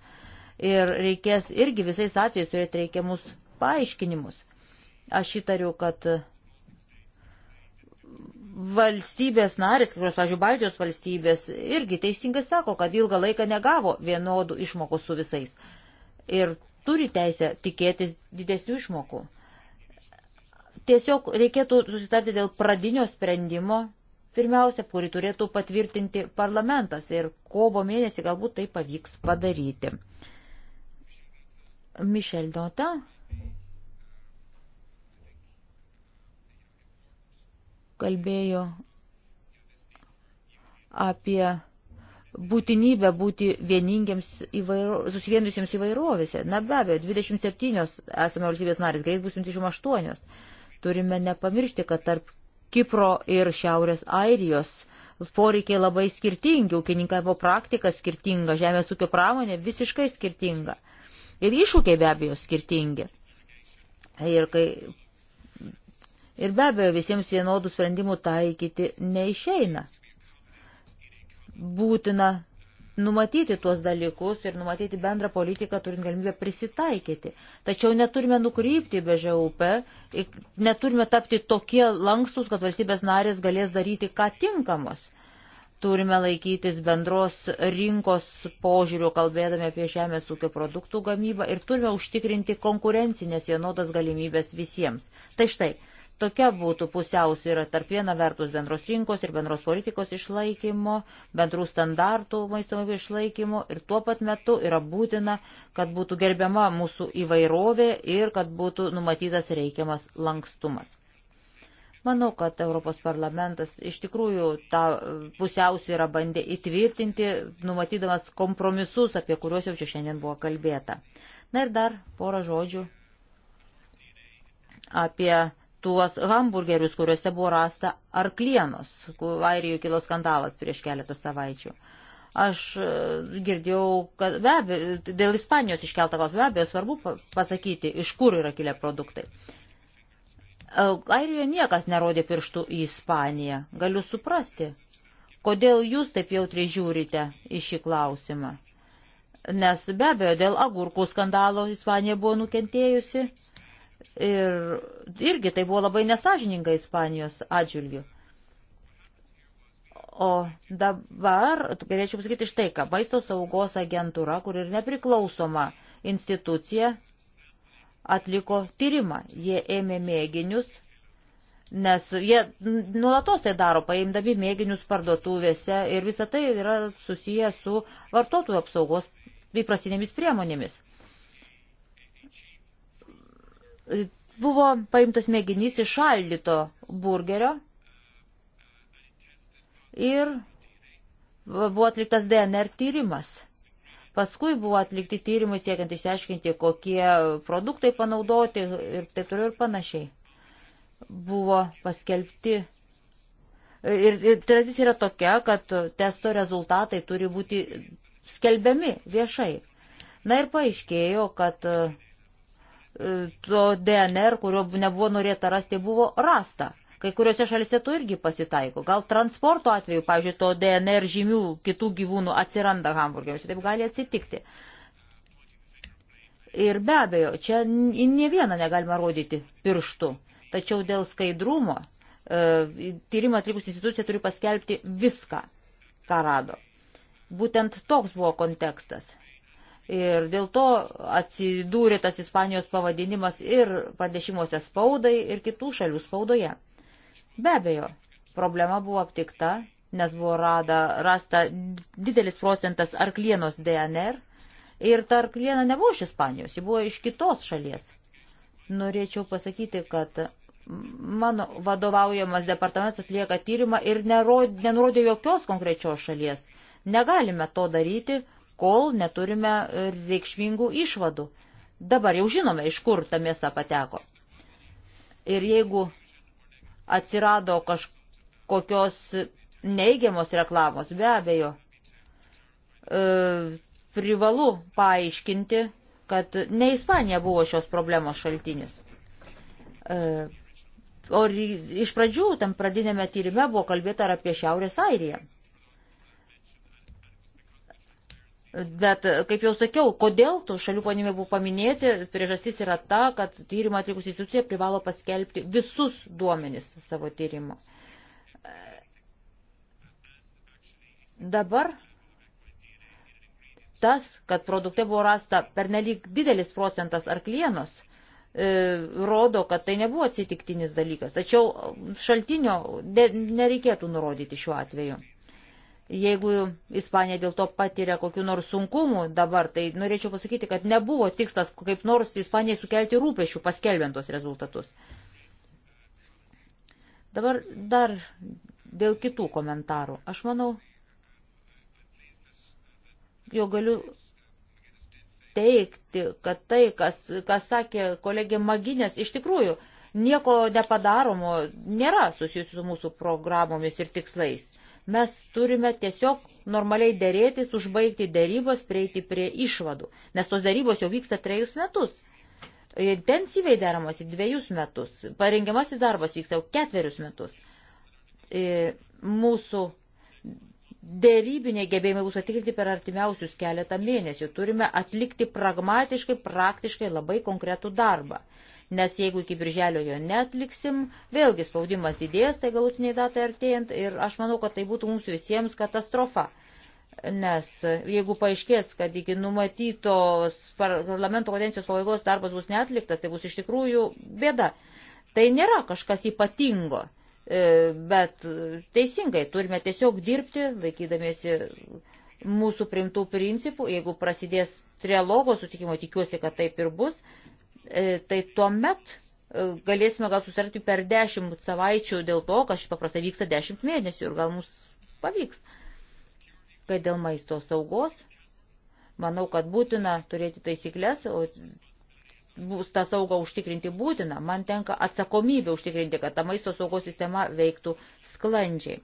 Ir reikės irgi visais atvejais turėti reikiamus paaiškinimus. Aš įtariu, kad valstybės narės, kai kurios, pavyzdžiui, Baltijos valstybės, irgi teisingai sako, kad ilgą laiką negavo vienodų išmokų su visais. Ir turi teisę tikėtis didesnių išmokų. Tiesiog reikėtų susitarti dėl pradinio sprendimo, pirmiausia, kurį turėtų patvirtinti parlamentas ir kovo mėnesį galbūt tai pavyks padaryti. Mišel Dota kalbėjo apie būtinybę būti vieningiams įvairo, susivienusiems įvairovėse. Na be abejo, 27 esame valstybės narės, greit bus 28. Turime nepamiršti, kad tarp Kipro ir Šiaurės Airijos poreikiai labai skirtingi, ūkininkavimo praktika skirtinga, žemės ūkio pramonė visiškai skirtinga. Ir iššūkiai be abejo skirtingi. Ir kai Ir be abejo, visiems vienodų sprendimų taikyti neišeina. Būtina numatyti tuos dalykus ir numatyti bendrą politiką, turint galimybę prisitaikyti. Tačiau neturime nukrypti be ŽUP, neturime tapti tokie lankstus, kad valstybės narės galės daryti, ką tinkamos. Turime laikytis bendros rinkos požiūrių, kalbėdami apie žemės ūkio produktų gamybą ir turime užtikrinti konkurencinės vienodas galimybės visiems. Tai štai, Tokia būtų pusiausvyrą tarp viena vertus bendros rinkos ir bendros politikos išlaikymo, bendrų standartų maisto išlaikymo ir tuo pat metu yra būtina, kad būtų gerbiama mūsų įvairovė ir kad būtų numatytas reikiamas lankstumas. Manau, kad Europos parlamentas iš tikrųjų tą pusiausvyrą bandė įtvirtinti, numatydamas kompromisus, apie kuriuos jau čia šiandien buvo kalbėta. Na ir dar porą žodžių apie tuos hamburgerius, kuriuose buvo rasta arklienos, kur Airijoje kilo skandalas prieš keletą savaičių. Aš e, girdėjau, kad be abejo, dėl Ispanijos iškeltą klausimą, be abejo, svarbu pasakyti, iš kur yra kilę produktai. E, Airijoje niekas nerodė pirštų į Ispaniją. Galiu suprasti, kodėl jūs taip jautriai žiūrite į šį klausimą. Nes be abejo, dėl agurkų skandalo Ispanija buvo nukentėjusi Ir irgi tai buvo labai nesažininga Ispanijos atžvilgių. O dabar, galėčiau pasakyti štai ką, maisto saugos agentūra, kur ir nepriklausoma institucija, atliko tyrimą. Jie ėmė mėginius, nes jie nuolatos tai daro, paimdami mėginius parduotuvėse ir visa tai yra susiję su vartotojų apsaugos įprastinėmis priemonėmis. Buvo paimtas mėginys iš šaldyto burgerio ir buvo atliktas DNR tyrimas. Paskui buvo atlikti tyrimai siekiant išsiaiškinti, kokie produktai panaudoti ir taip toliau ir panašiai. Buvo paskelbti. Ir, ir tradicija yra tokia, kad testo rezultatai turi būti skelbiami viešai. Na ir paaiškėjo, kad uh, to DNR, kurio nebuvo norėta rasti, buvo rasta. Kai kuriuose šalise to irgi pasitaiko. Gal transporto atveju, pavyzdžiui, to DNR žymių kitų gyvūnų atsiranda hamburgiuose. Taip gali atsitikti. Ir be abejo, čia į ne vieną negalima rodyti pirštų. Tačiau dėl skaidrumo e, tyrimą atlikus institucija turi paskelbti viską, ką rado. Būtent toks buvo kontekstas. Ir dėl to atsidūrė tas Ispanijos pavadinimas ir pradėšimuose spaudai, ir kitų šalių spaudoje. Be abejo, problema buvo aptikta, nes buvo rada, rasta didelis procentas arklienos DNR ir ta arkliena nebuvo iš Ispanijos, ji buvo iš kitos šalies. Norėčiau pasakyti, kad mano vadovaujamas departamentas atlieka tyrimą ir nenurodė jokios konkrečios šalies. Negalime to daryti, kol neturime e, reikšmingų išvadų. Dabar jau žinome, iš kur ta mėsa pateko. Ir jeigu atsirado kažkokios neigiamos reklamos, be abejo, e, privalu paaiškinti, kad ne Ispanija buvo šios problemos šaltinis. E, o iš pradžių tam pradinėme tyrime buvo kalbėta ir apie Šiaurės Airiją. Bet, kaip jau sakiau, kodėl tų šalių panimė buvo paminėti, priežastis yra ta, kad tyrimą atlikus institucija privalo paskelbti visus duomenis savo tyrimo. Dabar tas, kad produkte buvo rasta pernelyg didelis procentas arklienos, e, rodo, kad tai nebuvo atsitiktinis dalykas. Tačiau šaltinio nereikėtų nurodyti šiuo atveju. Jeigu Ispanija dėl to patiria kokiu nors sunkumu dabar, tai norėčiau pasakyti, kad nebuvo tikslas kaip nors Ispanijai sukelti rūpešių paskelbintos rezultatus. Dabar dar dėl kitų komentarų. Aš manau, jo galiu teikti, kad tai, kas, kas sakė kolegė Maginės, iš tikrųjų nieko nepadaromo nėra susijusiu su mūsų programomis ir tikslais. Mes turime tiesiog normaliai dėrėtis, užbaigti dėrybos, prieiti prie išvadų, nes tos dėrybos jau vyksta trejus metus. Intensyviai deramasi dviejus metus, parengiamasis darbas vyksta jau ketverius metus. E, mūsų dėrybiniai gebėjimai bus atlikti per artimiausius keletą mėnesių. Turime atlikti pragmatiškai, praktiškai labai konkretų darbą. Nes jeigu iki birželio jo netliksim, vėlgi spaudimas didės, tai galutiniai datai artėjant ir aš manau, kad tai būtų mums visiems katastrofa. Nes jeigu paaiškės, kad iki numatytos parlamento kadencijos pabaigos darbas bus netliktas, tai bus iš tikrųjų bėda. Tai nėra kažkas ypatingo E, bet teisingai, turime tiesiog dirbti, laikydamėsi mūsų primtų principų. Jeigu prasidės trialogo sutikimo, tikiuosi, kad taip ir bus, e, tai tuomet e, galėsime gal susitarti per dešimt savaičių dėl to, kas paprastai vyksta dešimt mėnesių ir gal mums pavyks. Kai dėl maisto saugos, manau, kad būtina turėti taisyklės, o bus tą saugą užtikrinti būtina, man tenka atsakomybė užtikrinti, kad ta maisto saugos sistema veiktų sklandžiai.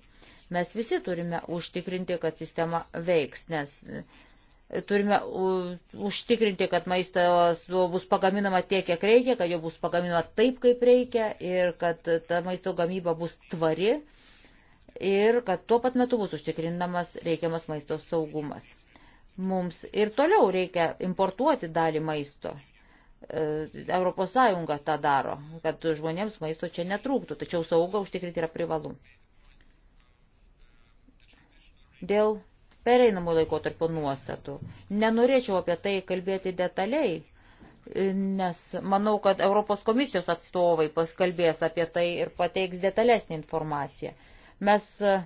Mes visi turime užtikrinti, kad sistema veiks, nes e, turime užtikrinti, kad maistas bus pagaminama tiek, kiek reikia, kad jo bus pagaminama taip, kaip reikia ir kad ta maisto gamyba bus tvari ir kad tuo pat metu bus užtikrinamas reikiamas maisto saugumas. Mums ir toliau reikia importuoti dalį maisto ES tą daro, kad žmonėms maisto čia netrūktų, tačiau saugą užtikrinti yra privalu. Dėl pereinamų laikotarpio nuostatų. Nenorėčiau apie tai kalbėti detaliai, nes manau, kad Europos komisijos atstovai paskalbės apie tai ir pateiks detalesnį informaciją. Mes e,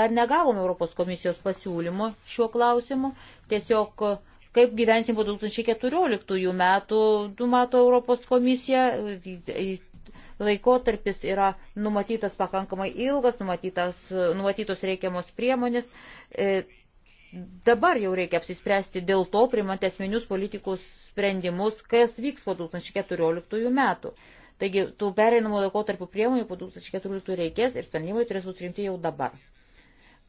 dar negavome Europos komisijos pasiūlymo šiuo klausimu, tiesiog kaip gyvensim po 2014 metų, numato Europos komisija, laikotarpis yra numatytas pakankamai ilgas, numatytas, numatytos reikiamos priemonės. E, dabar jau reikia apsispręsti dėl to, primant esminius politikos sprendimus, kas vyks po 2014 metų. Taigi tų pereinamų laikotarpių priemonių po 2014 reikės ir sprendimai turės būti rimti jau dabar.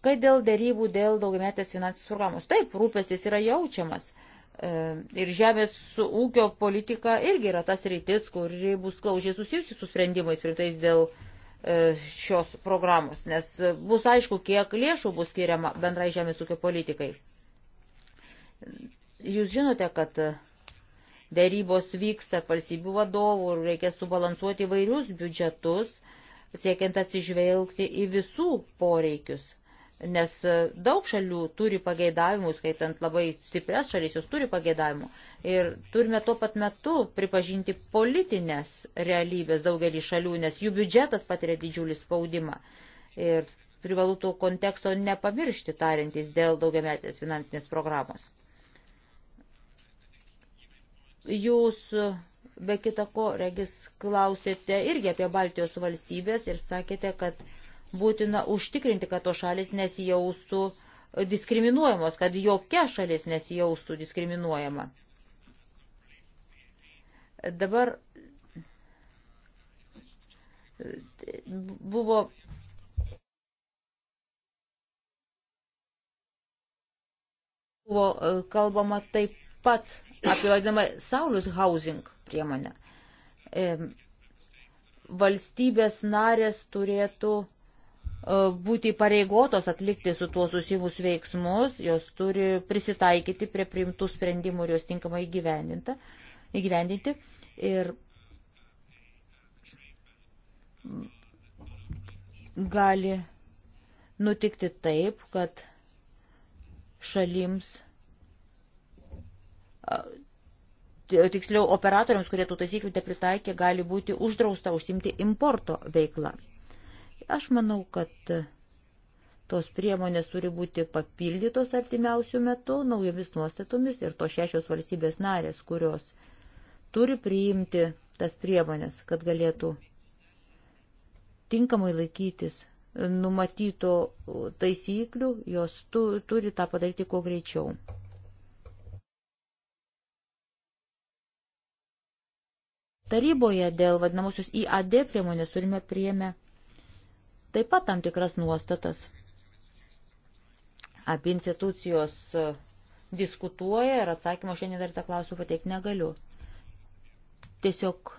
Kai dėl dėrybų dėl daugiametės finansinės programos, taip, rūpestis yra jaučiamas. E, ir žemės ūkio politika irgi yra tas rytis, kuri bus klausiai susijusi su sprendimais pritais dėl e, šios programos, nes bus aišku, kiek lėšų bus skiriama bendrai žemės ūkio politikai. Jūs žinote, kad dėrybos vyksta valstybių vadovų ir reikia subalansuoti vairius biudžetus, siekiant atsižvelgti į visų poreikius nes e, daug šalių turi pageidavimų, skaitant labai stiprias šalis, jos turi pageidavimų. Ir turime tuo pat metu pripažinti politinės realybės daugelį šalių, nes jų biudžetas patiria didžiulį spaudimą. Ir privalu to konteksto nepamiršti tariantis dėl daugiametės finansinės programos. Jūs be kita ko, regis, klausėte irgi apie Baltijos valstybės ir sakėte, kad Būtina užtikrinti, kad to šalis nesijaustų diskriminuojamos, kad jokia šalis nesijaustų diskriminuojama. Dabar buvo buvo e, kalbama taip pat apie vadinamą Saulės housing priemonę. Valstybės narės turėtų E, būti pareigotos atlikti su tuo susijus veiksmus, jos turi prisitaikyti prie priimtų sprendimų ir jos tinkamai įgyvendinti. Ir gali nutikti taip, kad šalims, tiksliau operatoriams, kurie tų taisyklių nepritaikė, gali būti uždrausta užsimti importo veiklą. Aš manau, kad tos priemonės turi būti papildytos artimiausių metų naujomis nuostatomis ir to šešios valstybės narės, kurios turi priimti tas priemonės, kad galėtų tinkamai laikytis numatyto taisyklių, jos tu, turi tą padaryti kuo greičiau. Taryboje dėl vadinamosios IAD priemonės turime priėmę taip pat tam tikras nuostatas. Abi institucijos e, diskutuoja ir atsakymo šiandien dar tą klausimą pateikti negaliu. Tiesiog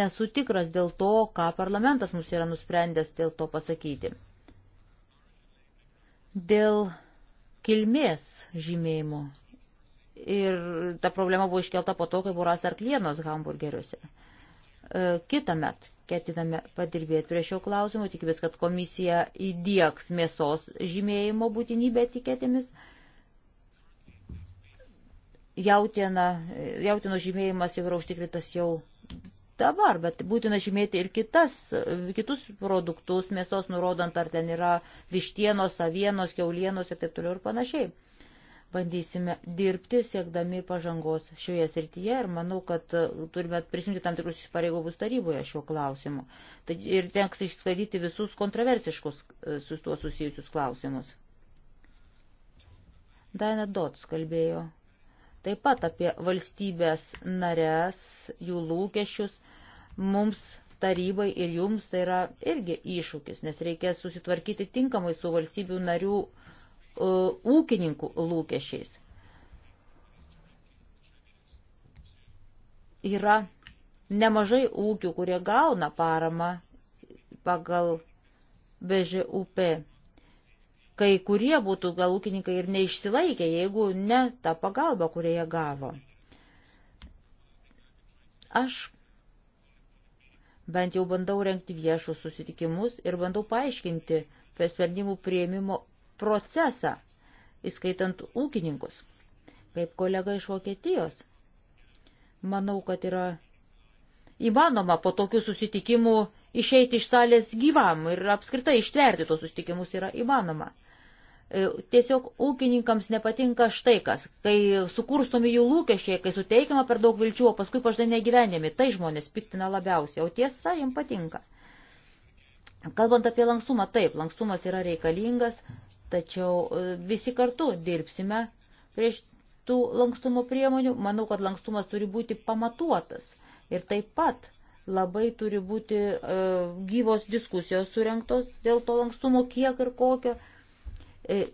nesu tikras dėl to, ką parlamentas mus yra nusprendęs dėl to pasakyti. Dėl kilmės žymėjimo. Ir ta problema buvo iškelta po to, kai buvo rasta arklienos hamburgeriuose. E, kitą met ketiname padirbėti prie šio klausimo, tikimės, kad komisija įdėks mėsos žymėjimo būtinybę etiketėmis. Jautiena, jautino žymėjimas jau yra užtikrintas jau dabar, bet būtina žymėti ir kitas, kitus produktus, mėsos nurodant, ar ten yra vištienos, avienos, keulienos ir taip toliau ir panašiai bandysime dirbti siekdami pažangos šioje srityje ir manau, kad e, turime prisimti tam tikrus įsipareigomus taryboje šiuo klausimu. Tai ir tenks išsklaidyti visus kontroversiškus e, su tuo susijusius klausimus. Daina Dots kalbėjo taip pat apie valstybės narės, jų lūkesčius. Mums tarybai ir jums tai yra irgi iššūkis, nes reikės susitvarkyti tinkamai su valstybių narių E, ūkininkų lūkesčiais. Yra nemažai ūkių, kurie gauna paramą pagal BŽUP. Kai kurie būtų gal ūkininkai ir neišsilaikę, jeigu ne tą pagalbą, kurią jie gavo. Aš bent jau bandau renkti viešus susitikimus ir bandau paaiškinti per sprendimų prieimimo procesą, įskaitant ūkininkus. Kaip kolega iš Vokietijos, manau, kad yra įmanoma po tokių susitikimų išeiti iš salės gyvam ir apskritai ištverti tos susitikimus yra įmanoma. E, tiesiog ūkininkams nepatinka štai kas, kai sukurstomi jų lūkesčiai, kai suteikiama per daug vilčių, o paskui pažadai negyvenėmi, tai žmonės piktina labiausiai, o tiesa jiems patinka. Kalbant apie lankstumą, taip, lankstumas yra reikalingas, Tačiau e, visi kartu dirbsime prieš tų lankstumo priemonių. Manau, kad lankstumas turi būti pamatuotas. Ir taip pat labai turi būti e, gyvos diskusijos surinktos dėl to lankstumo, kiek ir kokio. E,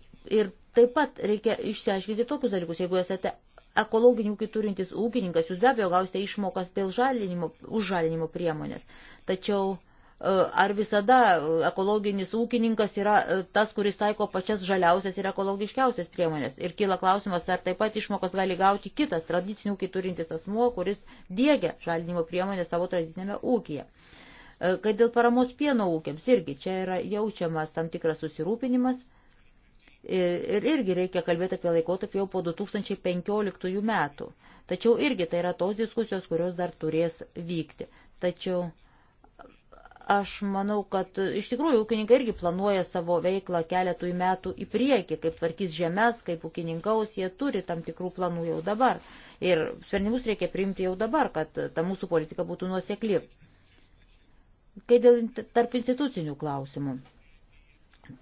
ir taip pat reikia išsiaiškinti tokius dalykus. Jeigu esate ekologinių ūkį turintis ūkininkas, jūs be abejo gausite išmokas dėl žalinimo, už žalinimo priemonės. Tačiau E, ar visada e, ekologinis ūkininkas yra e, tas, kuris taiko pačias žaliausias ir ekologiškiausias priemonės. Ir kyla klausimas, ar taip pat išmokas gali gauti kitas tradicinių ūkį turintis asmuo, kuris dėgia žalinimo priemonę savo tradicinėme ūkyje. Kad dėl paramos pieno ūkiams irgi čia yra jaučiamas tam tikras susirūpinimas. Ir irgi reikia kalbėti apie laikotarpį jau po 2015 metų. Tačiau irgi tai yra tos diskusijos, kurios dar turės vykti. Tačiau Aš manau, kad iš tikrųjų ūkininkai irgi planuoja savo veiklą keletui metų į priekį, kaip tvarkys žemės, kaip ūkininkaus, jie turi tam tikrų planų jau dabar. Ir sprendimus reikia priimti jau dabar, kad ta mūsų politika būtų nuosekli. Kai dėl tarp institucinių klausimų.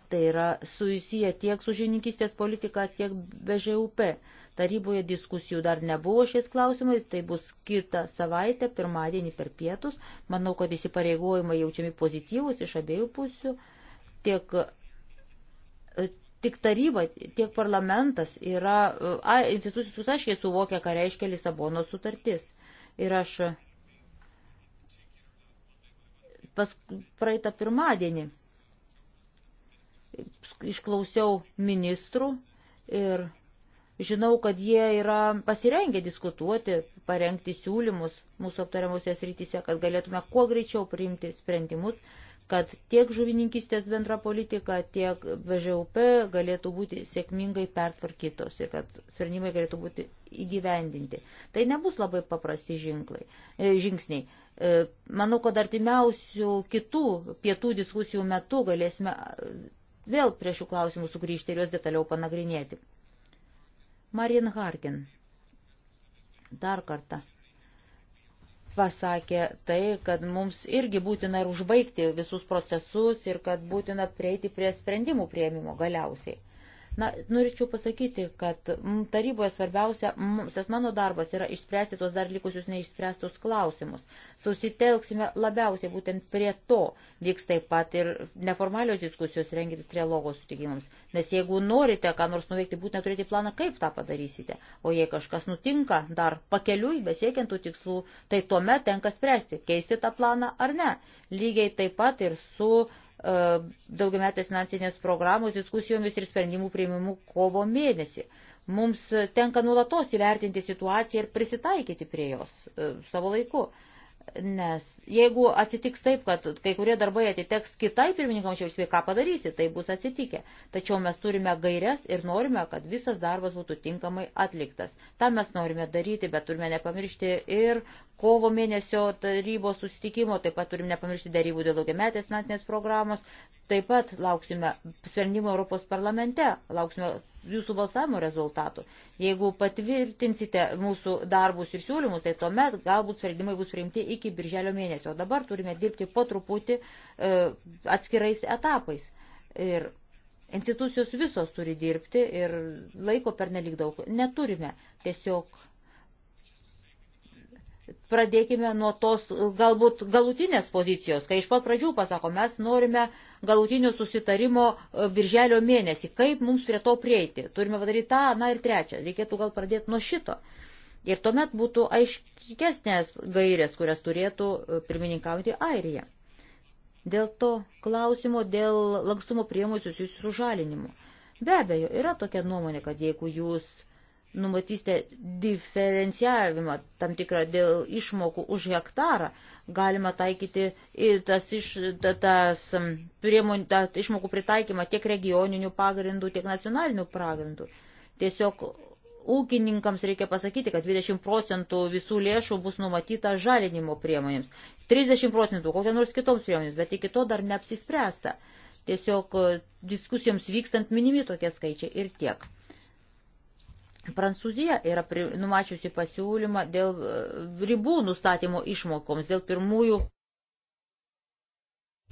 Tai yra susiję tiek su žininkistės politika, tiek BŽUP. Taryboje diskusijų dar nebuvo šiais klausimais, tai bus kitą savaitę, pirmadienį per pietus. Manau, kad įsipareigojimai jaučiami pozityvus iš abiejų pusių. Tiek, e, tik taryba, tiek parlamentas yra, e, a, institucijos aiškiai suvokia, ką reiškia Lisabono sutartis. Ir aš pas praeitą pirmadienį išklausiau ministrų ir žinau, kad jie yra pasirengę diskutuoti, parengti siūlymus mūsų aptariamuose srityse, kad galėtume kuo greičiau priimti sprendimus, kad tiek žuvininkistės bendra politika, tiek BŽUP galėtų būti sėkmingai pertvarkytos ir kad sprendimai galėtų būti įgyvendinti. Tai nebus labai paprasti žinklai, e, žingsniai. E, manau, kad artimiausių kitų pietų diskusijų metu galėsime vėl prie šių klausimų sugrįžti ir juos detaliau panagrinėti. Marin Harkin dar kartą pasakė tai, kad mums irgi būtina ir užbaigti visus procesus ir kad būtina prieiti prie sprendimų prieimimo galiausiai. Na, norėčiau pasakyti, kad taryboje svarbiausia, tas mano darbas yra išspręsti tuos dar likusius neišspręstus klausimus. Susitelksime labiausiai būtent prie to. Vyks taip pat ir neformalios diskusijos rengintis trialogo sutikimams. Nes jeigu norite ką nors nuveikti, būtent turėti planą, kaip tą padarysite. O jei kažkas nutinka dar pakeliui, besiekiant tų tikslų, tai tuomet tenka spręsti, keisti tą planą ar ne. Lygiai taip pat ir su uh, E, daugiametės finansinės programos diskusijomis ir sprendimų prieimimu kovo mėnesį. Mums tenka nulatos įvertinti situaciją ir prisitaikyti prie jos e, savo laiku. Nes jeigu atsitiks taip, kad kai kurie darbai atiteks kitai pirmininkams valstybei, ką padarysi, tai bus atsitikę. Tačiau mes turime gairias ir norime, kad visas darbas būtų tinkamai atliktas. Ta mes norime daryti, bet turime nepamiršti ir kovo mėnesio tarybos susitikimo, taip pat turime nepamiršti darybų dėl daugiametės finansinės programos, taip pat lauksime sprendimų Europos parlamente, lauksime jūsų balsavimo rezultatų. Jeigu patvirtinsite mūsų darbus ir siūlymus, tai tuomet galbūt sprendimai bus priimti iki birželio mėnesio. O dabar turime dirbti po truputį e, atskirais etapais. Ir institucijos visos turi dirbti ir laiko per nelik daug neturime. Tiesiog pradėkime nuo tos galbūt galutinės pozicijos, kai iš pat pradžių pasako, mes norime galutinio susitarimo e, birželio mėnesį, kaip mums prie to prieiti, turime padaryti tą, na ir trečią, reikėtų gal pradėti nuo šito. Ir tuomet būtų aiškesnės gairės, kurias turėtų e, pirmininkauti Airija. Dėl to klausimo, dėl lankstumo priemonių susijusių su žalinimu. Be abejo, yra tokia nuomonė, kad jeigu jūs uh, numatysite diferencijavimą tam tikrą dėl išmokų už hektarą, galima taikyti tas, iš, tas priemonių, tą išmokų pritaikymą tiek regioninių pagrindų, tiek nacionalinių pagrindų. Tiesiog ūkininkams reikia pasakyti, kad 20 procentų visų lėšų bus numatyta žalinimo priemonėms, 30 procentų kokią nors kitoms priemonėms, bet iki to dar neapsispręsta. Tiesiog e, diskusijoms vykstant minimi tokie skaičiai ir tiek. Prancūzija yra pri, numačiusi pasiūlymą dėl e, ribų nustatymo išmokoms, dėl pirmųjų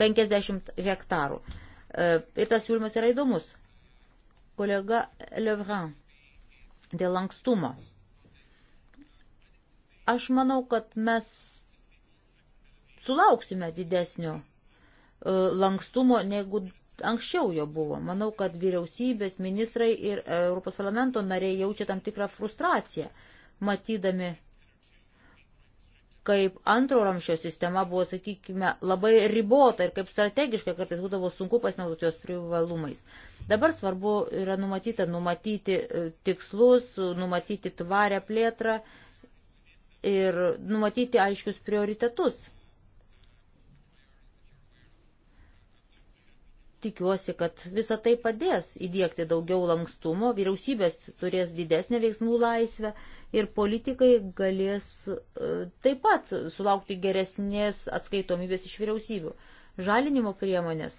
50 hektarų. E, ir tas siūlymas yra įdomus. Kolega Levran, dėl lankstumo. Aš manau, kad mes sulauksime didesnio e, lankstumo, negu anksčiau jo buvo. Manau, kad vyriausybės, ministrai ir Europos parlamento nariai jaučia tam tikrą frustraciją, matydami, kaip antro ramšio sistema buvo, sakykime, labai ribota ir kaip strategiškai kartais būdavo sunku pasinaudoti jos privalumais. Dabar svarbu yra numatyta, numatyti e, tikslus, numatyti tvarę plėtrą ir numatyti aiškius prioritetus tikiuosi, kad visa tai padės įdėkti daugiau lankstumo, vyriausybės turės didesnę veiksmų laisvę ir politikai galės e, taip pat sulaukti geresnės atskaitomybės iš vyriausybių. Žalinimo priemonės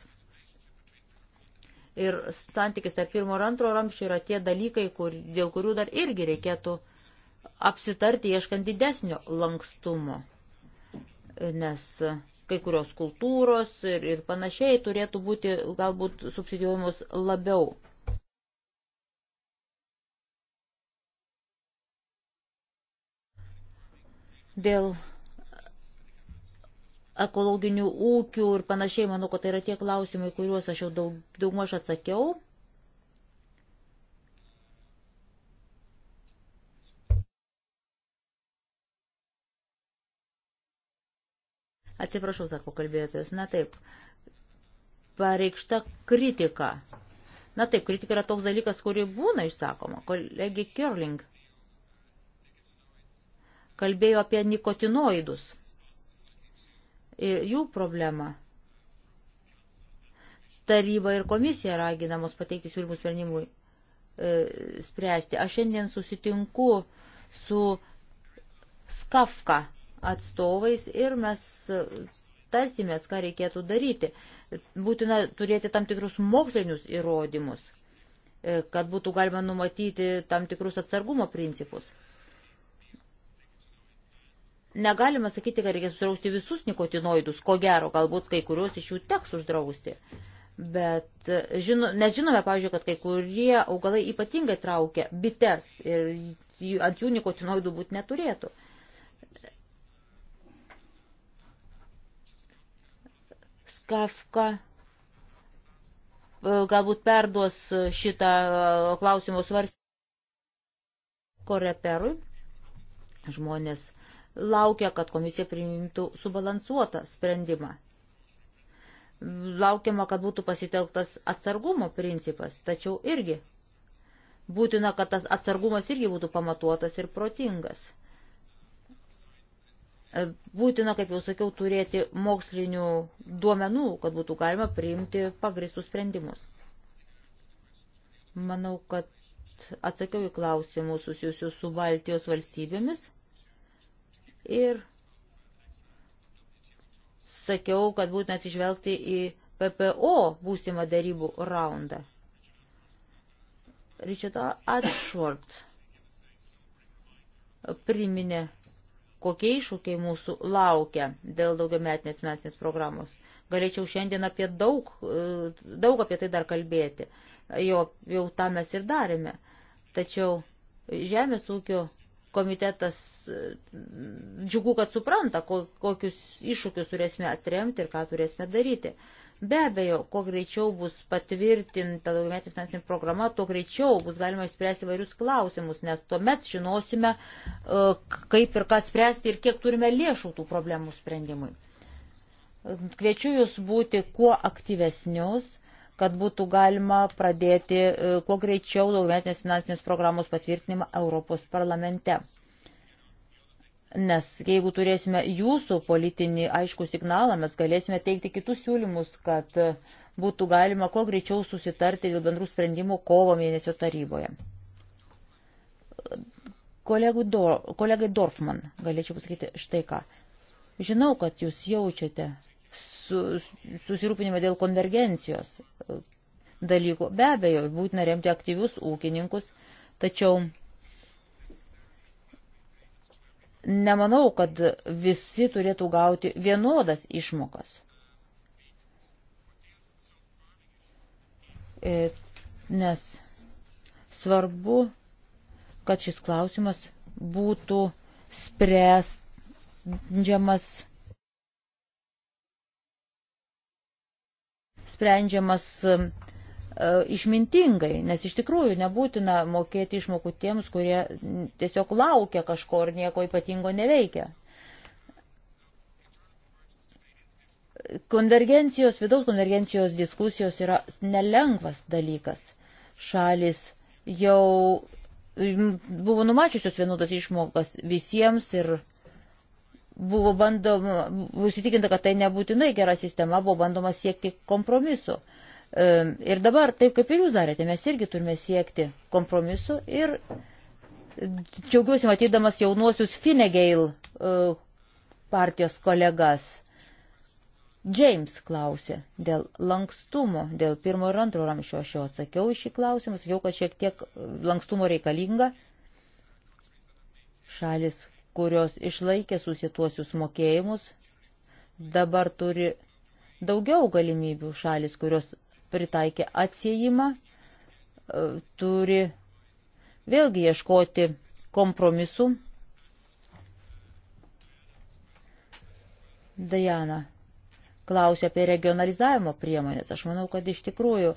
ir santykis tarp pirmo ir antro ramščio yra tie dalykai, kur, dėl kurių dar irgi reikėtų apsitarti, ieškant didesnio lankstumo. Nes kai kurios kultūros ir, ir panašiai turėtų būti galbūt subsidijuojamos labiau. Dėl ekologinių ūkių ir panašiai, manau, kad tai yra tie klausimai, kuriuos aš jau daug, daugmaž atsakiau. Atsiprašau, sako kalbėtojas, na taip, pareikšta kritika. Na taip, kritika yra toks dalykas, kuri būna išsakoma. Kolegi Kirling kalbėjo apie nikotinoidus ir e, jų problemą. Taryba ir komisija raginamos pateikti siūlymus sprendimui e, spręsti. Aš šiandien susitinku su Skafka atstovais ir mes tarsimės, ką reikėtų daryti. Būtina turėti tam tikrus mokslinius įrodymus, e, kad būtų galima numatyti tam tikrus atsargumo principus. Negalima sakyti, kad reikia susirausti visus nikotinoidus, ko gero, galbūt kai kuriuos iš jų teks uždrausti. Bet e, žino, nes žinome, pavyzdžiui, kad kai kurie augalai ypatingai traukia bites ir ant jų nikotinoidų būti neturėtų. Kafka e, galbūt perduos šitą e, klausimo svarstymą koreperui. Žmonės laukia, kad komisija priimtų subalansuotą sprendimą. Laukiama, kad būtų pasitelktas atsargumo principas, tačiau irgi būtina, kad tas atsargumas irgi būtų pamatuotas ir protingas. Būtina, kaip jau sakiau, turėti mokslinių duomenų, kad būtų galima priimti pagristus sprendimus. Manau, kad atsakiau į klausimus susijusius su Baltijos valstybėmis ir sakiau, kad būtina atsižvelgti į PPO būsimą darybų raundą. Richard Atshort priminė kokie iššūkiai mūsų laukia dėl daugiametinės finansinės programos. Galėčiau šiandien apie daug, e, daug apie tai dar kalbėti. Jo, jau tą mes ir darėme. Tačiau Žemės ūkio komitetas e, džiugu, kad supranta, kokius iššūkius turėsime atremti ir ką turėsime daryti. Be abejo, kuo greičiau bus patvirtinta daugiametė finansinė programa, tuo greičiau bus galima išspręsti vairius klausimus, nes tuomet žinosime, e, kaip ir ką spręsti ir kiek turime lėšų tų problemų sprendimui. Kviečiu Jūs būti kuo aktyvesnius, kad būtų galima pradėti e, kuo greičiau daugiametinės finansinės programos patvirtinimą Europos parlamente. Nes jeigu turėsime jūsų politinį aišku signalą, mes galėsime teikti kitus siūlymus, kad būtų galima kuo greičiau susitarti dėl bendrų sprendimų kovo mėnesio taryboje. Dor, kolegai Dorfman galėčiau pasakyti štai ką. Žinau, kad jūs jaučiate su, susirūpinimą dėl konvergencijos dalykų. Be abejo, būtina remti aktyvius ūkininkus, tačiau nemanau, kad visi turėtų gauti vienodas išmokas. E, nes svarbu, kad šis klausimas būtų sprendžiamas, sprendžiamas E, išmintingai, nes iš tikrųjų nebūtina mokėti išmokų tiems, kurie tiesiog laukia kažko ir nieko ypatingo neveikia. Konvergencijos, vidaus konvergencijos diskusijos yra nelengvas dalykas. Šalis jau buvo numačiusios vienodas išmokas visiems ir buvo bandoma, buvo įsitikinta, kad tai nebūtinai gera sistema, buvo bandoma siekti kompromisu. Uh, Ir dabar, taip kaip ir jūs darėte, mes irgi turime siekti kompromisu ir džiaugiuosi matydamas jaunuosius Finegail e, partijos kolegas. James klausė dėl lankstumo, dėl pirmo ir antro ramščio. Aš jau atsakiau iš šį klausimą, sakiau, kad šiek tiek lankstumo reikalinga. Šalis, kurios išlaikė susituosius mokėjimus, dabar turi daugiau galimybių šalis, kurios pritaikė atsiejimą, e, turi vėlgi ieškoti kompromisų. Dajana klausė apie regionalizavimo priemonės. Aš manau, kad iš tikrųjų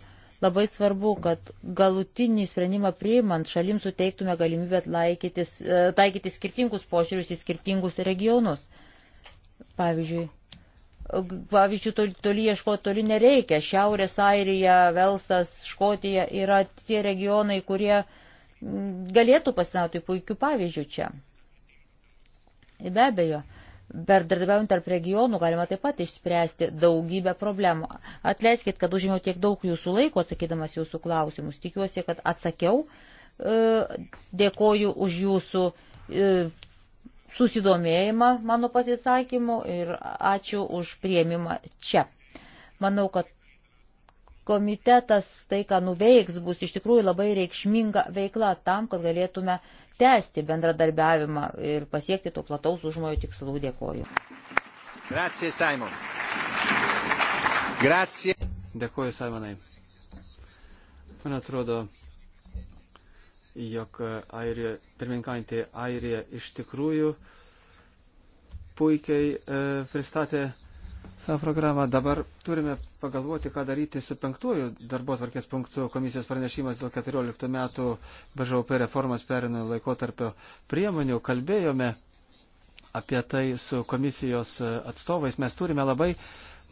labai svarbu, kad galutinį sprendimą priimant šalim suteiktume galimybę laikytis, e, taikyti skirtingus požiūrius į skirtingus regionus. Pavyzdžiui, Pavyzdžiui, toli, toli ieškoti toli nereikia. Šiaurės Airija, Velsas, Škotija yra tie regionai, kurie galėtų pasinauti puikių pavyzdžių čia. Be abejo, bendradarbiaujant tarp regionų galima taip pat išspręsti daugybę problemų. Atleiskit, kad užėmiau tiek daug jūsų laiko atsakydamas jūsų klausimus. Tikiuosi, kad atsakiau. E, dėkoju už jūsų e, susidomėjimą mano pasisakymu ir ačiū už prieimimą čia. Manau, kad komitetas tai, ką nuveiks, bus iš tikrųjų labai reikšminga veikla tam, kad galėtume tęsti bendradarbiavimą ir pasiekti to plataus užmojo tikslų. Dėkoju. Grazie, Simon. Grazie. Dėkoju, Simonai. Man atrodo, jog Airija, pirmininkaujantį Airiją iš tikrųjų puikiai e, pristatė savo programą. Dabar turime pagalvoti, ką daryti su penktuoju darbo tvarkės punktu komisijos pranešimas dėl 14 metų BŽOP reformas perino laikotarpio priemonių. Kalbėjome apie tai su komisijos e, atstovais. Mes turime labai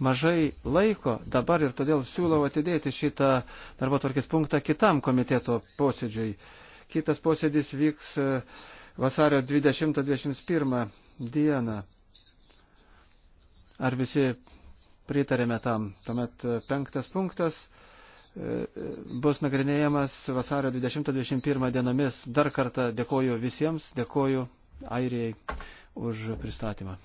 mažai laiko dabar ir todėl siūlau atidėti šitą darbo tvarkės punktą kitam komiteto posėdžiui. Kitas posėdis vyks e, vasario 20-21 dieną. Ar visi pritarėme tam? Tuomet e, penktas punktas e, bus nagrinėjamas vasario 20-21 dienomis. Dar kartą dėkoju visiems, dėkoju Airijai už pristatymą.